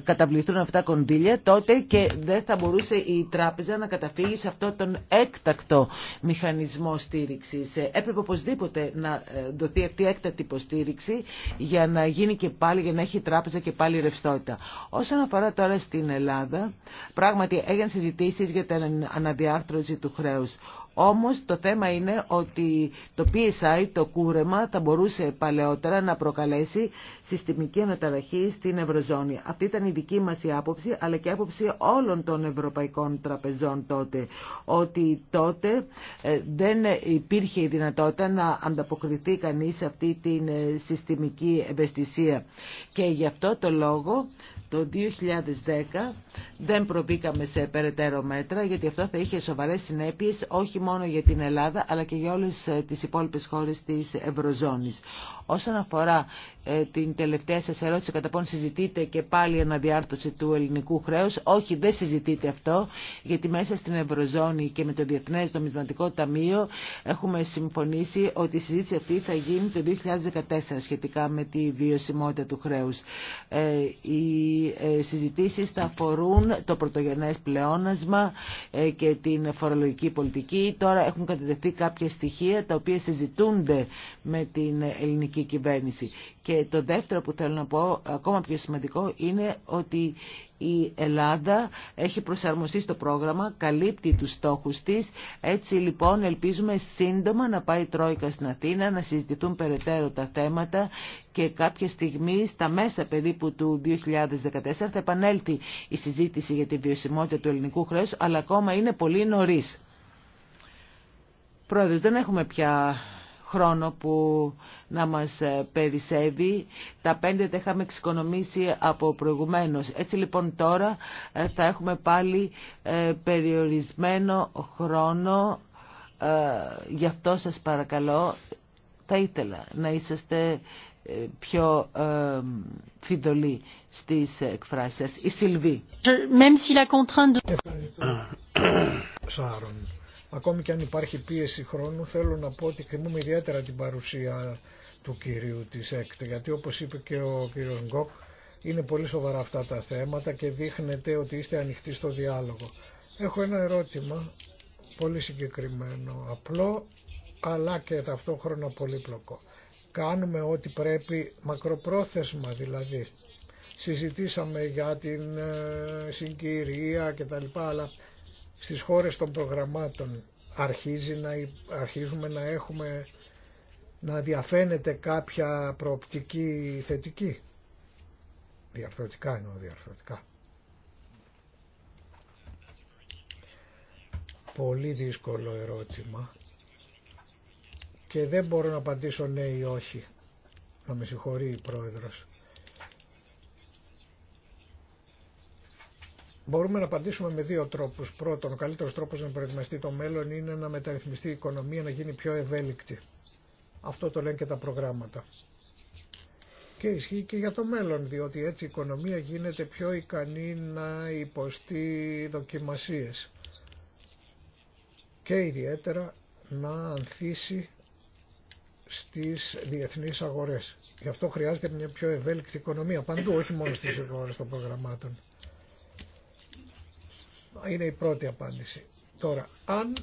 καταβληθούν αυτά τα κονδύλια, τότε και δεν θα μπορούσε η τράπεζα να καταφύγει σε αυτό τον έκτακτο μηχανισμό στήριξης. Ε, έπρεπε οπωσδήποτε να ε, δοθεί αυτή η έκτακτη υποστήριξη για να γίνει και πάλι, για να έχει η τράπεζα και πάλι ρευστότητα. Όσον αφορά τώρα στην Ελλάδα, πράγματι έγιναν συζητήσει για την αναδιάρθρωση του χρέου. Όμως το θέμα είναι ότι το PSI, το κούρεμα, θα μπορούσε παλαιότερα να προκαλέσει συστημική αναταραχή στην Ευρωζώνη. Αυτή ήταν η δική μας άποψη, αλλά και άποψη όλων των ευρωπαϊκών τραπεζών τότε, ότι τότε ε, δεν υπήρχε η δυνατότητα να ανταποκριθεί κανείς σε αυτή την ε, συστημική ευαισθησία. Και γι' αυτό το λόγο το 2010 δεν προβήκαμε σε περαιτέρω μέτρα γιατί αυτό θα είχε σοβαρές συνέπειες όχι μόνο για την Ελλάδα αλλά και για όλες ε, τις υπόλοιπες χώρες της Ευρωζώνης. Όσον αφορά ε, την τελευταία σας ερώτηση κατά πόν συζητείτε και πάλι αναδιάρθρωση του ελληνικού χρέους, όχι δεν συζητείτε αυτό γιατί μέσα στην Ευρωζώνη και με το Διεθνές Νομισματικό Ταμείο έχουμε συμφωνήσει ότι η συζήτηση αυτή θα γίνει το 2014 σχετικά με τη βιωσιμότητα του χρέους. Ε, η οι ε, συζητήσεις θα αφορούν το πρωτογενές πλεόνασμα ε, και την φορολογική πολιτική. Τώρα έχουν κατατεθεί κάποια στοιχεία τα οποία συζητούνται με την ελληνική κυβέρνηση. Και το δεύτερο που θέλω να πω, ακόμα πιο σημαντικό, είναι ότι η Ελλάδα έχει προσαρμοστεί στο πρόγραμμα, καλύπτει τους στόχους της. Έτσι λοιπόν ελπίζουμε σύντομα να πάει η Τρόικα στην Αθήνα, να συζητηθούν περαιτέρω τα θέματα και κάποια στιγμή στα μέσα περίπου του 2014 θα επανέλθει η συζήτηση για τη βιωσιμότητα του ελληνικού χρέους, αλλά ακόμα είναι πολύ νωρίς. Πρόεδρος, δεν έχουμε πια χρόνο που να μας ε, περισσεύει. Τα πέντε τα είχαμε εξοικονομήσει από προηγουμένως. Έτσι λοιπόν τώρα ε, θα έχουμε πάλι ε, περιορισμένο χρόνο. Γι' αυτό σας παρακαλώ θα ήθελα να είσαστε πιο ε, φιδωλή στις εκφράσεις Η Σιλβή. Ευχαριστώ. Σάρων. Ακόμη και αν υπάρχει πίεση χρόνου θέλω να πω ότι κριμούμε ιδιαίτερα την παρουσία του κυρίου της ΕΚΤ γιατί όπως είπε και ο κύριος Γκοκ είναι πολύ σοβαρά αυτά τα θέματα και δείχνεται ότι είστε ανοιχτοί στο διάλογο. Έχω ένα ερώτημα πολύ συγκεκριμένο, απλό αλλά και ταυτόχρονα πολύπλοκο. Κάνουμε ό,τι πρέπει μακροπρόθεσμα δηλαδή. Συζητήσαμε για την ε, συγκυρία κτλ. αλλά στις χώρες των προγραμμάτων αρχίζει να, αρχίζουμε να έχουμε να διαφαίνεται κάποια προοπτική θετική. Διαρθρωτικά εννοώ διαρθρωτικά. Πολύ δύσκολο ερώτημα και δεν μπορώ να απαντήσω ναι ή όχι. Να με συγχωρεί η πρόεδρος. Μπορούμε να απαντήσουμε με δύο τρόπους. Πρώτον, ο καλύτερος τρόπος να προετοιμαστεί το μέλλον είναι να μεταρρυθμιστεί η οικονομία, να γίνει πιο ευέλικτη. Αυτό το λένε και τα προγράμματα. Και ισχύει και για το μέλλον, διότι έτσι η οικονομία γίνεται πιο ικανή να υποστεί δοκιμασίες. Και ιδιαίτερα να ανθίσει στις διεθνείς αγορές. Γι' αυτό χρειάζεται μια πιο ευέλικτη οικονομία παντού, όχι μόνο στις αγορές των προγραμμάτων. Είναι η πρώτη απάντηση. Τώρα, αν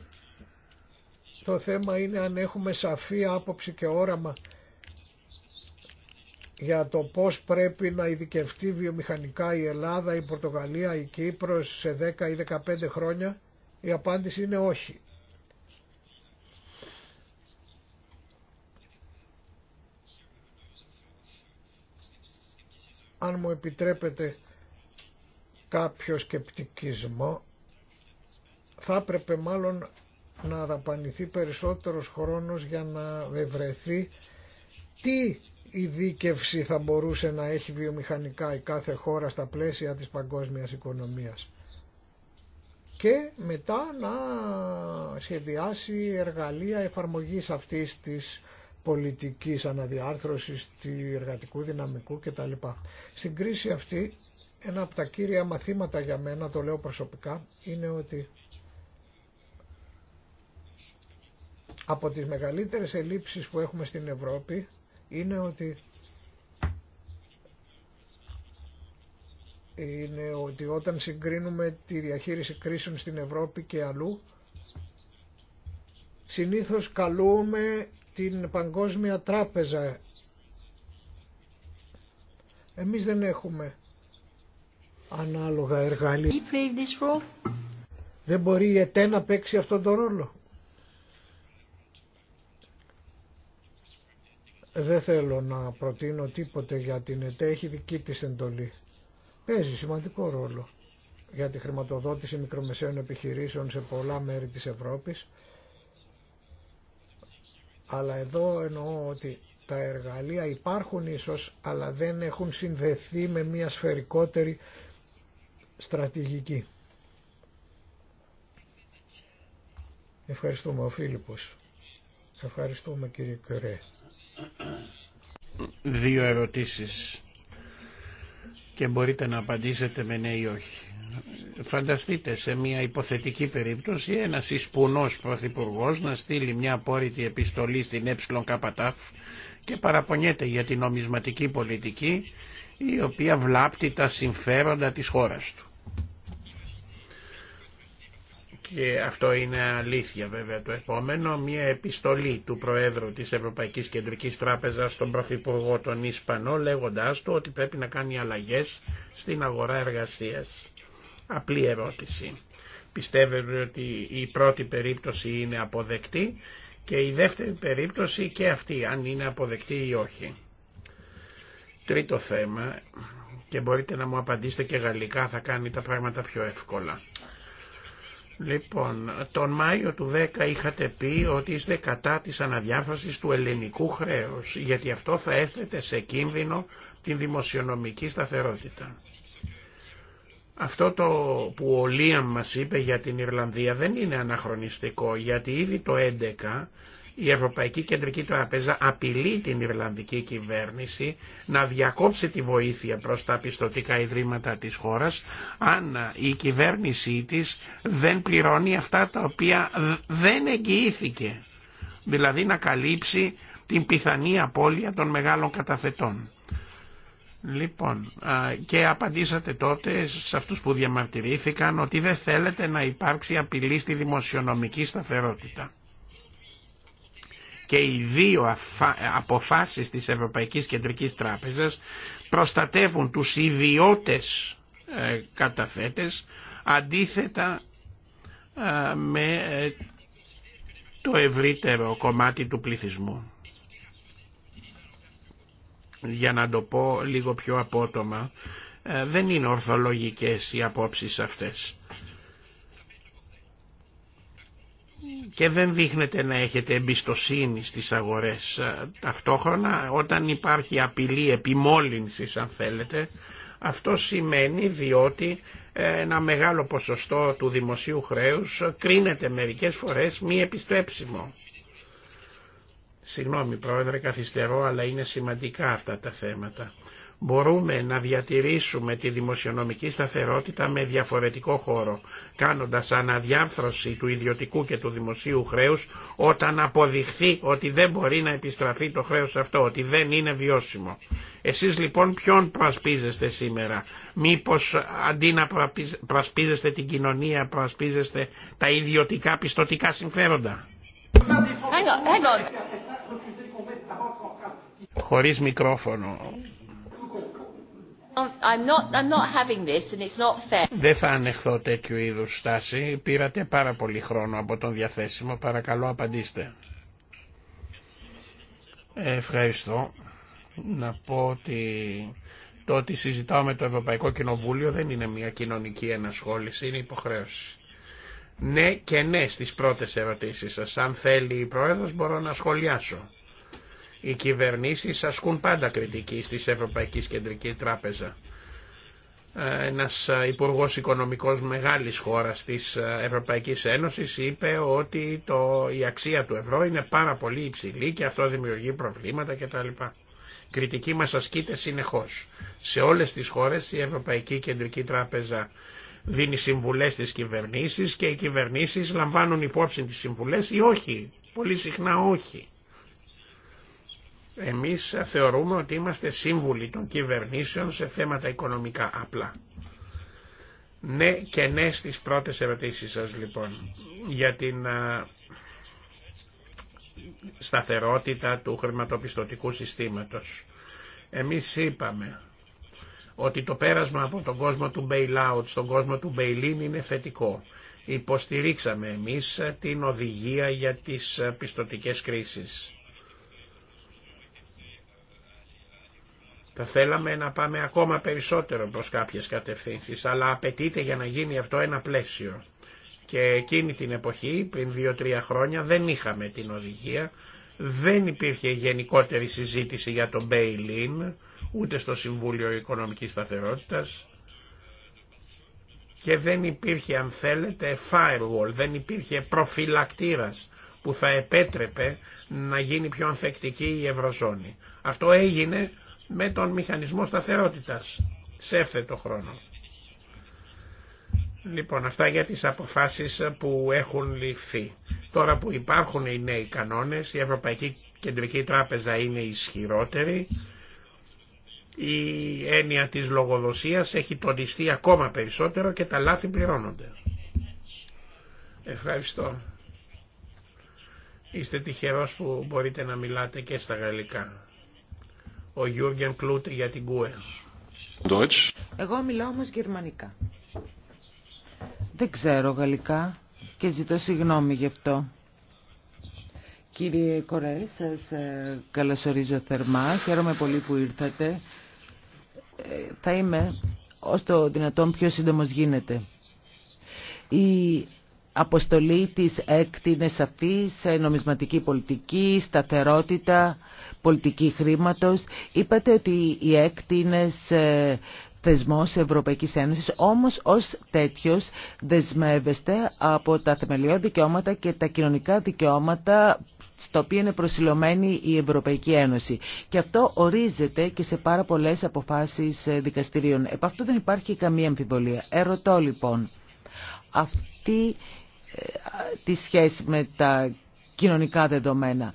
το θέμα είναι αν έχουμε σαφή άποψη και όραμα για το πώς πρέπει να ειδικευτεί βιομηχανικά η Ελλάδα, η Πορτογαλία, η Κύπρος σε 10 ή 15 χρόνια, η απάντηση είναι όχι. Αν μου επιτρέπετε κάποιο σκεπτικισμό θα έπρεπε μάλλον να δαπανηθεί περισσότερος χρόνος για να βρεθεί τι ειδίκευση θα μπορούσε να έχει βιομηχανικά η κάθε χώρα στα πλαίσια της παγκόσμιας οικονομίας και μετά να σχεδιάσει εργαλεία εφαρμογής αυτής της πολιτικής αναδιάρθρωσης του εργατικού δυναμικού κτλ. Στην κρίση αυτή ένα από τα κύρια μαθήματα για μένα, το λέω προσωπικά, είναι ότι από τις μεγαλύτερες ελλείψεις που έχουμε στην Ευρώπη είναι ότι είναι ότι όταν συγκρίνουμε τη διαχείριση κρίσεων στην Ευρώπη και αλλού συνήθως καλούμε την Παγκόσμια Τράπεζα. Εμείς δεν έχουμε ανάλογα εργαλεία. Δεν μπορεί η ΕΤΕ να παίξει αυτόν τον ρόλο. Δεν θέλω να προτείνω τίποτε για την ΕΤΕ, έχει δική της εντολή. Παίζει σημαντικό ρόλο για τη χρηματοδότηση μικρομεσαίων επιχειρήσεων σε πολλά μέρη της Ευρώπης αλλά εδώ εννοώ ότι τα εργαλεία υπάρχουν ίσως, αλλά δεν έχουν συνδεθεί με μια σφαιρικότερη στρατηγική. Ευχαριστούμε ο Φίλιππος. Ευχαριστούμε κύριε Κερέ. Δύο ερωτήσεις και μπορείτε να απαντήσετε με ναι ή όχι. Φανταστείτε σε μια υποθετική περίπτωση ένας ισπουνός πρωθυπουργός να στείλει μια απόρριτη επιστολή στην ΕΚΤ και παραπονιέται για την νομισματική πολιτική η οποία βλάπτει τα συμφέροντα της χώρας του και αυτό είναι αλήθεια βέβαια το επόμενο, μια επιστολή του Προέδρου της Ευρωπαϊκής Κεντρικής Τράπεζας στον Πρωθυπουργό τον Ισπανό λέγοντάς του ότι πρέπει να κάνει αλλαγές στην αγορά εργασίας. Απλή ερώτηση. Πιστεύετε ότι η πρώτη περίπτωση είναι αποδεκτή και η δεύτερη περίπτωση και αυτή, αν είναι αποδεκτή ή όχι. Τρίτο θέμα, και μπορείτε να μου απαντήσετε και γαλλικά, θα κάνει τα πράγματα πιο εύκολα. Λοιπόν, τον Μάιο του 10 είχατε πει ότι είστε κατά της αναδιάφασης του ελληνικού χρέους, γιατί αυτό θα έθετε σε κίνδυνο την δημοσιονομική σταθερότητα. Αυτό το που ο Λίαμ μας είπε για την Ιρλανδία δεν είναι αναχρονιστικό, γιατί ήδη το 11 η Ευρωπαϊκή Κεντρική Τράπεζα απειλεί την Ιρλανδική κυβέρνηση να διακόψει τη βοήθεια προς τα πιστοτικά ιδρύματα της χώρας αν η κυβέρνησή της δεν πληρώνει αυτά τα οποία δεν εγγυήθηκε. Δηλαδή να καλύψει την πιθανή απώλεια των μεγάλων καταθετών. Λοιπόν, και απαντήσατε τότε σε αυτούς που διαμαρτυρήθηκαν ότι δεν θέλετε να υπάρξει απειλή στη δημοσιονομική σταθερότητα και οι δύο αποφάσεις της Ευρωπαϊκής Κεντρικής Τράπεζας προστατεύουν τους ιδιώτες ε, καταθέτες αντίθετα ε, με ε, το ευρύτερο κομμάτι του πληθυσμού. Για να το πω λίγο πιο απότομα, δεν είναι ορθολογικές οι απόψεις αυτές και δεν δείχνετε να έχετε εμπιστοσύνη στις αγορές. Ταυτόχρονα όταν υπάρχει απειλή επιμόλυνσης αν θέλετε, αυτό σημαίνει διότι ε, ένα μεγάλο ποσοστό του δημοσίου χρέους κρίνεται μερικές φορές μη επιστρέψιμο. Συγγνώμη πρόεδρε καθυστερώ αλλά είναι σημαντικά αυτά τα θέματα μπορούμε να διατηρήσουμε τη δημοσιονομική σταθερότητα με διαφορετικό χώρο, κάνοντας αναδιάρθρωση του ιδιωτικού και του δημοσίου χρέους όταν αποδειχθεί ότι δεν μπορεί να επιστραφεί το χρέος αυτό, ότι δεν είναι βιώσιμο. Εσείς λοιπόν ποιον προασπίζεστε σήμερα, μήπως αντί να προασπίζεστε την κοινωνία, προασπίζεστε τα ιδιωτικά πιστοτικά συμφέροντα. Hang Χωρίς μικρόφωνο. Δεν θα ανεχθώ τέτοιου είδου στάση. Πήρατε πάρα πολύ χρόνο από τον διαθέσιμο. Παρακαλώ απαντήστε. Ευχαριστώ. Να πω ότι το ότι συζητάω με το Ευρωπαϊκό Κοινοβούλιο δεν είναι μια κοινωνική ενασχόληση, είναι υποχρέωση. Ναι και ναι στις πρώτες ερωτήσεις σας. Αν θέλει η Πρόεδρος μπορώ να σχολιάσω. Οι κυβερνήσει ασκούν πάντα κριτική στη Ευρωπαϊκή Κεντρική Τράπεζα. Ε, Ένα ε, υπουργό οικονομικό μεγάλη χώρα τη ε, Ευρωπαϊκή Ένωση είπε ότι το, η αξία του ευρώ είναι πάρα πολύ υψηλή και αυτό δημιουργεί προβλήματα κτλ. Κριτική μα ασκείται συνεχώ. Σε όλε τι χώρε, η Ευρωπαϊκή Κεντρική Τράπεζα δίνει συμβουλέ στις κυβερνήσεις και οι κυβερνήσει λαμβάνουν υπόψη τι συμβουλέ ή όχι, πολύ συχνά όχι. Εμείς θεωρούμε ότι είμαστε σύμβουλοι των κυβερνήσεων σε θέματα οικονομικά απλά. Ναι και ναι στις πρώτες ερωτήσεις σας λοιπόν για την σταθερότητα του χρηματοπιστωτικού συστήματος. Εμείς είπαμε ότι το πέρασμα από τον κόσμο του bailout στον κόσμο του bail-in είναι θετικό. Υποστηρίξαμε εμείς την οδηγία για τις πιστωτικές κρίσεις. Θα θέλαμε να πάμε ακόμα περισσότερο προς κάποιες κατευθύνσεις, αλλά απαιτείται για να γίνει αυτό ένα πλαίσιο. Και εκείνη την εποχή, πριν δύο-τρία χρόνια, δεν είχαμε την οδηγία, δεν υπήρχε γενικότερη συζήτηση για το Μπέιλιν ούτε στο Συμβούλιο Οικονομικής Σταθερότητας και δεν υπήρχε αν θέλετε firewall, δεν υπήρχε προφυλακτήρας που θα επέτρεπε να γίνει πιο ανθεκτική η Ευρωζώνη. Αυτό έγινε με τον μηχανισμό σταθερότητας σε εύθετο χρόνο. Λοιπόν, αυτά για τις αποφάσεις που έχουν ληφθεί. Τώρα που υπάρχουν οι νέοι κανόνες, η Ευρωπαϊκή Κεντρική Τράπεζα είναι ισχυρότερη, η έννοια της λογοδοσίας έχει τονιστεί ακόμα περισσότερο και τα λάθη πληρώνονται. Ευχαριστώ. Είστε τυχερός που μπορείτε να μιλάτε και στα γαλλικά. Ο Γιούργεν Κλούτε για την ΚΟΕ. Εγώ μιλάω όμως γερμανικά. Δεν ξέρω γαλλικά και ζητώ συγγνώμη γι' αυτό. Κύριε Κορέ, σας ε, καλωσορίζω θερμά. Χαίρομαι πολύ που ήρθατε. Ε, θα είμαι ως το δυνατόν πιο σύντομος γίνεται. Η αποστολή της ΕΚΤ είναι σε νομισματική πολιτική, σταθερότητα, πολιτική χρήματος. Είπατε ότι η ΕΚΤ είναι σε θεσμός Ευρωπαϊκής Ένωσης, όμως ως τέτοιος δεσμεύεστε από τα θεμελιώδη δικαιώματα και τα κοινωνικά δικαιώματα στο οποίο είναι προσιλωμένη η Ευρωπαϊκή Ένωση. Και αυτό ορίζεται και σε πάρα πολλές αποφάσεις ε, δικαστηρίων. Επ' αυτό δεν υπάρχει καμία αμφιβολία. Ερωτώ λοιπόν, αυτή ε, τη σχέση με τα κοινωνικά δεδομένα.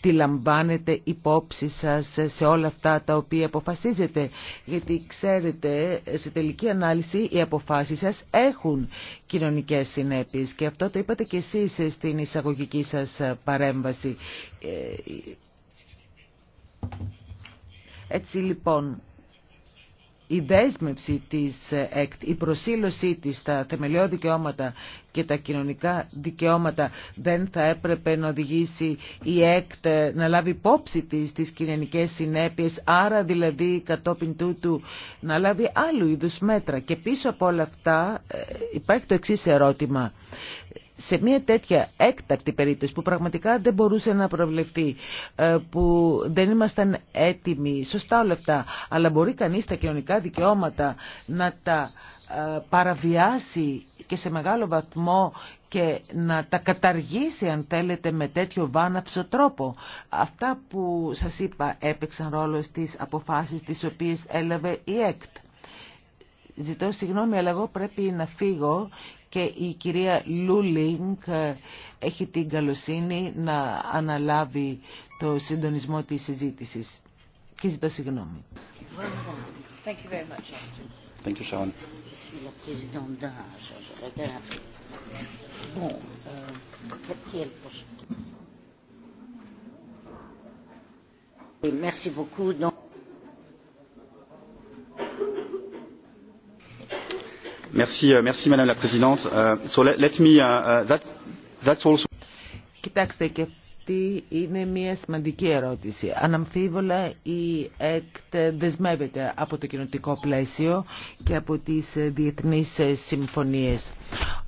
Τι λαμβάνετε υπόψη σας σε όλα αυτά τα οποία αποφασίζετε. Γιατί ξέρετε, σε τελική ανάλυση οι αποφάσεις σας έχουν κοινωνικές συνέπειες και αυτό το είπατε και εσείς στην εισαγωγική σας παρέμβαση. Ε, Έτσι λοιπόν, η δέσμευση της ε, ΕΚΤ, η προσήλωσή της στα θεμελιώδη δικαιώματα και τα κοινωνικά δικαιώματα δεν θα έπρεπε να οδηγήσει η ΕΚΤ ε, να λάβει υπόψη της τις κοινωνικές συνέπειες, άρα δηλαδή κατόπιν τούτου να λάβει άλλου είδους μέτρα. Και πίσω από όλα αυτά ε, υπάρχει το εξής ερώτημα σε μια τέτοια έκτακτη περίπτωση που πραγματικά δεν μπορούσε να προβλεφτεί, ε, που δεν ήμασταν έτοιμοι, σωστά όλα αυτά, αλλά μπορεί κανείς τα κοινωνικά δικαιώματα να τα ε, παραβιάσει και σε μεγάλο βαθμό και να τα καταργήσει αν θέλετε με τέτοιο βάναψο τρόπο. Αυτά που σας είπα έπαιξαν ρόλο στις αποφάσεις τις οποίες έλαβε η ΕΚΤ. Ζητώ συγγνώμη, αλλά εγώ πρέπει να φύγω και η κυρία Λούλινγκ έχει την καλοσύνη να αναλάβει το συντονισμό της συζήτησης. Και ζητώ συγγνώμη. Κοιτάξτε και αυτή είναι μια σημαντική ερώτηση. Αναμφίβολα η ΕΚΤ δεσμεύεται από το κοινωτικό πλαίσιο και από τις ε, διεθνείς ε, συμφωνίες.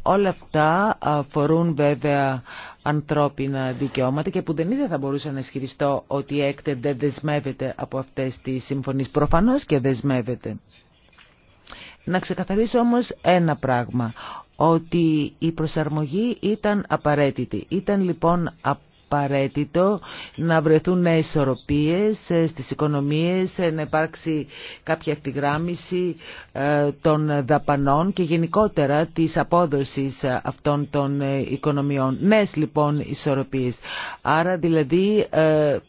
Όλα αυτά αφορούν βέβαια ανθρώπινα δικαιώματα και που δεν είδα θα μπορούσα να ισχυριστώ ότι η ΕΚΤ δεν δεσμεύεται από αυτές τις συμφωνίες. Προφανώς και δεσμεύεται. Να ξεκαθαρίσω όμως ένα πράγμα, ότι η προσαρμογή ήταν απαραίτητη. Ήταν λοιπόν απαραίτητη απαραίτητο να βρεθούν νέε ισορροπίες ε, στις οικονομίες, ε, να υπάρξει κάποια ευθυγράμμιση ε, των δαπανών και γενικότερα της απόδοσης αυτών των οικονομιών. Νέες λοιπόν ισορροπίες, άρα δηλαδή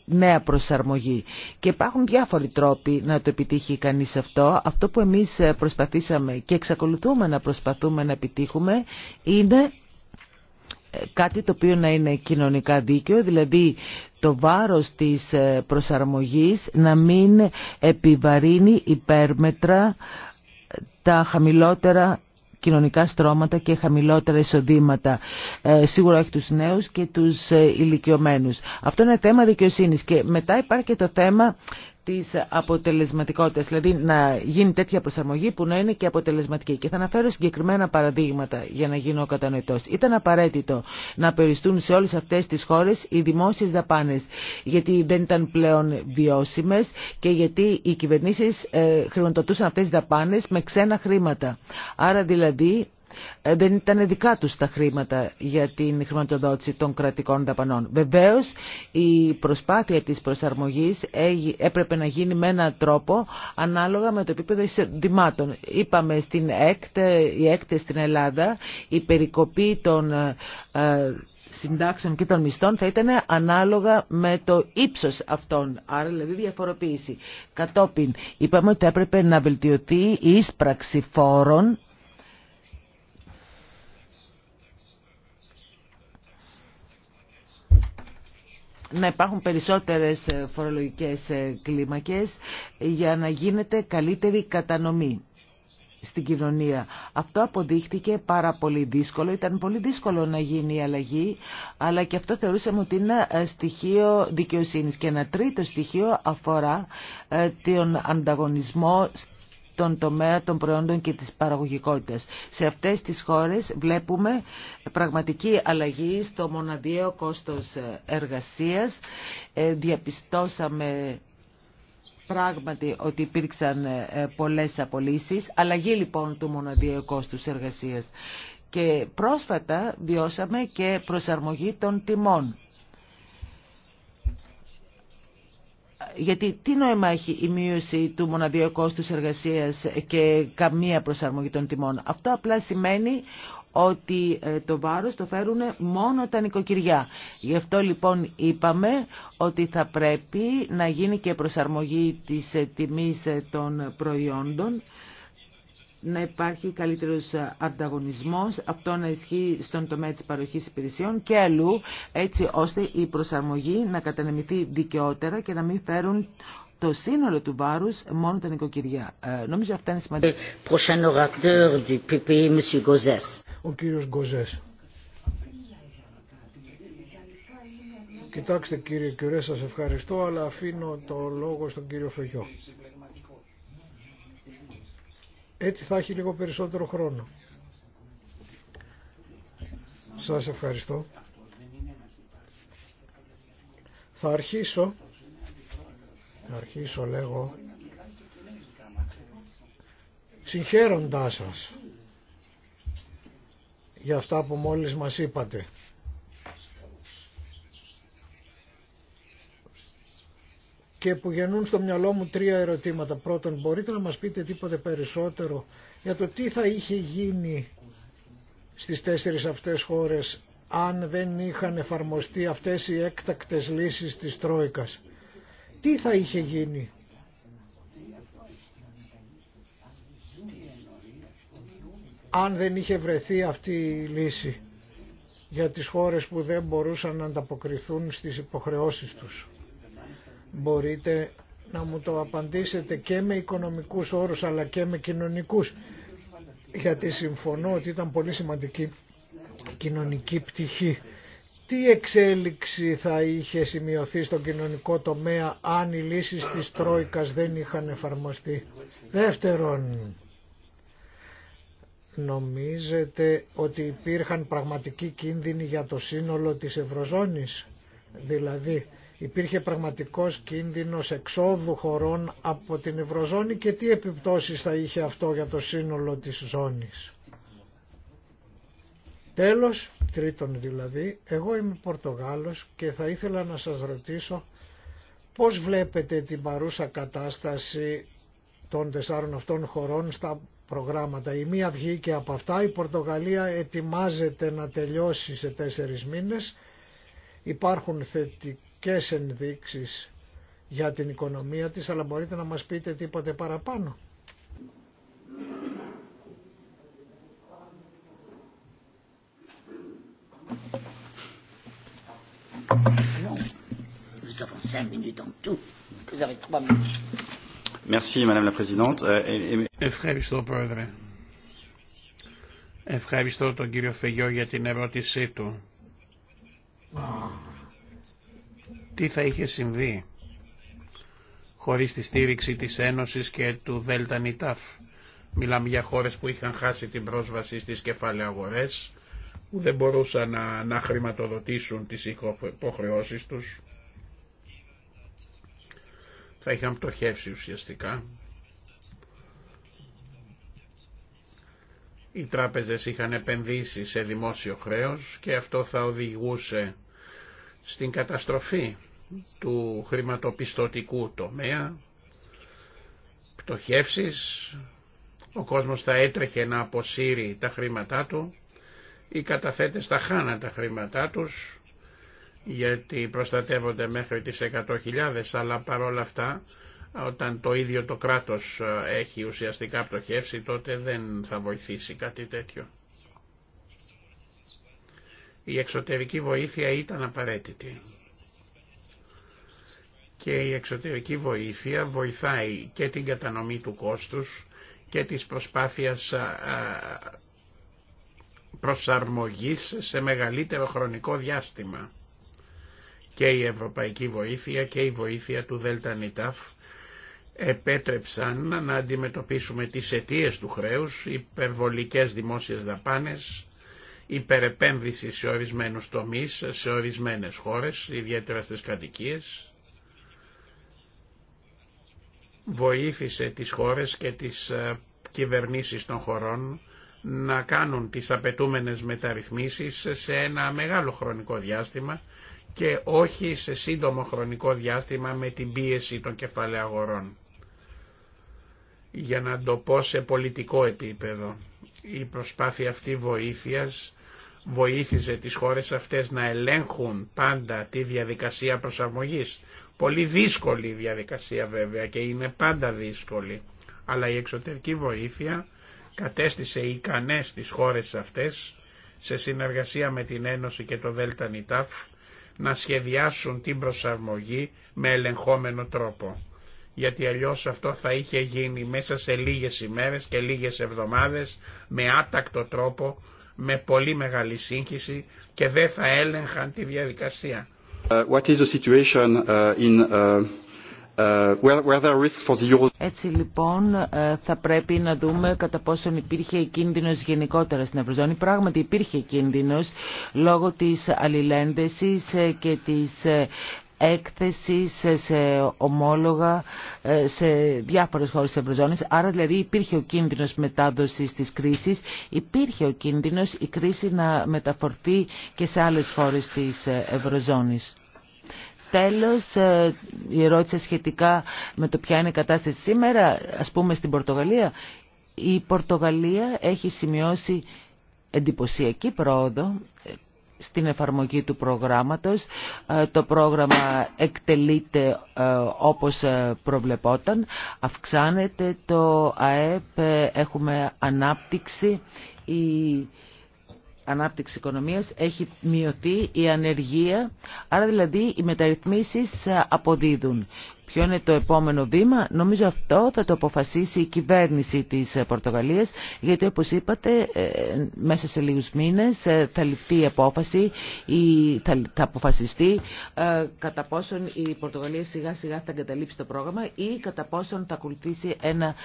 νέα προσαρμογή. Και υπάρχουν διάφοροι τρόποι να το επιτύχει κανείς αυτό. Αυτό που εμείς προσπαθήσαμε και εξακολουθούμε να προσπαθούμε να επιτύχουμε είναι κάτι το οποίο να είναι κοινωνικά δίκαιο, δηλαδή το βάρος της ε, προσαρμογής να μην επιβαρύνει υπέρμετρα τα χαμηλότερα κοινωνικά στρώματα και χαμηλότερα εισοδήματα. Ε, σίγουρα έχει τους νέους και τους ε, ηλικιωμένους. Αυτό είναι θέμα δικαιοσύνης και μετά υπάρχει και το θέμα της αποτελεσματικότητας, δηλαδή να γίνει τέτοια προσαρμογή που να είναι και αποτελεσματική. Και θα αναφέρω συγκεκριμένα παραδείγματα για να γίνω κατανοητός. Ήταν απαραίτητο να περιστούν σε όλες αυτές τις χώρες οι δημόσιες δαπάνες, γιατί δεν ήταν πλέον βιώσιμες και γιατί οι κυβερνήσεις ε, χρηματοδοτούσαν αυτές τις δαπάνες με ξένα χρήματα. Άρα δηλαδή ε, δεν ήταν δικά τους τα χρήματα για την χρηματοδότηση των κρατικών δαπανών. Βεβαίως η προσπάθεια της προσαρμογής έπρεπε να γίνει με έναν τρόπο ανάλογα με το επίπεδο εισοδημάτων. Είπαμε στην ΕΚΤ, η ΕΚΤ στην Ελλάδα, η περικοπή των ε, συντάξεων και των μισθών θα ήταν ανάλογα με το ύψος αυτών, άρα δηλαδή διαφοροποίηση. Κατόπιν είπαμε ότι έπρεπε να βελτιωθεί η ίσπραξη φόρων να υπάρχουν περισσότερες ε, φορολογικές ε, κλίμακες για να γίνεται καλύτερη κατανομή στην κοινωνία. Αυτό αποδείχτηκε πάρα πολύ δύσκολο. Ήταν πολύ δύσκολο να γίνει η αλλαγή, αλλά και αυτό θεωρούσαμε ότι είναι ε, στοιχείο δικαιοσύνης. Και ένα τρίτο στοιχείο αφορά τον ανταγωνισμό τον τομέα των προϊόντων και της παραγωγικότητας. Σε αυτές τις χώρες βλέπουμε πραγματική αλλαγή στο μοναδιαίο κόστος εργασίας. Ε, διαπιστώσαμε πράγματι ότι υπήρξαν ε, πολλές απολύσεις. Αλλαγή λοιπόν του μοναδιαίου κόστους εργασίας. Και πρόσφατα βιώσαμε και προσαρμογή των τιμών. γιατί τι νόημα έχει η μείωση του μοναδιαίου κόστου εργασίας και καμία προσαρμογή των τιμών. Αυτό απλά σημαίνει ότι ε, το βάρος το φέρουν μόνο τα νοικοκυριά. Γι' αυτό λοιπόν είπαμε ότι θα πρέπει να γίνει και προσαρμογή της ε, τιμής ε, των προϊόντων να υπάρχει καλύτερος ανταγωνισμός, αυτό να ισχύει στον τομέα της παροχής υπηρεσιών και αλλού, έτσι ώστε η προσαρμογή να κατανεμηθεί δικαιότερα και να μην φέρουν το σύνολο του βάρους μόνο τα νοικοκυριά. Ε, νομίζω αυτά είναι σημαντικά. Ο κύριος Γκοζές. Κοιτάξτε κύριε κύριε, σας ευχαριστώ, αλλά αφήνω το λόγο στον κύριο Φεγιό. Έτσι θα έχει λίγο περισσότερο χρόνο. Σας ευχαριστώ. Θα αρχίσω, θα αρχίσω λέγω, συγχαίροντάς σας για αυτά που μόλις μας είπατε. και που γεννούν στο μυαλό μου τρία ερωτήματα. Πρώτον, μπορείτε να μας πείτε τίποτε περισσότερο για το τι θα είχε γίνει στις τέσσερις αυτές χώρες αν δεν είχαν εφαρμοστεί αυτές οι έκτακτες λύσεις της Τρόικας. Τι θα είχε γίνει. αν δεν είχε βρεθεί αυτή η λύση για τις χώρες που δεν μπορούσαν να ανταποκριθούν στις υποχρεώσεις τους. Μπορείτε να μου το απαντήσετε και με οικονομικούς όρους αλλά και με κοινωνικούς γιατί συμφωνώ ότι ήταν πολύ σημαντική κοινωνική πτυχή. Τι εξέλιξη θα είχε σημειωθεί στον κοινωνικό τομέα αν οι λύσεις της Τρόικας δεν είχαν εφαρμοστεί. Δεύτερον, νομίζετε ότι υπήρχαν πραγματικοί κίνδυνοι για το σύνολο της Ευρωζώνης. Δηλαδή, υπήρχε πραγματικός κίνδυνος εξόδου χωρών από την Ευρωζώνη και τι επιπτώσεις θα είχε αυτό για το σύνολο της ζώνης. Τέλος, τρίτον δηλαδή, εγώ είμαι Πορτογάλος και θα ήθελα να σας ρωτήσω πώς βλέπετε την παρούσα κατάσταση των τεσσάρων αυτών χωρών στα προγράμματα. Η μία βγήκε από αυτά, η Πορτογαλία ετοιμάζεται να τελειώσει σε τέσσερις μήνες. Υπάρχουν θετικοί και ενδείξει για την οικονομία της, αλλά μπορείτε να μας πείτε τίποτε παραπάνω. Euh, Ευχαριστώ, Πρόεδρε. Ευχαριστώ τον κύριο Φεγιό για την ερώτησή του τι θα είχε συμβεί χωρίς τη στήριξη της Ένωσης και του Δέλτα Νιτάφ. Μιλάμε για χώρες που είχαν χάσει την πρόσβαση στις κεφαλαιαγορές, που δεν μπορούσαν να, να χρηματοδοτήσουν τις υποχρεώσεις τους. Θα είχαν πτωχεύσει ουσιαστικά. Οι τράπεζες είχαν επενδύσει σε δημόσιο χρέος και αυτό θα οδηγούσε στην καταστροφή του χρηματοπιστωτικού τομέα, πτωχεύσεις, ο κόσμος θα έτρεχε να αποσύρει τα χρήματά του, οι καταθέτες θα χάναν τα χρήματά τους, γιατί προστατεύονται μέχρι τις 100.000, αλλά παρόλα αυτά όταν το ίδιο το κράτος έχει ουσιαστικά πτωχεύσει τότε δεν θα βοηθήσει κάτι τέτοιο. Η εξωτερική βοήθεια ήταν απαραίτητη. Και η εξωτερική βοήθεια βοηθάει και την κατανομή του κόστους και της προσπάθειας προσαρμογής σε μεγαλύτερο χρονικό διάστημα. Και η ευρωπαϊκή βοήθεια και η βοήθεια του Νιτάφ επέτρεψαν να αντιμετωπίσουμε τις αιτίες του χρέους, υπερβολικές δημόσιες δαπάνες, υπερεπέμβηση σε ορισμένους τομείς, σε ορισμένες χώρες, ιδιαίτερα στις κατοικίες. Βοήθησε τις χώρες και τις ε, κυβερνήσεις των χωρών να κάνουν τις απαιτούμενες μεταρρυθμίσεις σε ένα μεγάλο χρονικό διάστημα και όχι σε σύντομο χρονικό διάστημα με την πίεση των κεφαλαίων αγορών για να το πω σε πολιτικό επίπεδο. Η προσπάθεια αυτή βοήθειας βοήθησε τις χώρες αυτές να ελέγχουν πάντα τη διαδικασία προσαρμογής. Πολύ δύσκολη η διαδικασία βέβαια και είναι πάντα δύσκολη. Αλλά η εξωτερική βοήθεια κατέστησε ικανές τις χώρες αυτές σε συνεργασία με την Ένωση και το ΔΕΛΤΑ να σχεδιάσουν την προσαρμογή με ελεγχόμενο τρόπο γιατί αλλιώς αυτό θα είχε γίνει μέσα σε λίγες ημέρες και λίγες εβδομάδες με άτακτο τρόπο, με πολύ μεγάλη σύγχυση και δεν θα έλεγχαν τη διαδικασία. Έτσι λοιπόν uh, θα πρέπει να δούμε κατά πόσον υπήρχε κίνδυνος γενικότερα στην Ευρωζώνη. Πράγματι υπήρχε κίνδυνος λόγω της αλληλένδεσης ε, και της ε, έκθεση σε ομόλογα ε, σε διάφορες χώρες της Ευρωζώνης. Άρα δηλαδή υπήρχε ο κίνδυνος μετάδοσης της κρίσης, υπήρχε ο κίνδυνος η κρίση να μεταφορθεί και σε άλλες χώρες της ε, Ευρωζώνης. Τέλος, ε, η ερώτηση σχετικά με το ποια είναι η κατάσταση σήμερα, ας πούμε στην Πορτογαλία. Η Πορτογαλία έχει σημειώσει εντυπωσιακή πρόοδο στην εφαρμογή του προγράμματος. Ε, το πρόγραμμα εκτελείται ε, όπως ε, προβλεπόταν. Αυξάνεται το ΑΕΠ, έχουμε ανάπτυξη. Η ανάπτυξη οικονομίας έχει μειωθεί η ανεργία, άρα δηλαδή οι μεταρρυθμίσεις αποδίδουν. Ποιο είναι το επόμενο βήμα. Νομίζω αυτό θα το αποφασίσει η κυβέρνηση της ε, Πορτογαλίας γιατί όπως είπατε ε, μέσα σε λίγους μήνες ε, θα ληφθεί η απόφαση ή θα αποφασιστεί κατά πόσον η Πορτογαλία σιγά σιγά θα εγκαταλείψει το πρόγραμμα ή κατά πόσον θα ακολουθήσει ένα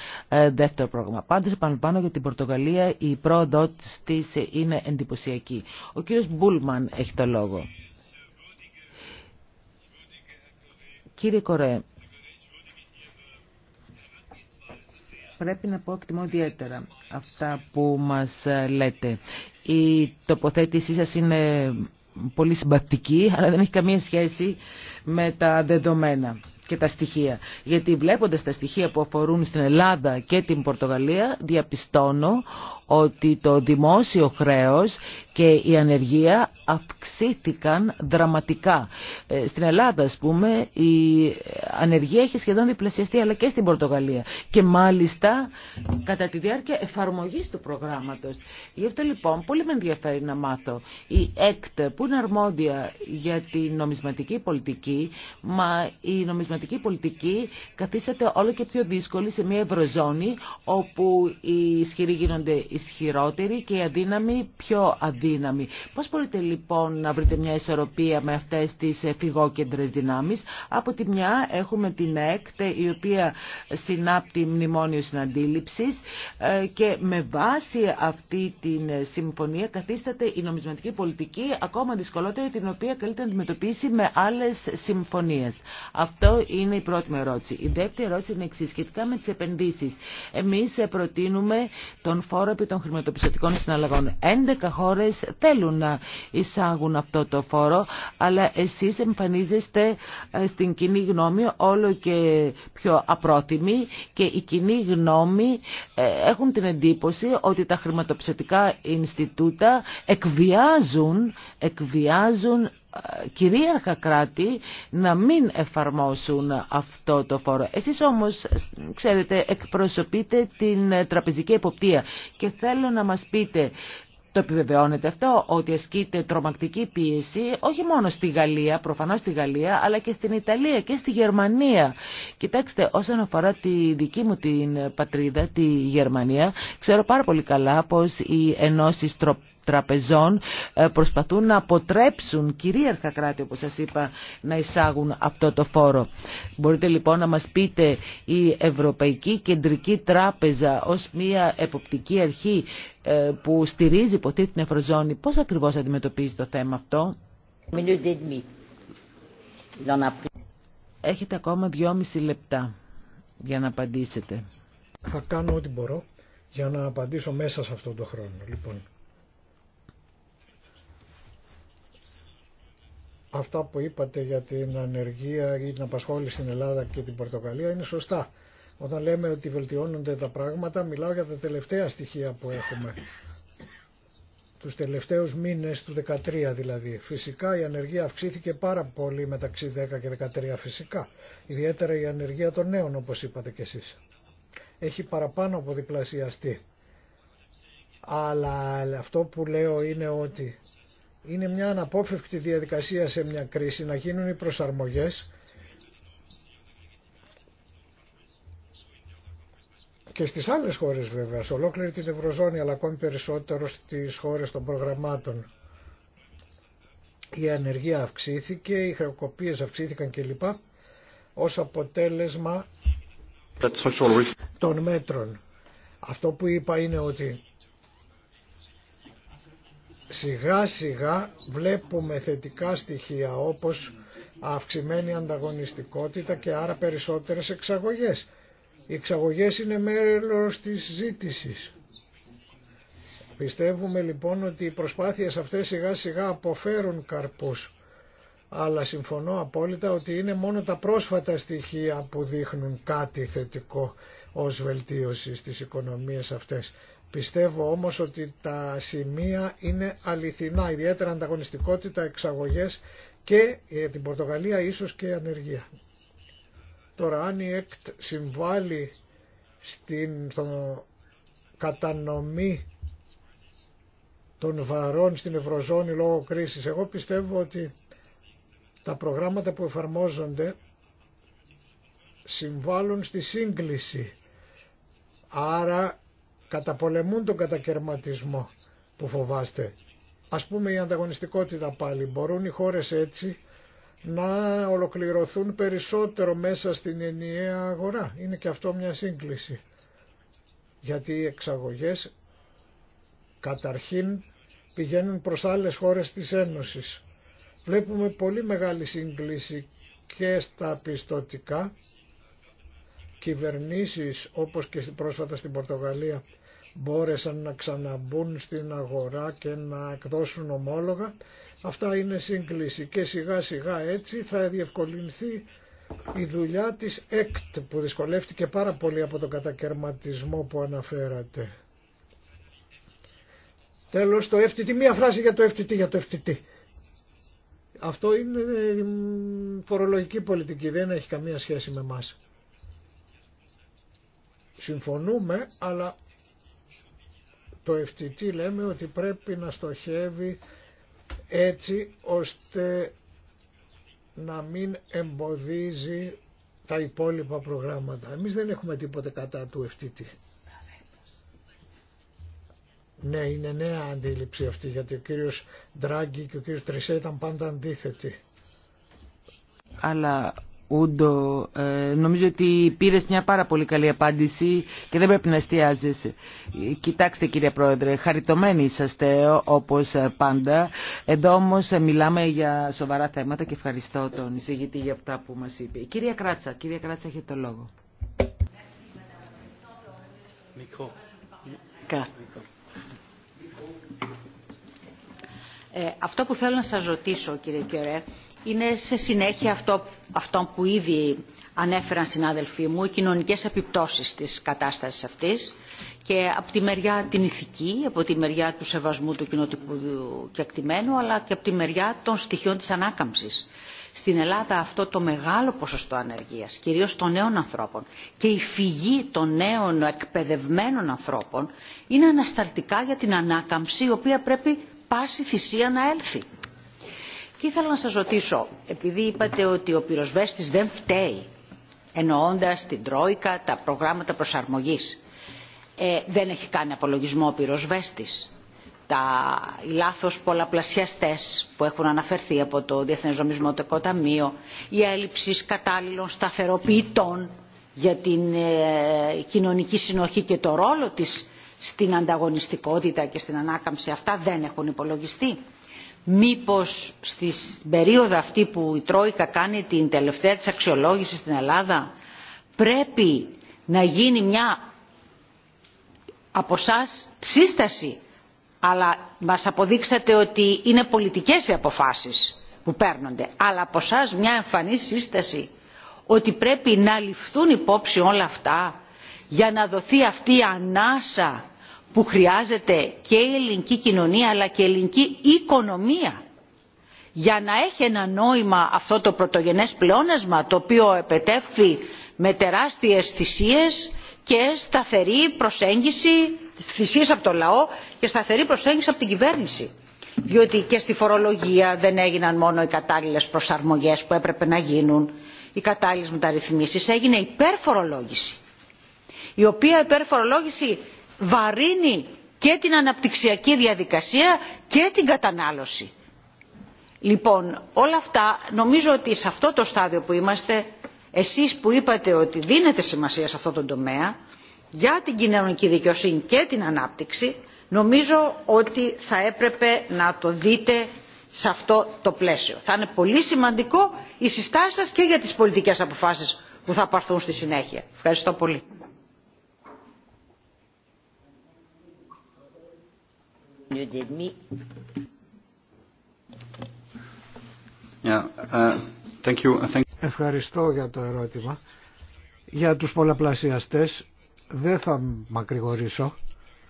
δεύτερο πρόγραμμα. Πάντως επαναλαμβάνω για την Πορτογαλία η πρόοδο της είναι εντυπωσιακή. Ο κύριος Μπούλμαν έχει το λόγο. Κύριε Κορέ, πρέπει να πω εκτιμώ ιδιαίτερα αυτά που μας λέτε. Η τοποθέτησή σας είναι πολύ συμπαθητική, αλλά δεν έχει καμία σχέση με τα δεδομένα και τα στοιχεία. Γιατί βλέποντας τα στοιχεία που αφορούν στην Ελλάδα και την Πορτογαλία, διαπιστώνω ότι το δημόσιο χρέος και η ανεργία αυξήθηκαν δραματικά. Ε, στην Ελλάδα, α πούμε, η ανεργία έχει σχεδόν διπλασιαστεί, αλλά και στην Πορτογαλία. Και μάλιστα κατά τη διάρκεια εφαρμογής του προγράμματος. Γι' αυτό λοιπόν πολύ με ενδιαφέρει να μάθω. Η ΕΚΤ που είναι αρμόδια για την νομισματική πολιτική, μα η νομισματική πολιτική καθίσταται όλο και πιο δύσκολη σε μια ευρωζώνη όπου οι ισχυροί γίνονται ισχυρότεροι και οι αδύναμοι πιο αδύναμοι. Πώς μπορείτε λοιπόν, λοιπόν να βρείτε μια ισορροπία με αυτές τις φυγόκεντρες δυνάμεις. Από τη μια έχουμε την ΕΚΤ η οποία συνάπτει μνημόνιο συναντήληψης ε, και με βάση αυτή την συμφωνία καθίσταται η νομισματική πολιτική ακόμα δυσκολότερη την οποία καλείται να αντιμετωπίσει με άλλες συμφωνίε. Αυτό είναι η πρώτη μου ερώτηση. Η δεύτερη ερώτηση είναι εξή σχετικά με τι επενδύσει. Εμείς προτείνουμε τον φόρο επί των χρηματοπιστωτικών συναλλαγών. 11 χώρες θέλουν να εισάγουν αυτό το φόρο, αλλά εσείς εμφανίζεστε ε, στην κοινή γνώμη όλο και πιο απρόθυμοι και η κοινή γνώμη ε, έχουν την εντύπωση ότι τα χρηματοψηφιακά Ινστιτούτα εκβιάζουν, εκβιάζουν ε, κυρίαρχα κράτη να μην εφαρμόσουν αυτό το φόρο. Εσείς όμως, ξέρετε, εκπροσωπείτε την τραπεζική εποπτεία και θέλω να μας πείτε το επιβεβαιώνεται αυτό ότι ασκείται τρομακτική πίεση όχι μόνο στη Γαλλία, προφανώς στη Γαλλία, αλλά και στην Ιταλία και στη Γερμανία. Κοιτάξτε, όσον αφορά τη δική μου την πατρίδα, τη Γερμανία, ξέρω πάρα πολύ καλά πως οι ενώσει τραπεζών ε, προσπαθούν να αποτρέψουν κυρίαρχα κράτη, όπως σας είπα, να εισάγουν αυτό το φόρο. Μπορείτε λοιπόν να μας πείτε η Ευρωπαϊκή Κεντρική Τράπεζα ως μια εποπτική αρχή ε, που στηρίζει ποτέ την Ευρωζώνη, πώς ακριβώς αντιμετωπίζει το θέμα αυτό. Έχετε ακόμα δυόμιση λεπτά για να απαντήσετε. Θα κάνω ό,τι μπορώ για να απαντήσω μέσα σε αυτό το χρόνο. Λοιπόν, αυτά που είπατε για την ανεργία ή την απασχόληση στην Ελλάδα και την Πορτοκαλία είναι σωστά. Όταν λέμε ότι βελτιώνονται τα πράγματα, μιλάω για τα τελευταία στοιχεία που έχουμε. Τους τελευταίους μήνες του 2013 δηλαδή. Φυσικά η ανεργία αυξήθηκε πάρα πολύ μεταξύ 10 και 13 φυσικά. Ιδιαίτερα η ανεργία των νέων όπως είπατε κι εσείς. Έχει παραπάνω από διπλασιαστεί. Αλλά αυτό που λέω είναι ότι είναι μια αναπόφευκτη διαδικασία σε μια κρίση να γίνουν οι προσαρμογές και στις άλλες χώρες βέβαια, σε ολόκληρη την Ευρωζώνη αλλά ακόμη περισσότερο στις χώρες των προγραμμάτων. Η ανεργία αυξήθηκε, οι χρεοκοπίες αυξήθηκαν κλπ. ως αποτέλεσμα των μέτρων. Αυτό που είπα είναι ότι σιγά σιγά βλέπουμε θετικά στοιχεία όπως αυξημένη ανταγωνιστικότητα και άρα περισσότερες εξαγωγές. Οι εξαγωγές είναι μέρος της ζήτησης. Πιστεύουμε λοιπόν ότι οι προσπάθειες αυτές σιγά σιγά αποφέρουν καρπούς. Αλλά συμφωνώ απόλυτα ότι είναι μόνο τα πρόσφατα στοιχεία που δείχνουν κάτι θετικό ως βελτίωση στις οικονομίες αυτές. Πιστεύω όμως ότι τα σημεία είναι αληθινά, ιδιαίτερα ανταγωνιστικότητα, εξαγωγές και για την Πορτογαλία ίσως και ανεργία. Τώρα αν η ΕΚΤ συμβάλλει στην κατανομή των βαρών στην Ευρωζώνη λόγω κρίσης, εγώ πιστεύω ότι τα προγράμματα που εφαρμόζονται συμβάλλουν στη σύγκληση. Άρα καταπολεμούν τον κατακαιρματισμό που φοβάστε. Ας πούμε η ανταγωνιστικότητα πάλι. Μπορούν οι χώρες έτσι να ολοκληρωθούν περισσότερο μέσα στην ενιαία αγορά. Είναι και αυτό μια σύγκληση. Γιατί οι εξαγωγές καταρχήν πηγαίνουν προς άλλες χώρες της Ένωσης. Βλέπουμε πολύ μεγάλη σύγκληση και στα πιστοτικά. Κυβερνήσεις όπως και πρόσφατα στην Πορτογαλία μπόρεσαν να ξαναμπούν στην αγορά και να εκδώσουν ομόλογα. Αυτά είναι σύγκληση και σιγά σιγά έτσι θα διευκολυνθεί η δουλειά της ΕΚΤ που δυσκολεύτηκε πάρα πολύ από τον κατακαιρματισμό που αναφέρατε. Τέλος το FTT, μία φράση για το FTT, για το FTT. Αυτό είναι ε, φορολογική πολιτική, δεν έχει καμία σχέση με εμάς. Συμφωνούμε, αλλά το FTT λέμε ότι πρέπει να στοχεύει έτσι ώστε να μην εμποδίζει τα υπόλοιπα προγράμματα. Εμείς δεν έχουμε τίποτε κατά του FTT. Ναι, είναι νέα αντίληψη αυτή, γιατί ο κύριος Ντράγκη και ο κύριος Τρισέ ήταν πάντα αντίθετοι. Αλλά Ούντο, ε, νομίζω ότι πήρες μια πάρα πολύ καλή απάντηση και δεν πρέπει να εστιάζεσαι. Κοιτάξτε κύριε Πρόεδρε, χαριτωμένοι είσαστε ε, όπως ε, πάντα. Εδώ όμως μιλάμε για σοβαρά θέματα και ευχαριστώ τον εισηγητή για αυτά που μας είπε. Κυρία Κράτσα, κυρία Κράτσα έχετε το λόγο. αυτό που θέλω να σας ρωτήσω κύριε Κιωρέ, είναι σε συνέχεια αυτό, αυτό που ήδη ανέφεραν συνάδελφοί μου, οι κοινωνικές επιπτώσεις της κατάστασης αυτής και από τη μεριά την ηθική, από τη μεριά του σεβασμού του κοινοτικού κεκτημένου, αλλά και από τη μεριά των στοιχείων της ανάκαμψης. Στην Ελλάδα αυτό το μεγάλο ποσοστό ανεργίας, κυρίως των νέων ανθρώπων και η φυγή των νέων εκπαιδευμένων ανθρώπων είναι ανασταλτικά για την ανάκαμψη η οποία πρέπει πάση θυσία να έλθει. Και ήθελα να σας ρωτήσω, επειδή είπατε ότι ο πυροσβέστης δεν φταίει, εννοώντας την Τρόικα, τα προγράμματα προσαρμογής, ε, δεν έχει κάνει απολογισμό ο πυροσβέστης. Τα, οι λάθος πολλαπλασιαστές που έχουν αναφερθεί από το Διεθνές Νομισματικό Ταμείο, η έλλειψη κατάλληλων σταθεροποιητών για την ε, κοινωνική συνοχή και το ρόλο της στην ανταγωνιστικότητα και στην ανάκαμψη αυτά δεν έχουν υπολογιστεί μήπως στην περίοδο αυτή που η Τρόικα κάνει την τελευταία της αξιολόγηση στην Ελλάδα πρέπει να γίνει μια από εσά σύσταση αλλά μας αποδείξατε ότι είναι πολιτικές οι αποφάσεις που παίρνονται αλλά από εσά μια εμφανή σύσταση ότι πρέπει να ληφθούν υπόψη όλα αυτά για να δοθεί αυτή η ανάσα που χρειάζεται και η ελληνική κοινωνία αλλά και η ελληνική οικονομία για να έχει ένα νόημα αυτό το πρωτογενές πλεόνασμα το οποίο επετεύχθη με τεράστιες θυσίες και σταθερή προσέγγιση, θυσίες από το λαό και σταθερή προσέγγιση από την κυβέρνηση. Διότι και στη φορολογία δεν έγιναν μόνο οι κατάλληλες προσαρμογές που έπρεπε να γίνουν, οι κατάλληλες μεταρρυθμίσεις, έγινε υπερφορολόγηση. Η οποία υπερφορολόγηση βαρύνει και την αναπτυξιακή διαδικασία και την κατανάλωση. Λοιπόν, όλα αυτά νομίζω ότι σε αυτό το στάδιο που είμαστε, εσείς που είπατε ότι δίνετε σημασία σε αυτό το τομέα, για την κοινωνική δικαιοσύνη και την ανάπτυξη, νομίζω ότι θα έπρεπε να το δείτε σε αυτό το πλαίσιο. Θα είναι πολύ σημαντικό η συστάση σας και για τις πολιτικές αποφάσεις που θα πάρθουν στη συνέχεια. Ευχαριστώ πολύ. Uh, Ευχαριστώ για το ερώτημα. Για τους πολλαπλασιαστές δεν θα μακρηγορήσω.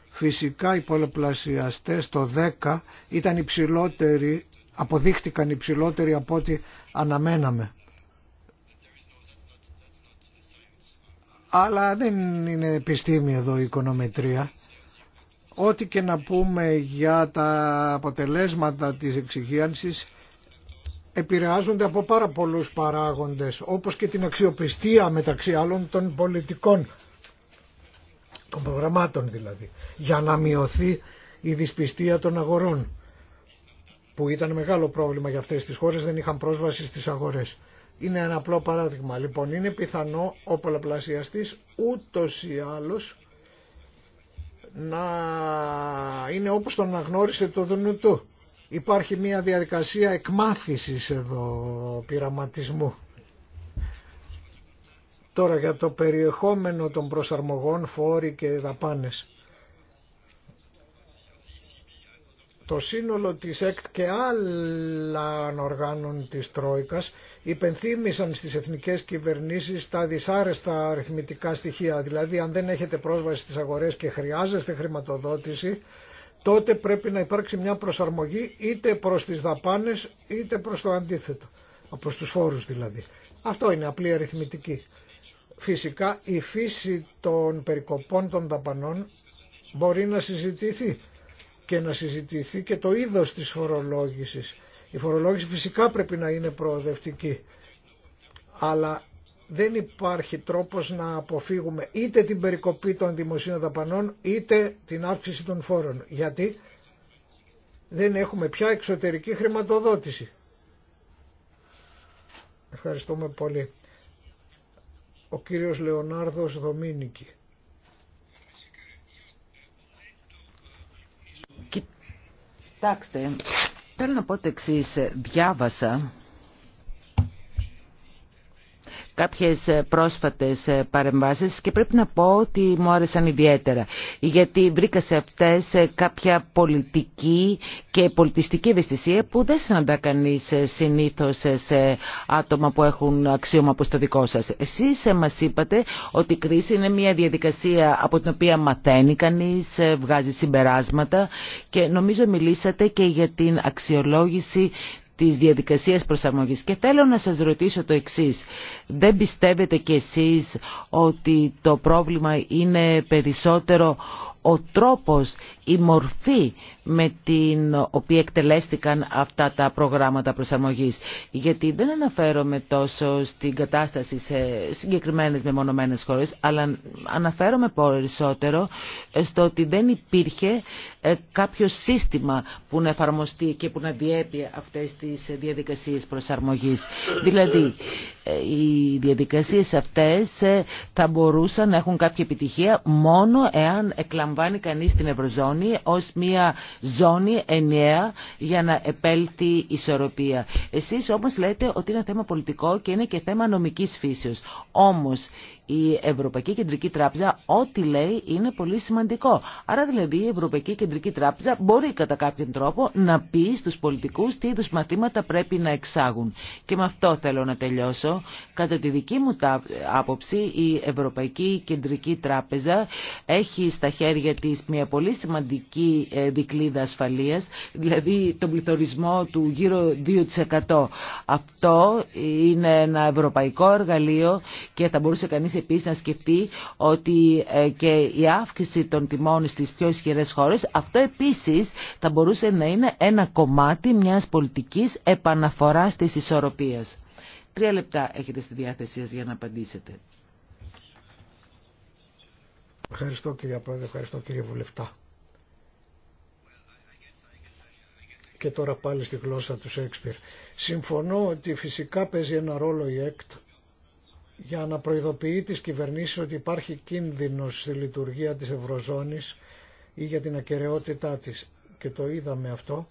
Φυσικά οι πολλαπλασιαστές το 10 ήταν υψηλότεροι, αποδείχτηκαν υψηλότεροι από ό,τι αναμέναμε. Αλλά δεν είναι επιστήμη εδώ η οικονομετρία. Ό,τι και να πούμε για τα αποτελέσματα της εξυγίανσης επηρεάζονται από πάρα πολλούς παράγοντες όπως και την αξιοπιστία μεταξύ άλλων των πολιτικών των προγραμμάτων δηλαδή για να μειωθεί η δυσπιστία των αγορών που ήταν μεγάλο πρόβλημα για αυτές τις χώρες δεν είχαν πρόσβαση στις αγορές. Είναι ένα απλό παράδειγμα. Λοιπόν, είναι πιθανό ο πολλαπλασιαστής ούτως ή άλλως να είναι όπως τον αναγνώρισε το Δουνουτού. Υπάρχει μια διαδικασία εκμάθησης εδώ πειραματισμού. Τώρα για το περιεχόμενο των προσαρμογών, φόροι και δαπάνες. το σύνολο της ΕΚΤ και άλλων οργάνων της Τρόικας υπενθύμησαν στις εθνικές κυβερνήσεις τα δυσάρεστα αριθμητικά στοιχεία. Δηλαδή αν δεν έχετε πρόσβαση στις αγορές και χρειάζεστε χρηματοδότηση, τότε πρέπει να υπάρξει μια προσαρμογή είτε προς τις δαπάνες είτε προς το αντίθετο. Από τους φόρους δηλαδή. Αυτό είναι απλή αριθμητική. Φυσικά η φύση των περικοπών των δαπανών μπορεί να συζητηθεί και να συζητηθεί και το είδος της φορολόγησης. Η φορολόγηση φυσικά πρέπει να είναι προοδευτική, αλλά δεν υπάρχει τρόπος να αποφύγουμε είτε την περικοπή των δημοσίων δαπανών είτε την αύξηση των φόρων. Γιατί δεν έχουμε πια εξωτερική χρηματοδότηση. Ευχαριστούμε πολύ. Ο κύριος Λεωνάρδος Δομήνικη. Κοιτάξτε, θέλω να πω το εξή. Διάβασα κάποιες ε, πρόσφατες ε, παρεμβάσεις και πρέπει να πω ότι μου άρεσαν ιδιαίτερα γιατί βρήκα σε αυτές ε, κάποια πολιτική και πολιτιστική ευαισθησία που δεν συναντά κανείς συνήθως σε άτομα που έχουν αξίωμα όπως το δικό σας. Εσείς μας είπατε ότι η κρίση είναι μια διαδικασία από την οποία μαθαίνει κανείς, βγάζει συμπεράσματα και νομίζω μιλήσατε και για την αξιολόγηση της διαδικασίας προσαρμογής. Και θέλω να σας ρωτήσω το εξής. Δεν πιστεύετε κι εσείς ότι το πρόβλημα είναι περισσότερο ο τρόπος, η μορφή με την οποία εκτελέστηκαν αυτά τα προγράμματα προσαρμογής. Γιατί δεν αναφέρομαι τόσο στην κατάσταση σε συγκεκριμένες μεμονωμένες χώρες, αλλά αναφέρομαι περισσότερο στο ότι δεν υπήρχε ε, κάποιο σύστημα που να εφαρμοστεί και που να διέπει αυτές τις διαδικασίες προσαρμογής. Δηλαδή, ε, οι διαδικασίες αυτές ε, θα μπορούσαν να έχουν κάποια επιτυχία μόνο εάν εκλαμβάνει κανείς την Ευρωζώνη ως μια ζώνη ενιαία για να επέλθει ισορροπία. Εσείς όμως λέτε ότι είναι θέμα πολιτικό και είναι και θέμα νομικής φύσεως. Όμως η Ευρωπαϊκή Κεντρική Τράπεζα ό,τι λέει είναι πολύ σημαντικό. Άρα δηλαδή η Ευρωπαϊκή Κεντρική Τράπεζα μπορεί κατά κάποιον τρόπο να πει στους πολιτικούς τι είδους μαθήματα πρέπει να εξάγουν. Και με αυτό θέλω να τελειώσω. Κατά τη δική μου άποψη η Ευρωπαϊκή Κεντρική Τράπεζα έχει στα χέρια της μια πολύ σημαντική ε, δικλίδα ασφαλείας, δηλαδή τον πληθωρισμό του γύρω 2%. Αυτό είναι ένα ευρωπαϊκό εργαλείο και θα μπορούσε κανείς επίσης να σκεφτεί ότι ε, και η αύξηση των τιμών στις πιο ισχυρέ χώρες, αυτό επίσης θα μπορούσε να είναι ένα κομμάτι μιας πολιτικής επαναφοράς της ισορροπίας. Τρία λεπτά έχετε στη διάθεσή σας για να απαντήσετε. Ευχαριστώ κύριε Πρόεδρε, ευχαριστώ κύριε Βουλευτά. Και τώρα πάλι στη γλώσσα του Σέξπιρ. Συμφωνώ ότι φυσικά παίζει ένα ρόλο η ΕΚΤ για να προειδοποιεί τις κυβερνήσεις ότι υπάρχει κίνδυνος στη λειτουργία της Ευρωζώνης ή για την ακαιρεότητά της. Και το είδαμε αυτό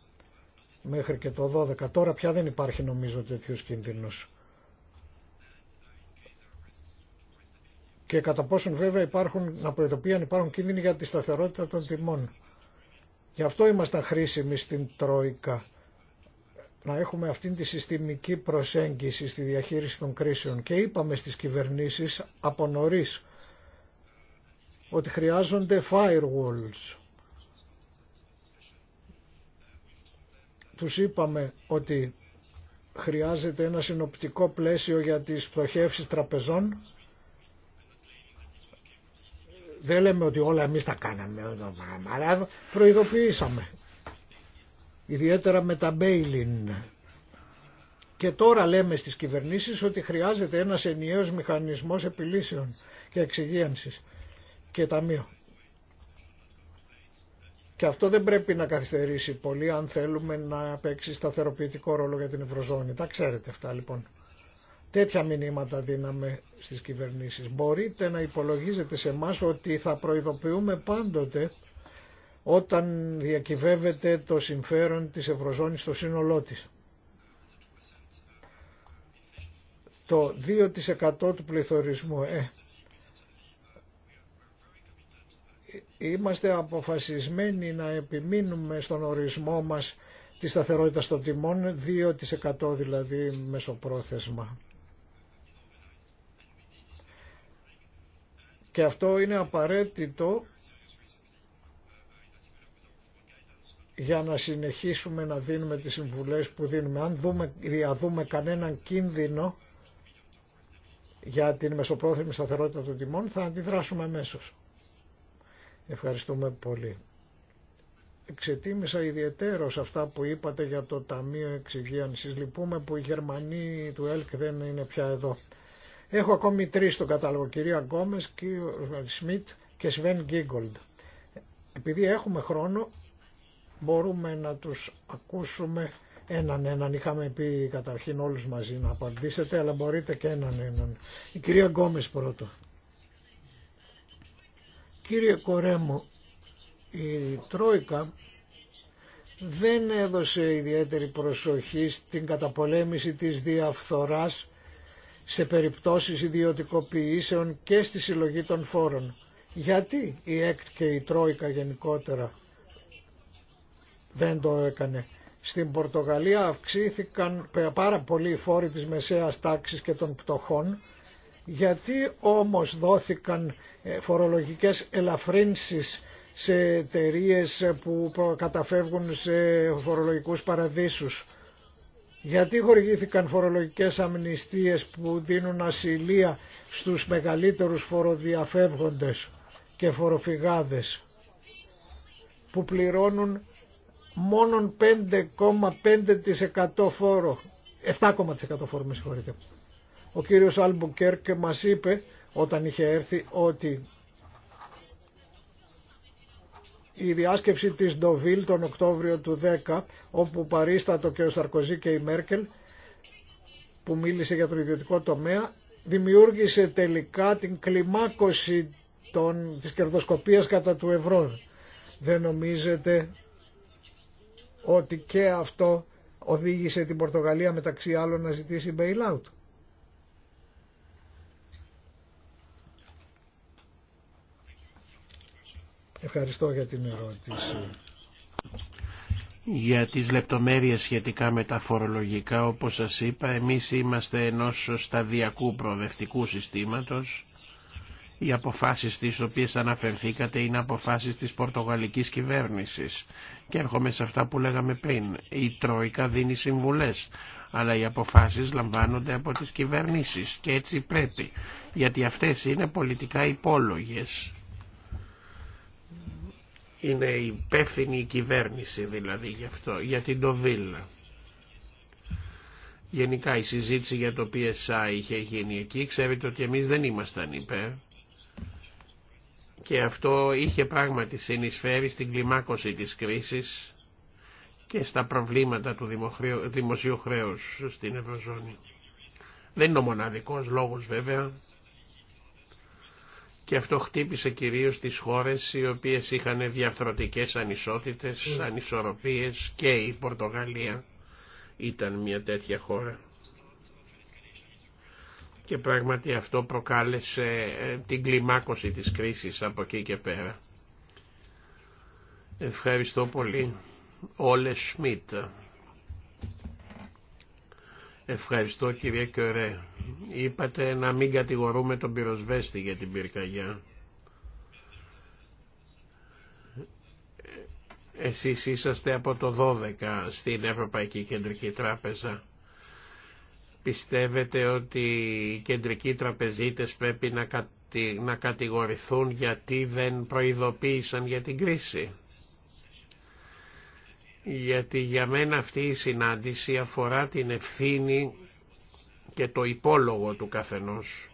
μέχρι και το 12. Τώρα πια δεν υπάρχει νομίζω τέτοιος κίνδυνος. Και κατά πόσον βέβαια υπάρχουν, να προειδοποιεί αν υπάρχουν κίνδυνοι για τη σταθερότητα των τιμών. Γι' αυτό ήμασταν χρήσιμοι στην Τρόικα να έχουμε αυτήν τη συστημική προσέγγιση στη διαχείριση των κρίσεων και είπαμε στις κυβερνήσεις από νωρίς ότι χρειάζονται firewalls. Τους είπαμε ότι χρειάζεται ένα συνοπτικό πλαίσιο για τις πτωχεύσεις τραπεζών. Δεν λέμε ότι όλα εμείς τα κάναμε, αλλά προειδοποιήσαμε ιδιαίτερα με τα Μπέιλιν. Και τώρα λέμε στις κυβερνήσεις ότι χρειάζεται ένας ενιαίος μηχανισμός επιλύσεων και εξυγίανσης και ταμείο. Και αυτό δεν πρέπει να καθυστερήσει πολύ αν θέλουμε να παίξει σταθεροποιητικό ρόλο για την Ευρωζώνη. Τα ξέρετε αυτά λοιπόν. Τέτοια μηνύματα δίναμε στις κυβερνήσεις. Μπορείτε να υπολογίζετε σε εμά ότι θα προειδοποιούμε πάντοτε όταν διακυβεύεται το συμφέρον της Ευρωζώνης στο σύνολό της. Το 2% του πληθωρισμού. Ε, είμαστε αποφασισμένοι να επιμείνουμε στον ορισμό μας τη σταθερότητα των τιμών, 2% δηλαδή μεσοπρόθεσμα. Και αυτό είναι απαραίτητο για να συνεχίσουμε να δίνουμε τις συμβουλές που δίνουμε. Αν δούμε, διαδούμε κανέναν κίνδυνο για την μεσοπρόθεσμη σταθερότητα των τιμών θα αντιδράσουμε αμέσω. Ευχαριστούμε πολύ. Εξετίμησα ιδιαιτέρως αυτά που είπατε για το Ταμείο Εξυγίανσης. Λυπούμε που οι Γερμανοί του ΕΛΚ δεν είναι πια εδώ. Έχω ακόμη τρεις στον κατάλογο, κυρία Γκόμες, κύριο Σμιτ και Σβέν Γκίγκολντ. Επειδή έχουμε χρόνο, μπορούμε να τους ακούσουμε έναν έναν. Είχαμε πει καταρχήν όλους μαζί να απαντήσετε, αλλά μπορείτε και έναν έναν. Η κυρία Γκόμες πρώτο. Κύριε Κορέμου, η Τρόικα δεν έδωσε ιδιαίτερη προσοχή στην καταπολέμηση της διαφθοράς σε περιπτώσεις ιδιωτικοποιήσεων και στη συλλογή των φόρων. Γιατί η ΕΚΤ και η Τρόικα γενικότερα δεν το έκανε. Στην Πορτογαλία αυξήθηκαν πάρα πολύ οι φόροι της μεσαίας τάξης και των πτωχών, γιατί όμως δόθηκαν ε, φορολογικές ελαφρύνσεις σε εταιρείε που καταφεύγουν σε φορολογικούς παραδείσους. Γιατί χορηγήθηκαν φορολογικές αμνηστίες που δίνουν ασυλία στους μεγαλύτερους φοροδιαφεύγοντες και φοροφυγάδες που πληρώνουν μόνον 5,5% φόρο, 7,5% φόρο με συγχωρείτε. Ο κύριος Αλμπουκέρκε μας είπε όταν είχε έρθει ότι η διάσκεψη της Ντοβίλ τον Οκτώβριο του 10 όπου παρίστατο και ο Σαρκοζή και η Μέρκελ που μίλησε για τον ιδιωτικό τομέα δημιούργησε τελικά την κλιμάκωση των, της κερδοσκοπίας κατά του ευρώ. Δεν νομίζετε ότι και αυτό οδήγησε την Πορτογαλία μεταξύ άλλων να ζητήσει bailout. Ευχαριστώ για την ερώτηση. Για τις λεπτομέρειες σχετικά με τα φορολογικά, όπως σας είπα, εμείς είμαστε ενός σταδιακού προοδευτικού συστήματος οι αποφάσεις τις οποίες αναφερθήκατε είναι αποφάσεις της πορτογαλικής κυβέρνησης. Και έρχομαι σε αυτά που λέγαμε πριν. Η Τρόικα δίνει συμβουλές, αλλά οι αποφάσεις λαμβάνονται από τις κυβερνήσεις και έτσι πρέπει, γιατί αυτές είναι πολιτικά υπόλογες. Είναι υπεύθυνη η κυβέρνηση δηλαδή γι' αυτό, για την Ντοβίλα. Γενικά η συζήτηση για το PSI είχε γίνει εκεί. Ξέρετε ότι εμείς δεν ήμασταν υπέρ και αυτό είχε πράγματι συνεισφέρει στην κλιμάκωση της κρίσης και στα προβλήματα του δημοσίου χρέους στην Ευρωζώνη. Δεν είναι ο μοναδικός λόγος βέβαια και αυτό χτύπησε κυρίως τις χώρες οι οποίες είχαν διαφθρωτικές ανισότητες, ναι. ανισορροπίες και η Πορτογαλία ήταν μια τέτοια χώρα και πράγματι αυτό προκάλεσε ε, την κλιμάκωση της κρίσης από εκεί και πέρα. Ευχαριστώ πολύ. Όλε Σμιτ. Ευχαριστώ κύριε Κιωρέ. Είπατε να μην κατηγορούμε τον πυροσβέστη για την πυρκαγιά. Ε, εσείς είσαστε από το 12 στην Ευρωπαϊκή Κεντρική Τράπεζα. Πιστεύετε ότι οι κεντρικοί τραπεζίτες πρέπει να, να κατηγορηθούν γιατί δεν προειδοποίησαν για την κρίση. Γιατί για μένα αυτή η συνάντηση αφορά την ευθύνη και το υπόλογο του καθενός.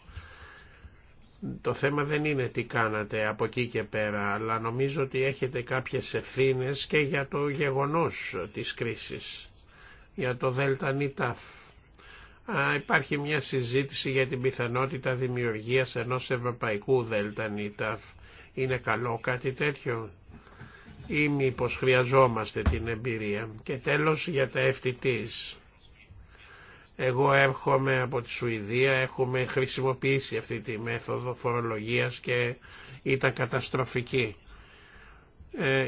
Το θέμα δεν είναι τι κάνατε από εκεί και πέρα, αλλά νομίζω ότι έχετε κάποιες ευθύνες και για το γεγονός της κρίσης, για το ΔΝΤ υπάρχει μια συζήτηση για την πιθανότητα δημιουργίας ενός ευρωπαϊκού Δέλτα Είναι καλό κάτι τέτοιο ή μήπω χρειαζόμαστε την εμπειρία. Και τέλος για τα FTTs. Εγώ έρχομαι από τη Σουηδία, έχουμε χρησιμοποιήσει αυτή τη μέθοδο φορολογίας και ήταν καταστροφική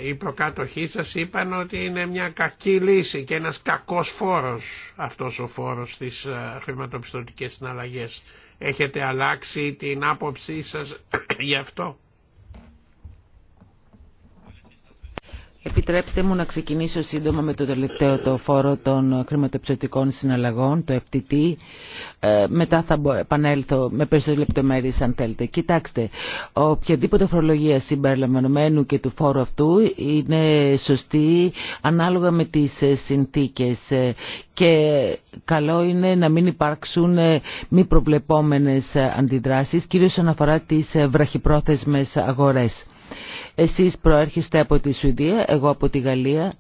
οι ε, προκάτοχοί σας είπαν ότι είναι μια κακή λύση και ένας κακός φόρος αυτός ο φόρος στις ε, χρηματοπιστωτικές συναλλαγές. Έχετε αλλάξει την άποψή σας γι' αυτό. Επιτρέψτε μου να ξεκινήσω σύντομα με το τελευταίο το φόρο των χρηματοψηφιστικών συναλλαγών, το FTT. Ε, μετά θα επανέλθω με περισσότερες λεπτομέρειε αν θέλετε. Κοιτάξτε, οποιαδήποτε φορολογία συμπεριλαμβανομένου και του φόρου αυτού είναι σωστή ανάλογα με τις ε, συνθήκε, ε, και καλό είναι να μην υπάρξουν μη προβλεπόμενε αντιδράσει, κυρίω όσον αφορά τι βραχυπρόθεσμε αγορέ. Εσείς προέρχεστε από τη Σουηδία, εγώ από τη Γαλλία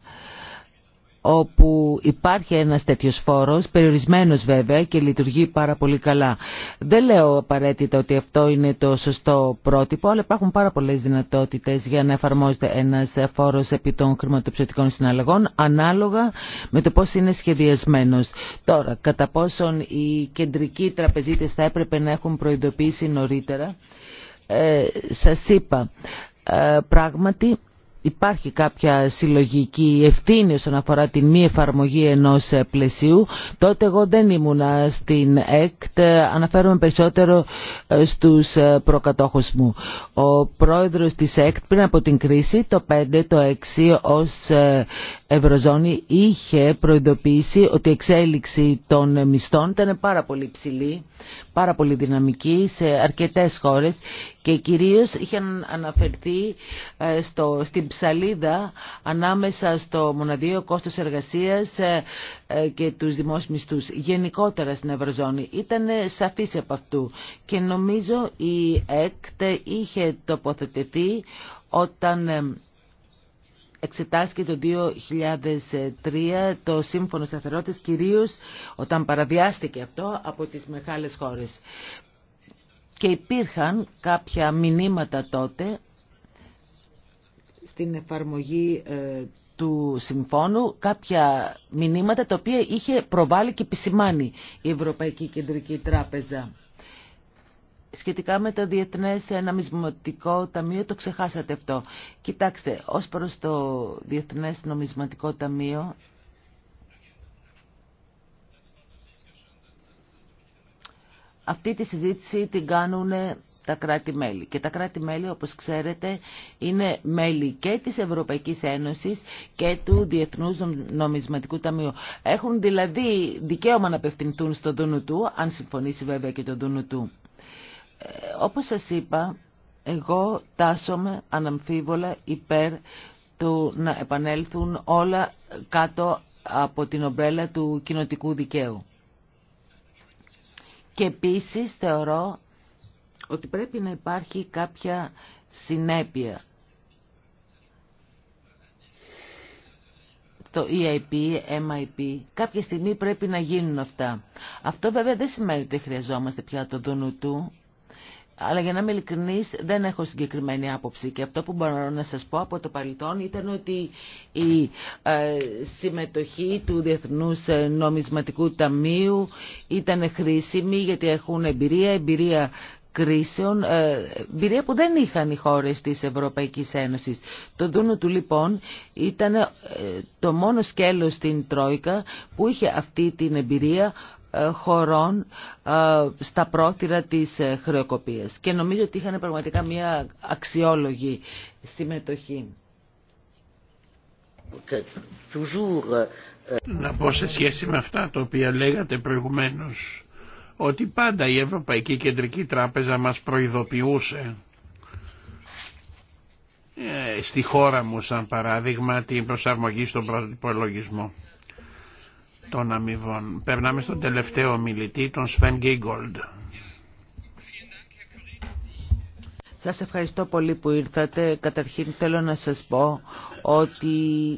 όπου υπάρχει ένας τέτοιος φόρος, περιορισμένος βέβαια και λειτουργεί πάρα πολύ καλά. Δεν λέω απαραίτητα ότι αυτό είναι το σωστό πρότυπο, αλλά υπάρχουν πάρα πολλές δυνατότητες για να εφαρμόζεται ένας φόρος επί των χρηματοψηφιστικών συναλλαγών, ανάλογα με το πώς είναι σχεδιασμένος. Τώρα, κατά πόσον οι κεντρικοί τραπεζίτες θα έπρεπε να έχουν προειδοποιήσει νωρίτερα, ε, σας είπα, ε, πράγματι υπάρχει κάποια συλλογική ευθύνη όσον αφορά τη μη εφαρμογή ενός ε, πλαισίου. Τότε εγώ δεν ήμουνα ε, στην ΕΚΤ, αναφέρομαι περισσότερο στους προκατόχους μου. Ο πρόεδρος της ΕΚΤ πριν από την κρίση, το 5, το 6 ως Ευρωζώνη είχε προειδοποιήσει ότι η εξέλιξη των μισθών ήταν πάρα πολύ ψηλή, πάρα πολύ δυναμική σε αρκετές χώρες και κυρίως είχαν αναφερθεί ε, στο, στην ψαλίδα ανάμεσα στο μοναδίο κόστος εργασίας ε, ε, και τους δημόσιους μισθούς γενικότερα στην Ευρωζώνη. Ήταν σαφής από αυτού και νομίζω η ΕΚΤ είχε τοποθετηθεί όταν εξετάστηκε το 2003 το Σύμφωνο Σταθερότητας κυρίως όταν παραβιάστηκε αυτό από τις μεγάλες χώρες και υπήρχαν κάποια μηνύματα τότε στην εφαρμογή ε, του συμφώνου κάποια μηνύματα τα οποία είχε προβάλλει και επισημάνει η Ευρωπαϊκή Κεντρική Τράπεζα. Σχετικά με το Διεθνές Νομισματικό Ταμείο το ξεχάσατε αυτό. Κοιτάξτε, ως προς το Διεθνές Νομισματικό Ταμείο αυτή τη συζήτηση την κάνουν τα κράτη-μέλη. Και τα κράτη-μέλη, όπως ξέρετε, είναι μέλη και της Ευρωπαϊκής Ένωσης και του Διεθνούς Νομισματικού Ταμείου. Έχουν δηλαδή δικαίωμα να απευθυνθούν στο δούνου του, αν συμφωνήσει βέβαια και το δούνου του. Ε, όπως σας είπα, εγώ τάσομαι αναμφίβολα υπέρ του να επανέλθουν όλα κάτω από την ομπρέλα του κοινοτικού δικαίου. Και επίσης θεωρώ ότι πρέπει να υπάρχει κάποια συνέπεια. Το EIP, MIP, κάποια στιγμή πρέπει να γίνουν αυτά. Αυτό βέβαια δεν σημαίνει ότι χρειαζόμαστε πια το δουνουτού. του. Αλλά για να είμαι ειλικρινής δεν έχω συγκεκριμένη άποψη και αυτό που μπορώ να σας πω από το παρελθόν ήταν ότι η ε, συμμετοχή του Διεθνούς ε, Νομισματικού Ταμείου ήταν χρήσιμη γιατί έχουν εμπειρία, εμπειρία κρίσεων, ε, εμπειρία που δεν είχαν οι χώρες της Ευρωπαϊκής Ένωσης. Το δούνο του λοιπόν ήταν το μόνο σκέλος στην Τρόικα που είχε αυτή την εμπειρία ε, χωρών ε, στα πρόθυρα της ε, χρεοκοπίας. Και νομίζω ότι είχαν πραγματικά μια αξιόλογη συμμετοχή. Να πω σε σχέση με αυτά τα οποία λέγατε προηγουμένως ότι πάντα η Ευρωπαϊκή Κεντρική Τράπεζα μας προειδοποιούσε στη χώρα μου σαν παράδειγμα την προσαρμογή στον προπολογισμό των αμοιβών. Περνάμε στον τελευταίο ομιλητή, τον Σφεν Γκίγκολντ. Σας ευχαριστώ πολύ που ήρθατε. Καταρχήν θέλω να σας πω ότι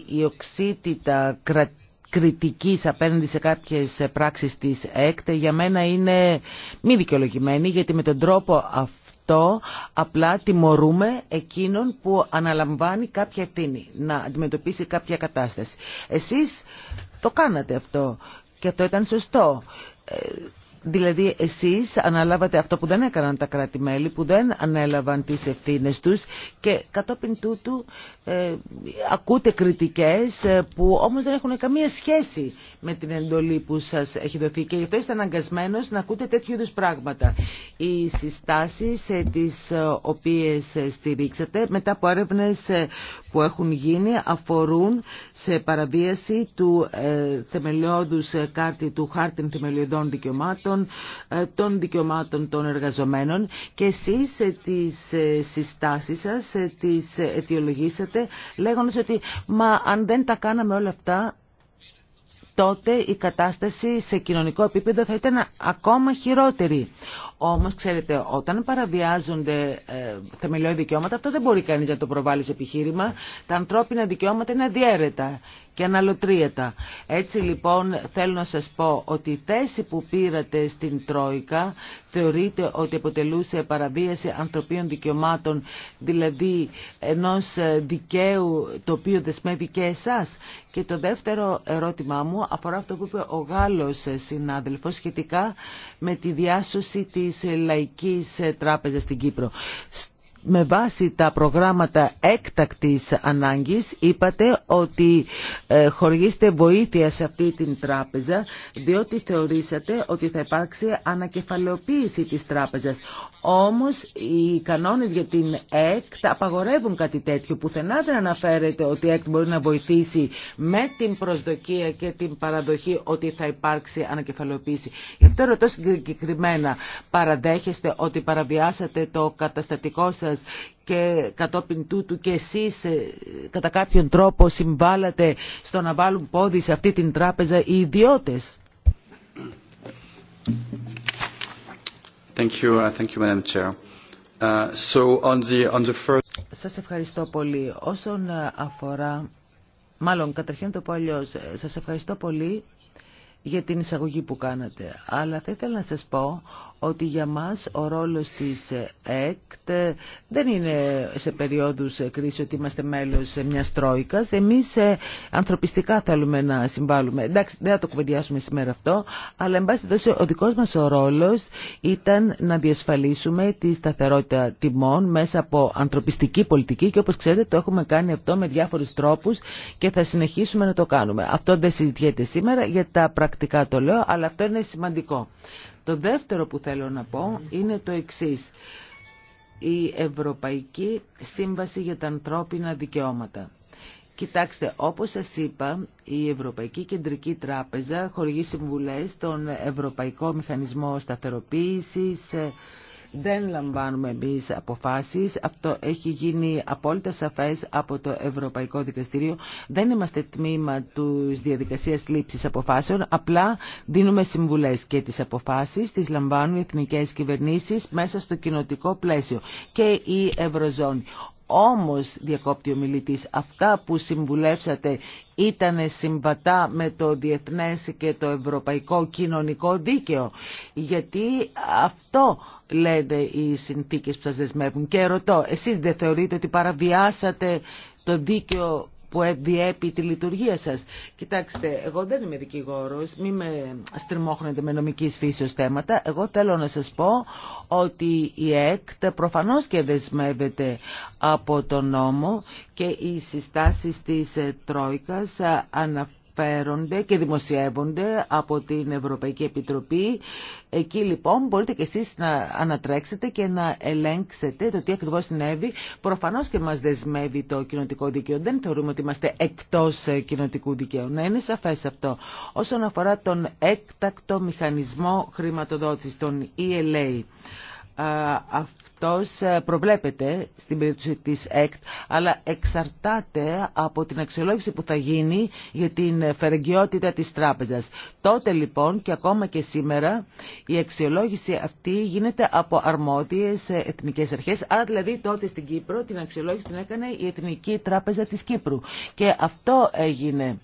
η οξύτητα κριτική κριτικής απέναντι σε κάποιες πράξεις της ΕΚΤ για μένα είναι μη δικαιολογημένη γιατί με τον τρόπο αυτό αυτό απλά τιμωρούμε εκείνον που αναλαμβάνει κάποια ευθύνη, να αντιμετωπίσει κάποια κατάσταση. Εσείς το κάνατε αυτό και αυτό ήταν σωστό. Ε, Δηλαδή εσείς αναλάβατε αυτό που δεν έκαναν τα κράτη-μέλη, που δεν ανέλαβαν τις ευθύνε τους και κατόπιν τούτου ε, ακούτε κριτικές ε, που όμως δεν έχουν καμία σχέση με την εντολή που σας έχει δοθεί και γι' αυτό είστε αναγκασμένος να ακούτε τέτοιου είδους πράγματα. Οι συστάσεις ε, τις ε, οποίες στηρίξατε μετά από έρευνες που έχουν γίνει αφορούν σε παραβίαση του ε, κάρτη του χάρτη θεμελιωδών δικαιωμάτων ε, των δικαιωμάτων των εργαζομένων και εσείς ε, τις ε, συστάσεις σας τις αιτιολογήσατε λέγοντας ότι μα αν δεν τα κάναμε όλα αυτά τότε η κατάσταση σε κοινωνικό επίπεδο θα ήταν ακόμα χειρότερη. Όμως, ξέρετε, όταν παραβιάζονται ε, θεμελιώδη δικαιώματα, αυτό δεν μπορεί κανείς να το προβάλλει σε επιχείρημα. Τα ανθρώπινα δικαιώματα είναι αδιέρετα και αναλωτρίατα. Έτσι λοιπόν θέλω να σας πω ότι η θέση που πήρατε στην Τρόικα θεωρείται ότι αποτελούσε παραβίαση ανθρωπίων δικαιωμάτων, δηλαδή ενός ε, δικαίου το οποίο δεσμεύει και εσάς. Και το δεύτερο ερώτημά μου αφορά αυτό που είπε ο Γάλλος ε, συνάδελφος σχετικά με τη διάσωση της Λαϊκής ε, Τράπεζας στην Κύπρο με βάση τα προγράμματα έκτακτης ανάγκης είπατε ότι ε, χορηγήσετε βοήθεια σε αυτή την τράπεζα διότι θεωρήσατε ότι θα υπάρξει ανακεφαλαιοποίηση της τράπεζας. Όμως οι κανόνες για την ΕΚΤ απαγορεύουν κάτι τέτοιο. Πουθενά δεν αναφέρεται ότι η ΕΚΤ μπορεί να βοηθήσει με την προσδοκία και την παραδοχή ότι θα υπάρξει ανακεφαλαιοποίηση. Γι' αυτό ρωτώ συγκεκριμένα, παραδέχεστε ότι παραβιάσατε το καταστατικό και κατόπιν τούτου και εσείς ε, κατά κάποιον τρόπο συμβάλλατε στο να βάλουν πόδι σε αυτή την τράπεζα οι ιδιώτες. Thank Σας ευχαριστώ πολύ. Όσον ε, αφορά, μάλλον καταρχήν το πω αλλιώς, ε, σας ευχαριστώ πολύ για την εισαγωγή που κάνατε. Αλλά θα ήθελα να σας πω ότι για μας ο ρόλος της ΕΚΤ δεν είναι σε περίοδους κρίση ότι είμαστε μέλος μιας τρόικας. Εμείς ε, ανθρωπιστικά θέλουμε να συμβάλλουμε. Εντάξει, δεν θα το κουβεντιάσουμε σήμερα αυτό, αλλά εν πάση τόσο, ο δικός μας ο ρόλος ήταν να διασφαλίσουμε τη σταθερότητα τιμών μέσα από ανθρωπιστική πολιτική και όπως ξέρετε το έχουμε κάνει αυτό με διάφορους τρόπους και θα συνεχίσουμε να το κάνουμε. Αυτό δεν συζητιέται σήμερα, για τα πρακτικά το λέω, αλλά αυτό είναι σημαντικό. Το δεύτερο που θέλω να πω είναι το εξής. Η Ευρωπαϊκή Σύμβαση για τα Ανθρώπινα Δικαιώματα. Κοιτάξτε, όπως σας είπα, η Ευρωπαϊκή Κεντρική Τράπεζα χορηγεί συμβουλές στον Ευρωπαϊκό Μηχανισμό Σταθεροποίησης, ε, δεν λαμβάνουμε εμεί αποφάσεις. Αυτό έχει γίνει απόλυτα σαφές από το Ευρωπαϊκό Δικαστήριο. Δεν είμαστε τμήμα της διαδικασίας λήψης αποφάσεων. Απλά δίνουμε συμβουλές και τις αποφάσεις τις λαμβάνουν οι εθνικές κυβερνήσεις μέσα στο κοινοτικό πλαίσιο και η Ευρωζώνη. Όμως, διακόπτει ο μιλητής, αυτά που συμβουλεύσατε ήταν συμβατά με το διεθνές και το ευρωπαϊκό κοινωνικό δίκαιο. Γιατί αυτό Λέτε οι συνθήκε που σα δεσμεύουν. Και ρωτώ, εσείς δεν θεωρείτε ότι παραβιάσατε το δίκαιο που διέπει τη λειτουργία σας. Κοιτάξτε, εγώ δεν είμαι δικηγόρος, μην με στριμώχνετε με νομικής φύσεως θέματα. Εγώ θέλω να σας πω ότι η ΕΚΤ προφανώς και δεσμεύεται από τον νόμο και οι συστάσεις της Τρόικας αναφέρονται και δημοσιεύονται από την Ευρωπαϊκή Επιτροπή. Εκεί λοιπόν μπορείτε και εσείς να ανατρέξετε και να ελέγξετε το τι ακριβώς συνέβη. Προφανώς και μας δεσμεύει το κοινοτικό δικαίωμα. Δεν θεωρούμε ότι είμαστε εκτός ε, κοινοτικού δικαίου. Να είναι σαφές αυτό. Όσον αφορά τον έκτακτο μηχανισμό χρηματοδότησης, τον ELA αυτός ε, προβλέπεται στην περίπτωση της ΕΚΤ, αλλά εξαρτάται από την αξιολόγηση που θα γίνει για την φερεγγιότητα της τράπεζας. Τότε λοιπόν και ακόμα και σήμερα η αξιολόγηση αυτή γίνεται από αρμόδιες ε, εθνικές αρχές, άρα δηλαδή τότε στην Κύπρο την αξιολόγηση την έκανε η Εθνική Τράπεζα της Κύπρου. Και αυτό έγινε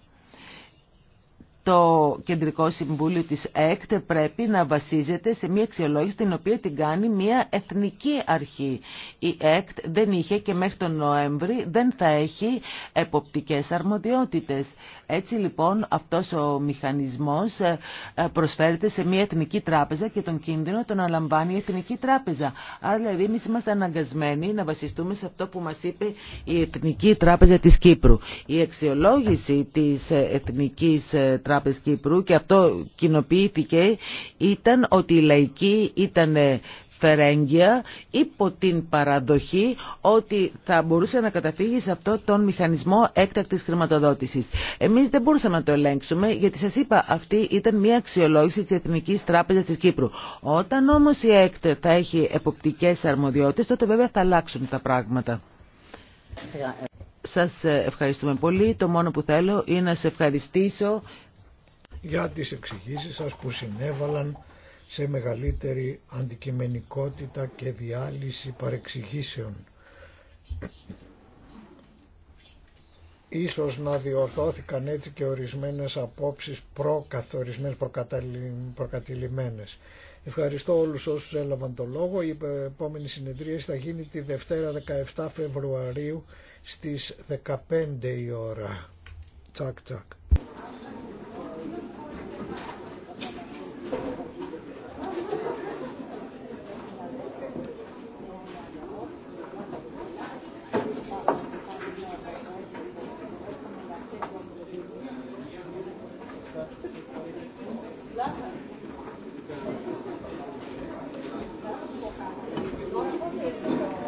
το Κεντρικό Συμβούλιο της ΕΚΤ πρέπει να βασίζεται σε μια αξιολόγηση την οποία την κάνει μια εθνική αρχή. Η ΕΚΤ δεν είχε και μέχρι τον Νοέμβρη δεν θα έχει εποπτικές αρμοδιότητες. Έτσι λοιπόν αυτός ο μηχανισμός ε, ε, προσφέρεται σε μια εθνική τράπεζα και τον κίνδυνο τον αναλαμβάνει η εθνική τράπεζα. Άρα δηλαδή εμείς είμαστε αναγκασμένοι να βασιστούμε σε αυτό που μας είπε η Εθνική Τράπεζα της Κύπρου. Η αξιολόγηση της ε, Εθνικής Τράπεζα Κύπρου και αυτό κοινοποιήθηκε ήταν ότι η λαϊκή ήταν φερέγγια υπό την παραδοχή ότι θα μπορούσε να καταφύγει σε αυτό τον μηχανισμό έκτακτης χρηματοδότησης. Εμείς δεν μπορούσαμε να το ελέγξουμε γιατί σας είπα αυτή ήταν μια αξιολόγηση της Εθνικής Τράπεζας της Κύπρου. Όταν όμως η ΕΚΤ θα έχει εποπτικές αρμοδιότητες τότε βέβαια θα αλλάξουν τα πράγματα. Σας ευχαριστούμε πολύ. Το μόνο που θέλω είναι να σε ευχαριστήσω για τις εξηγήσεις σας που συνέβαλαν σε μεγαλύτερη αντικειμενικότητα και διάλυση παρεξηγήσεων. Ίσως να διορθώθηκαν έτσι και ορισμένες απόψεις προκαθορισμένες, προκατηλημένες. Ευχαριστώ όλους όσους έλαβαν το λόγο. Η επόμενη συνεδρία θα γίνει τη Δευτέρα 17 Φεβρουαρίου στις 15 η ώρα. Τσακ τσακ.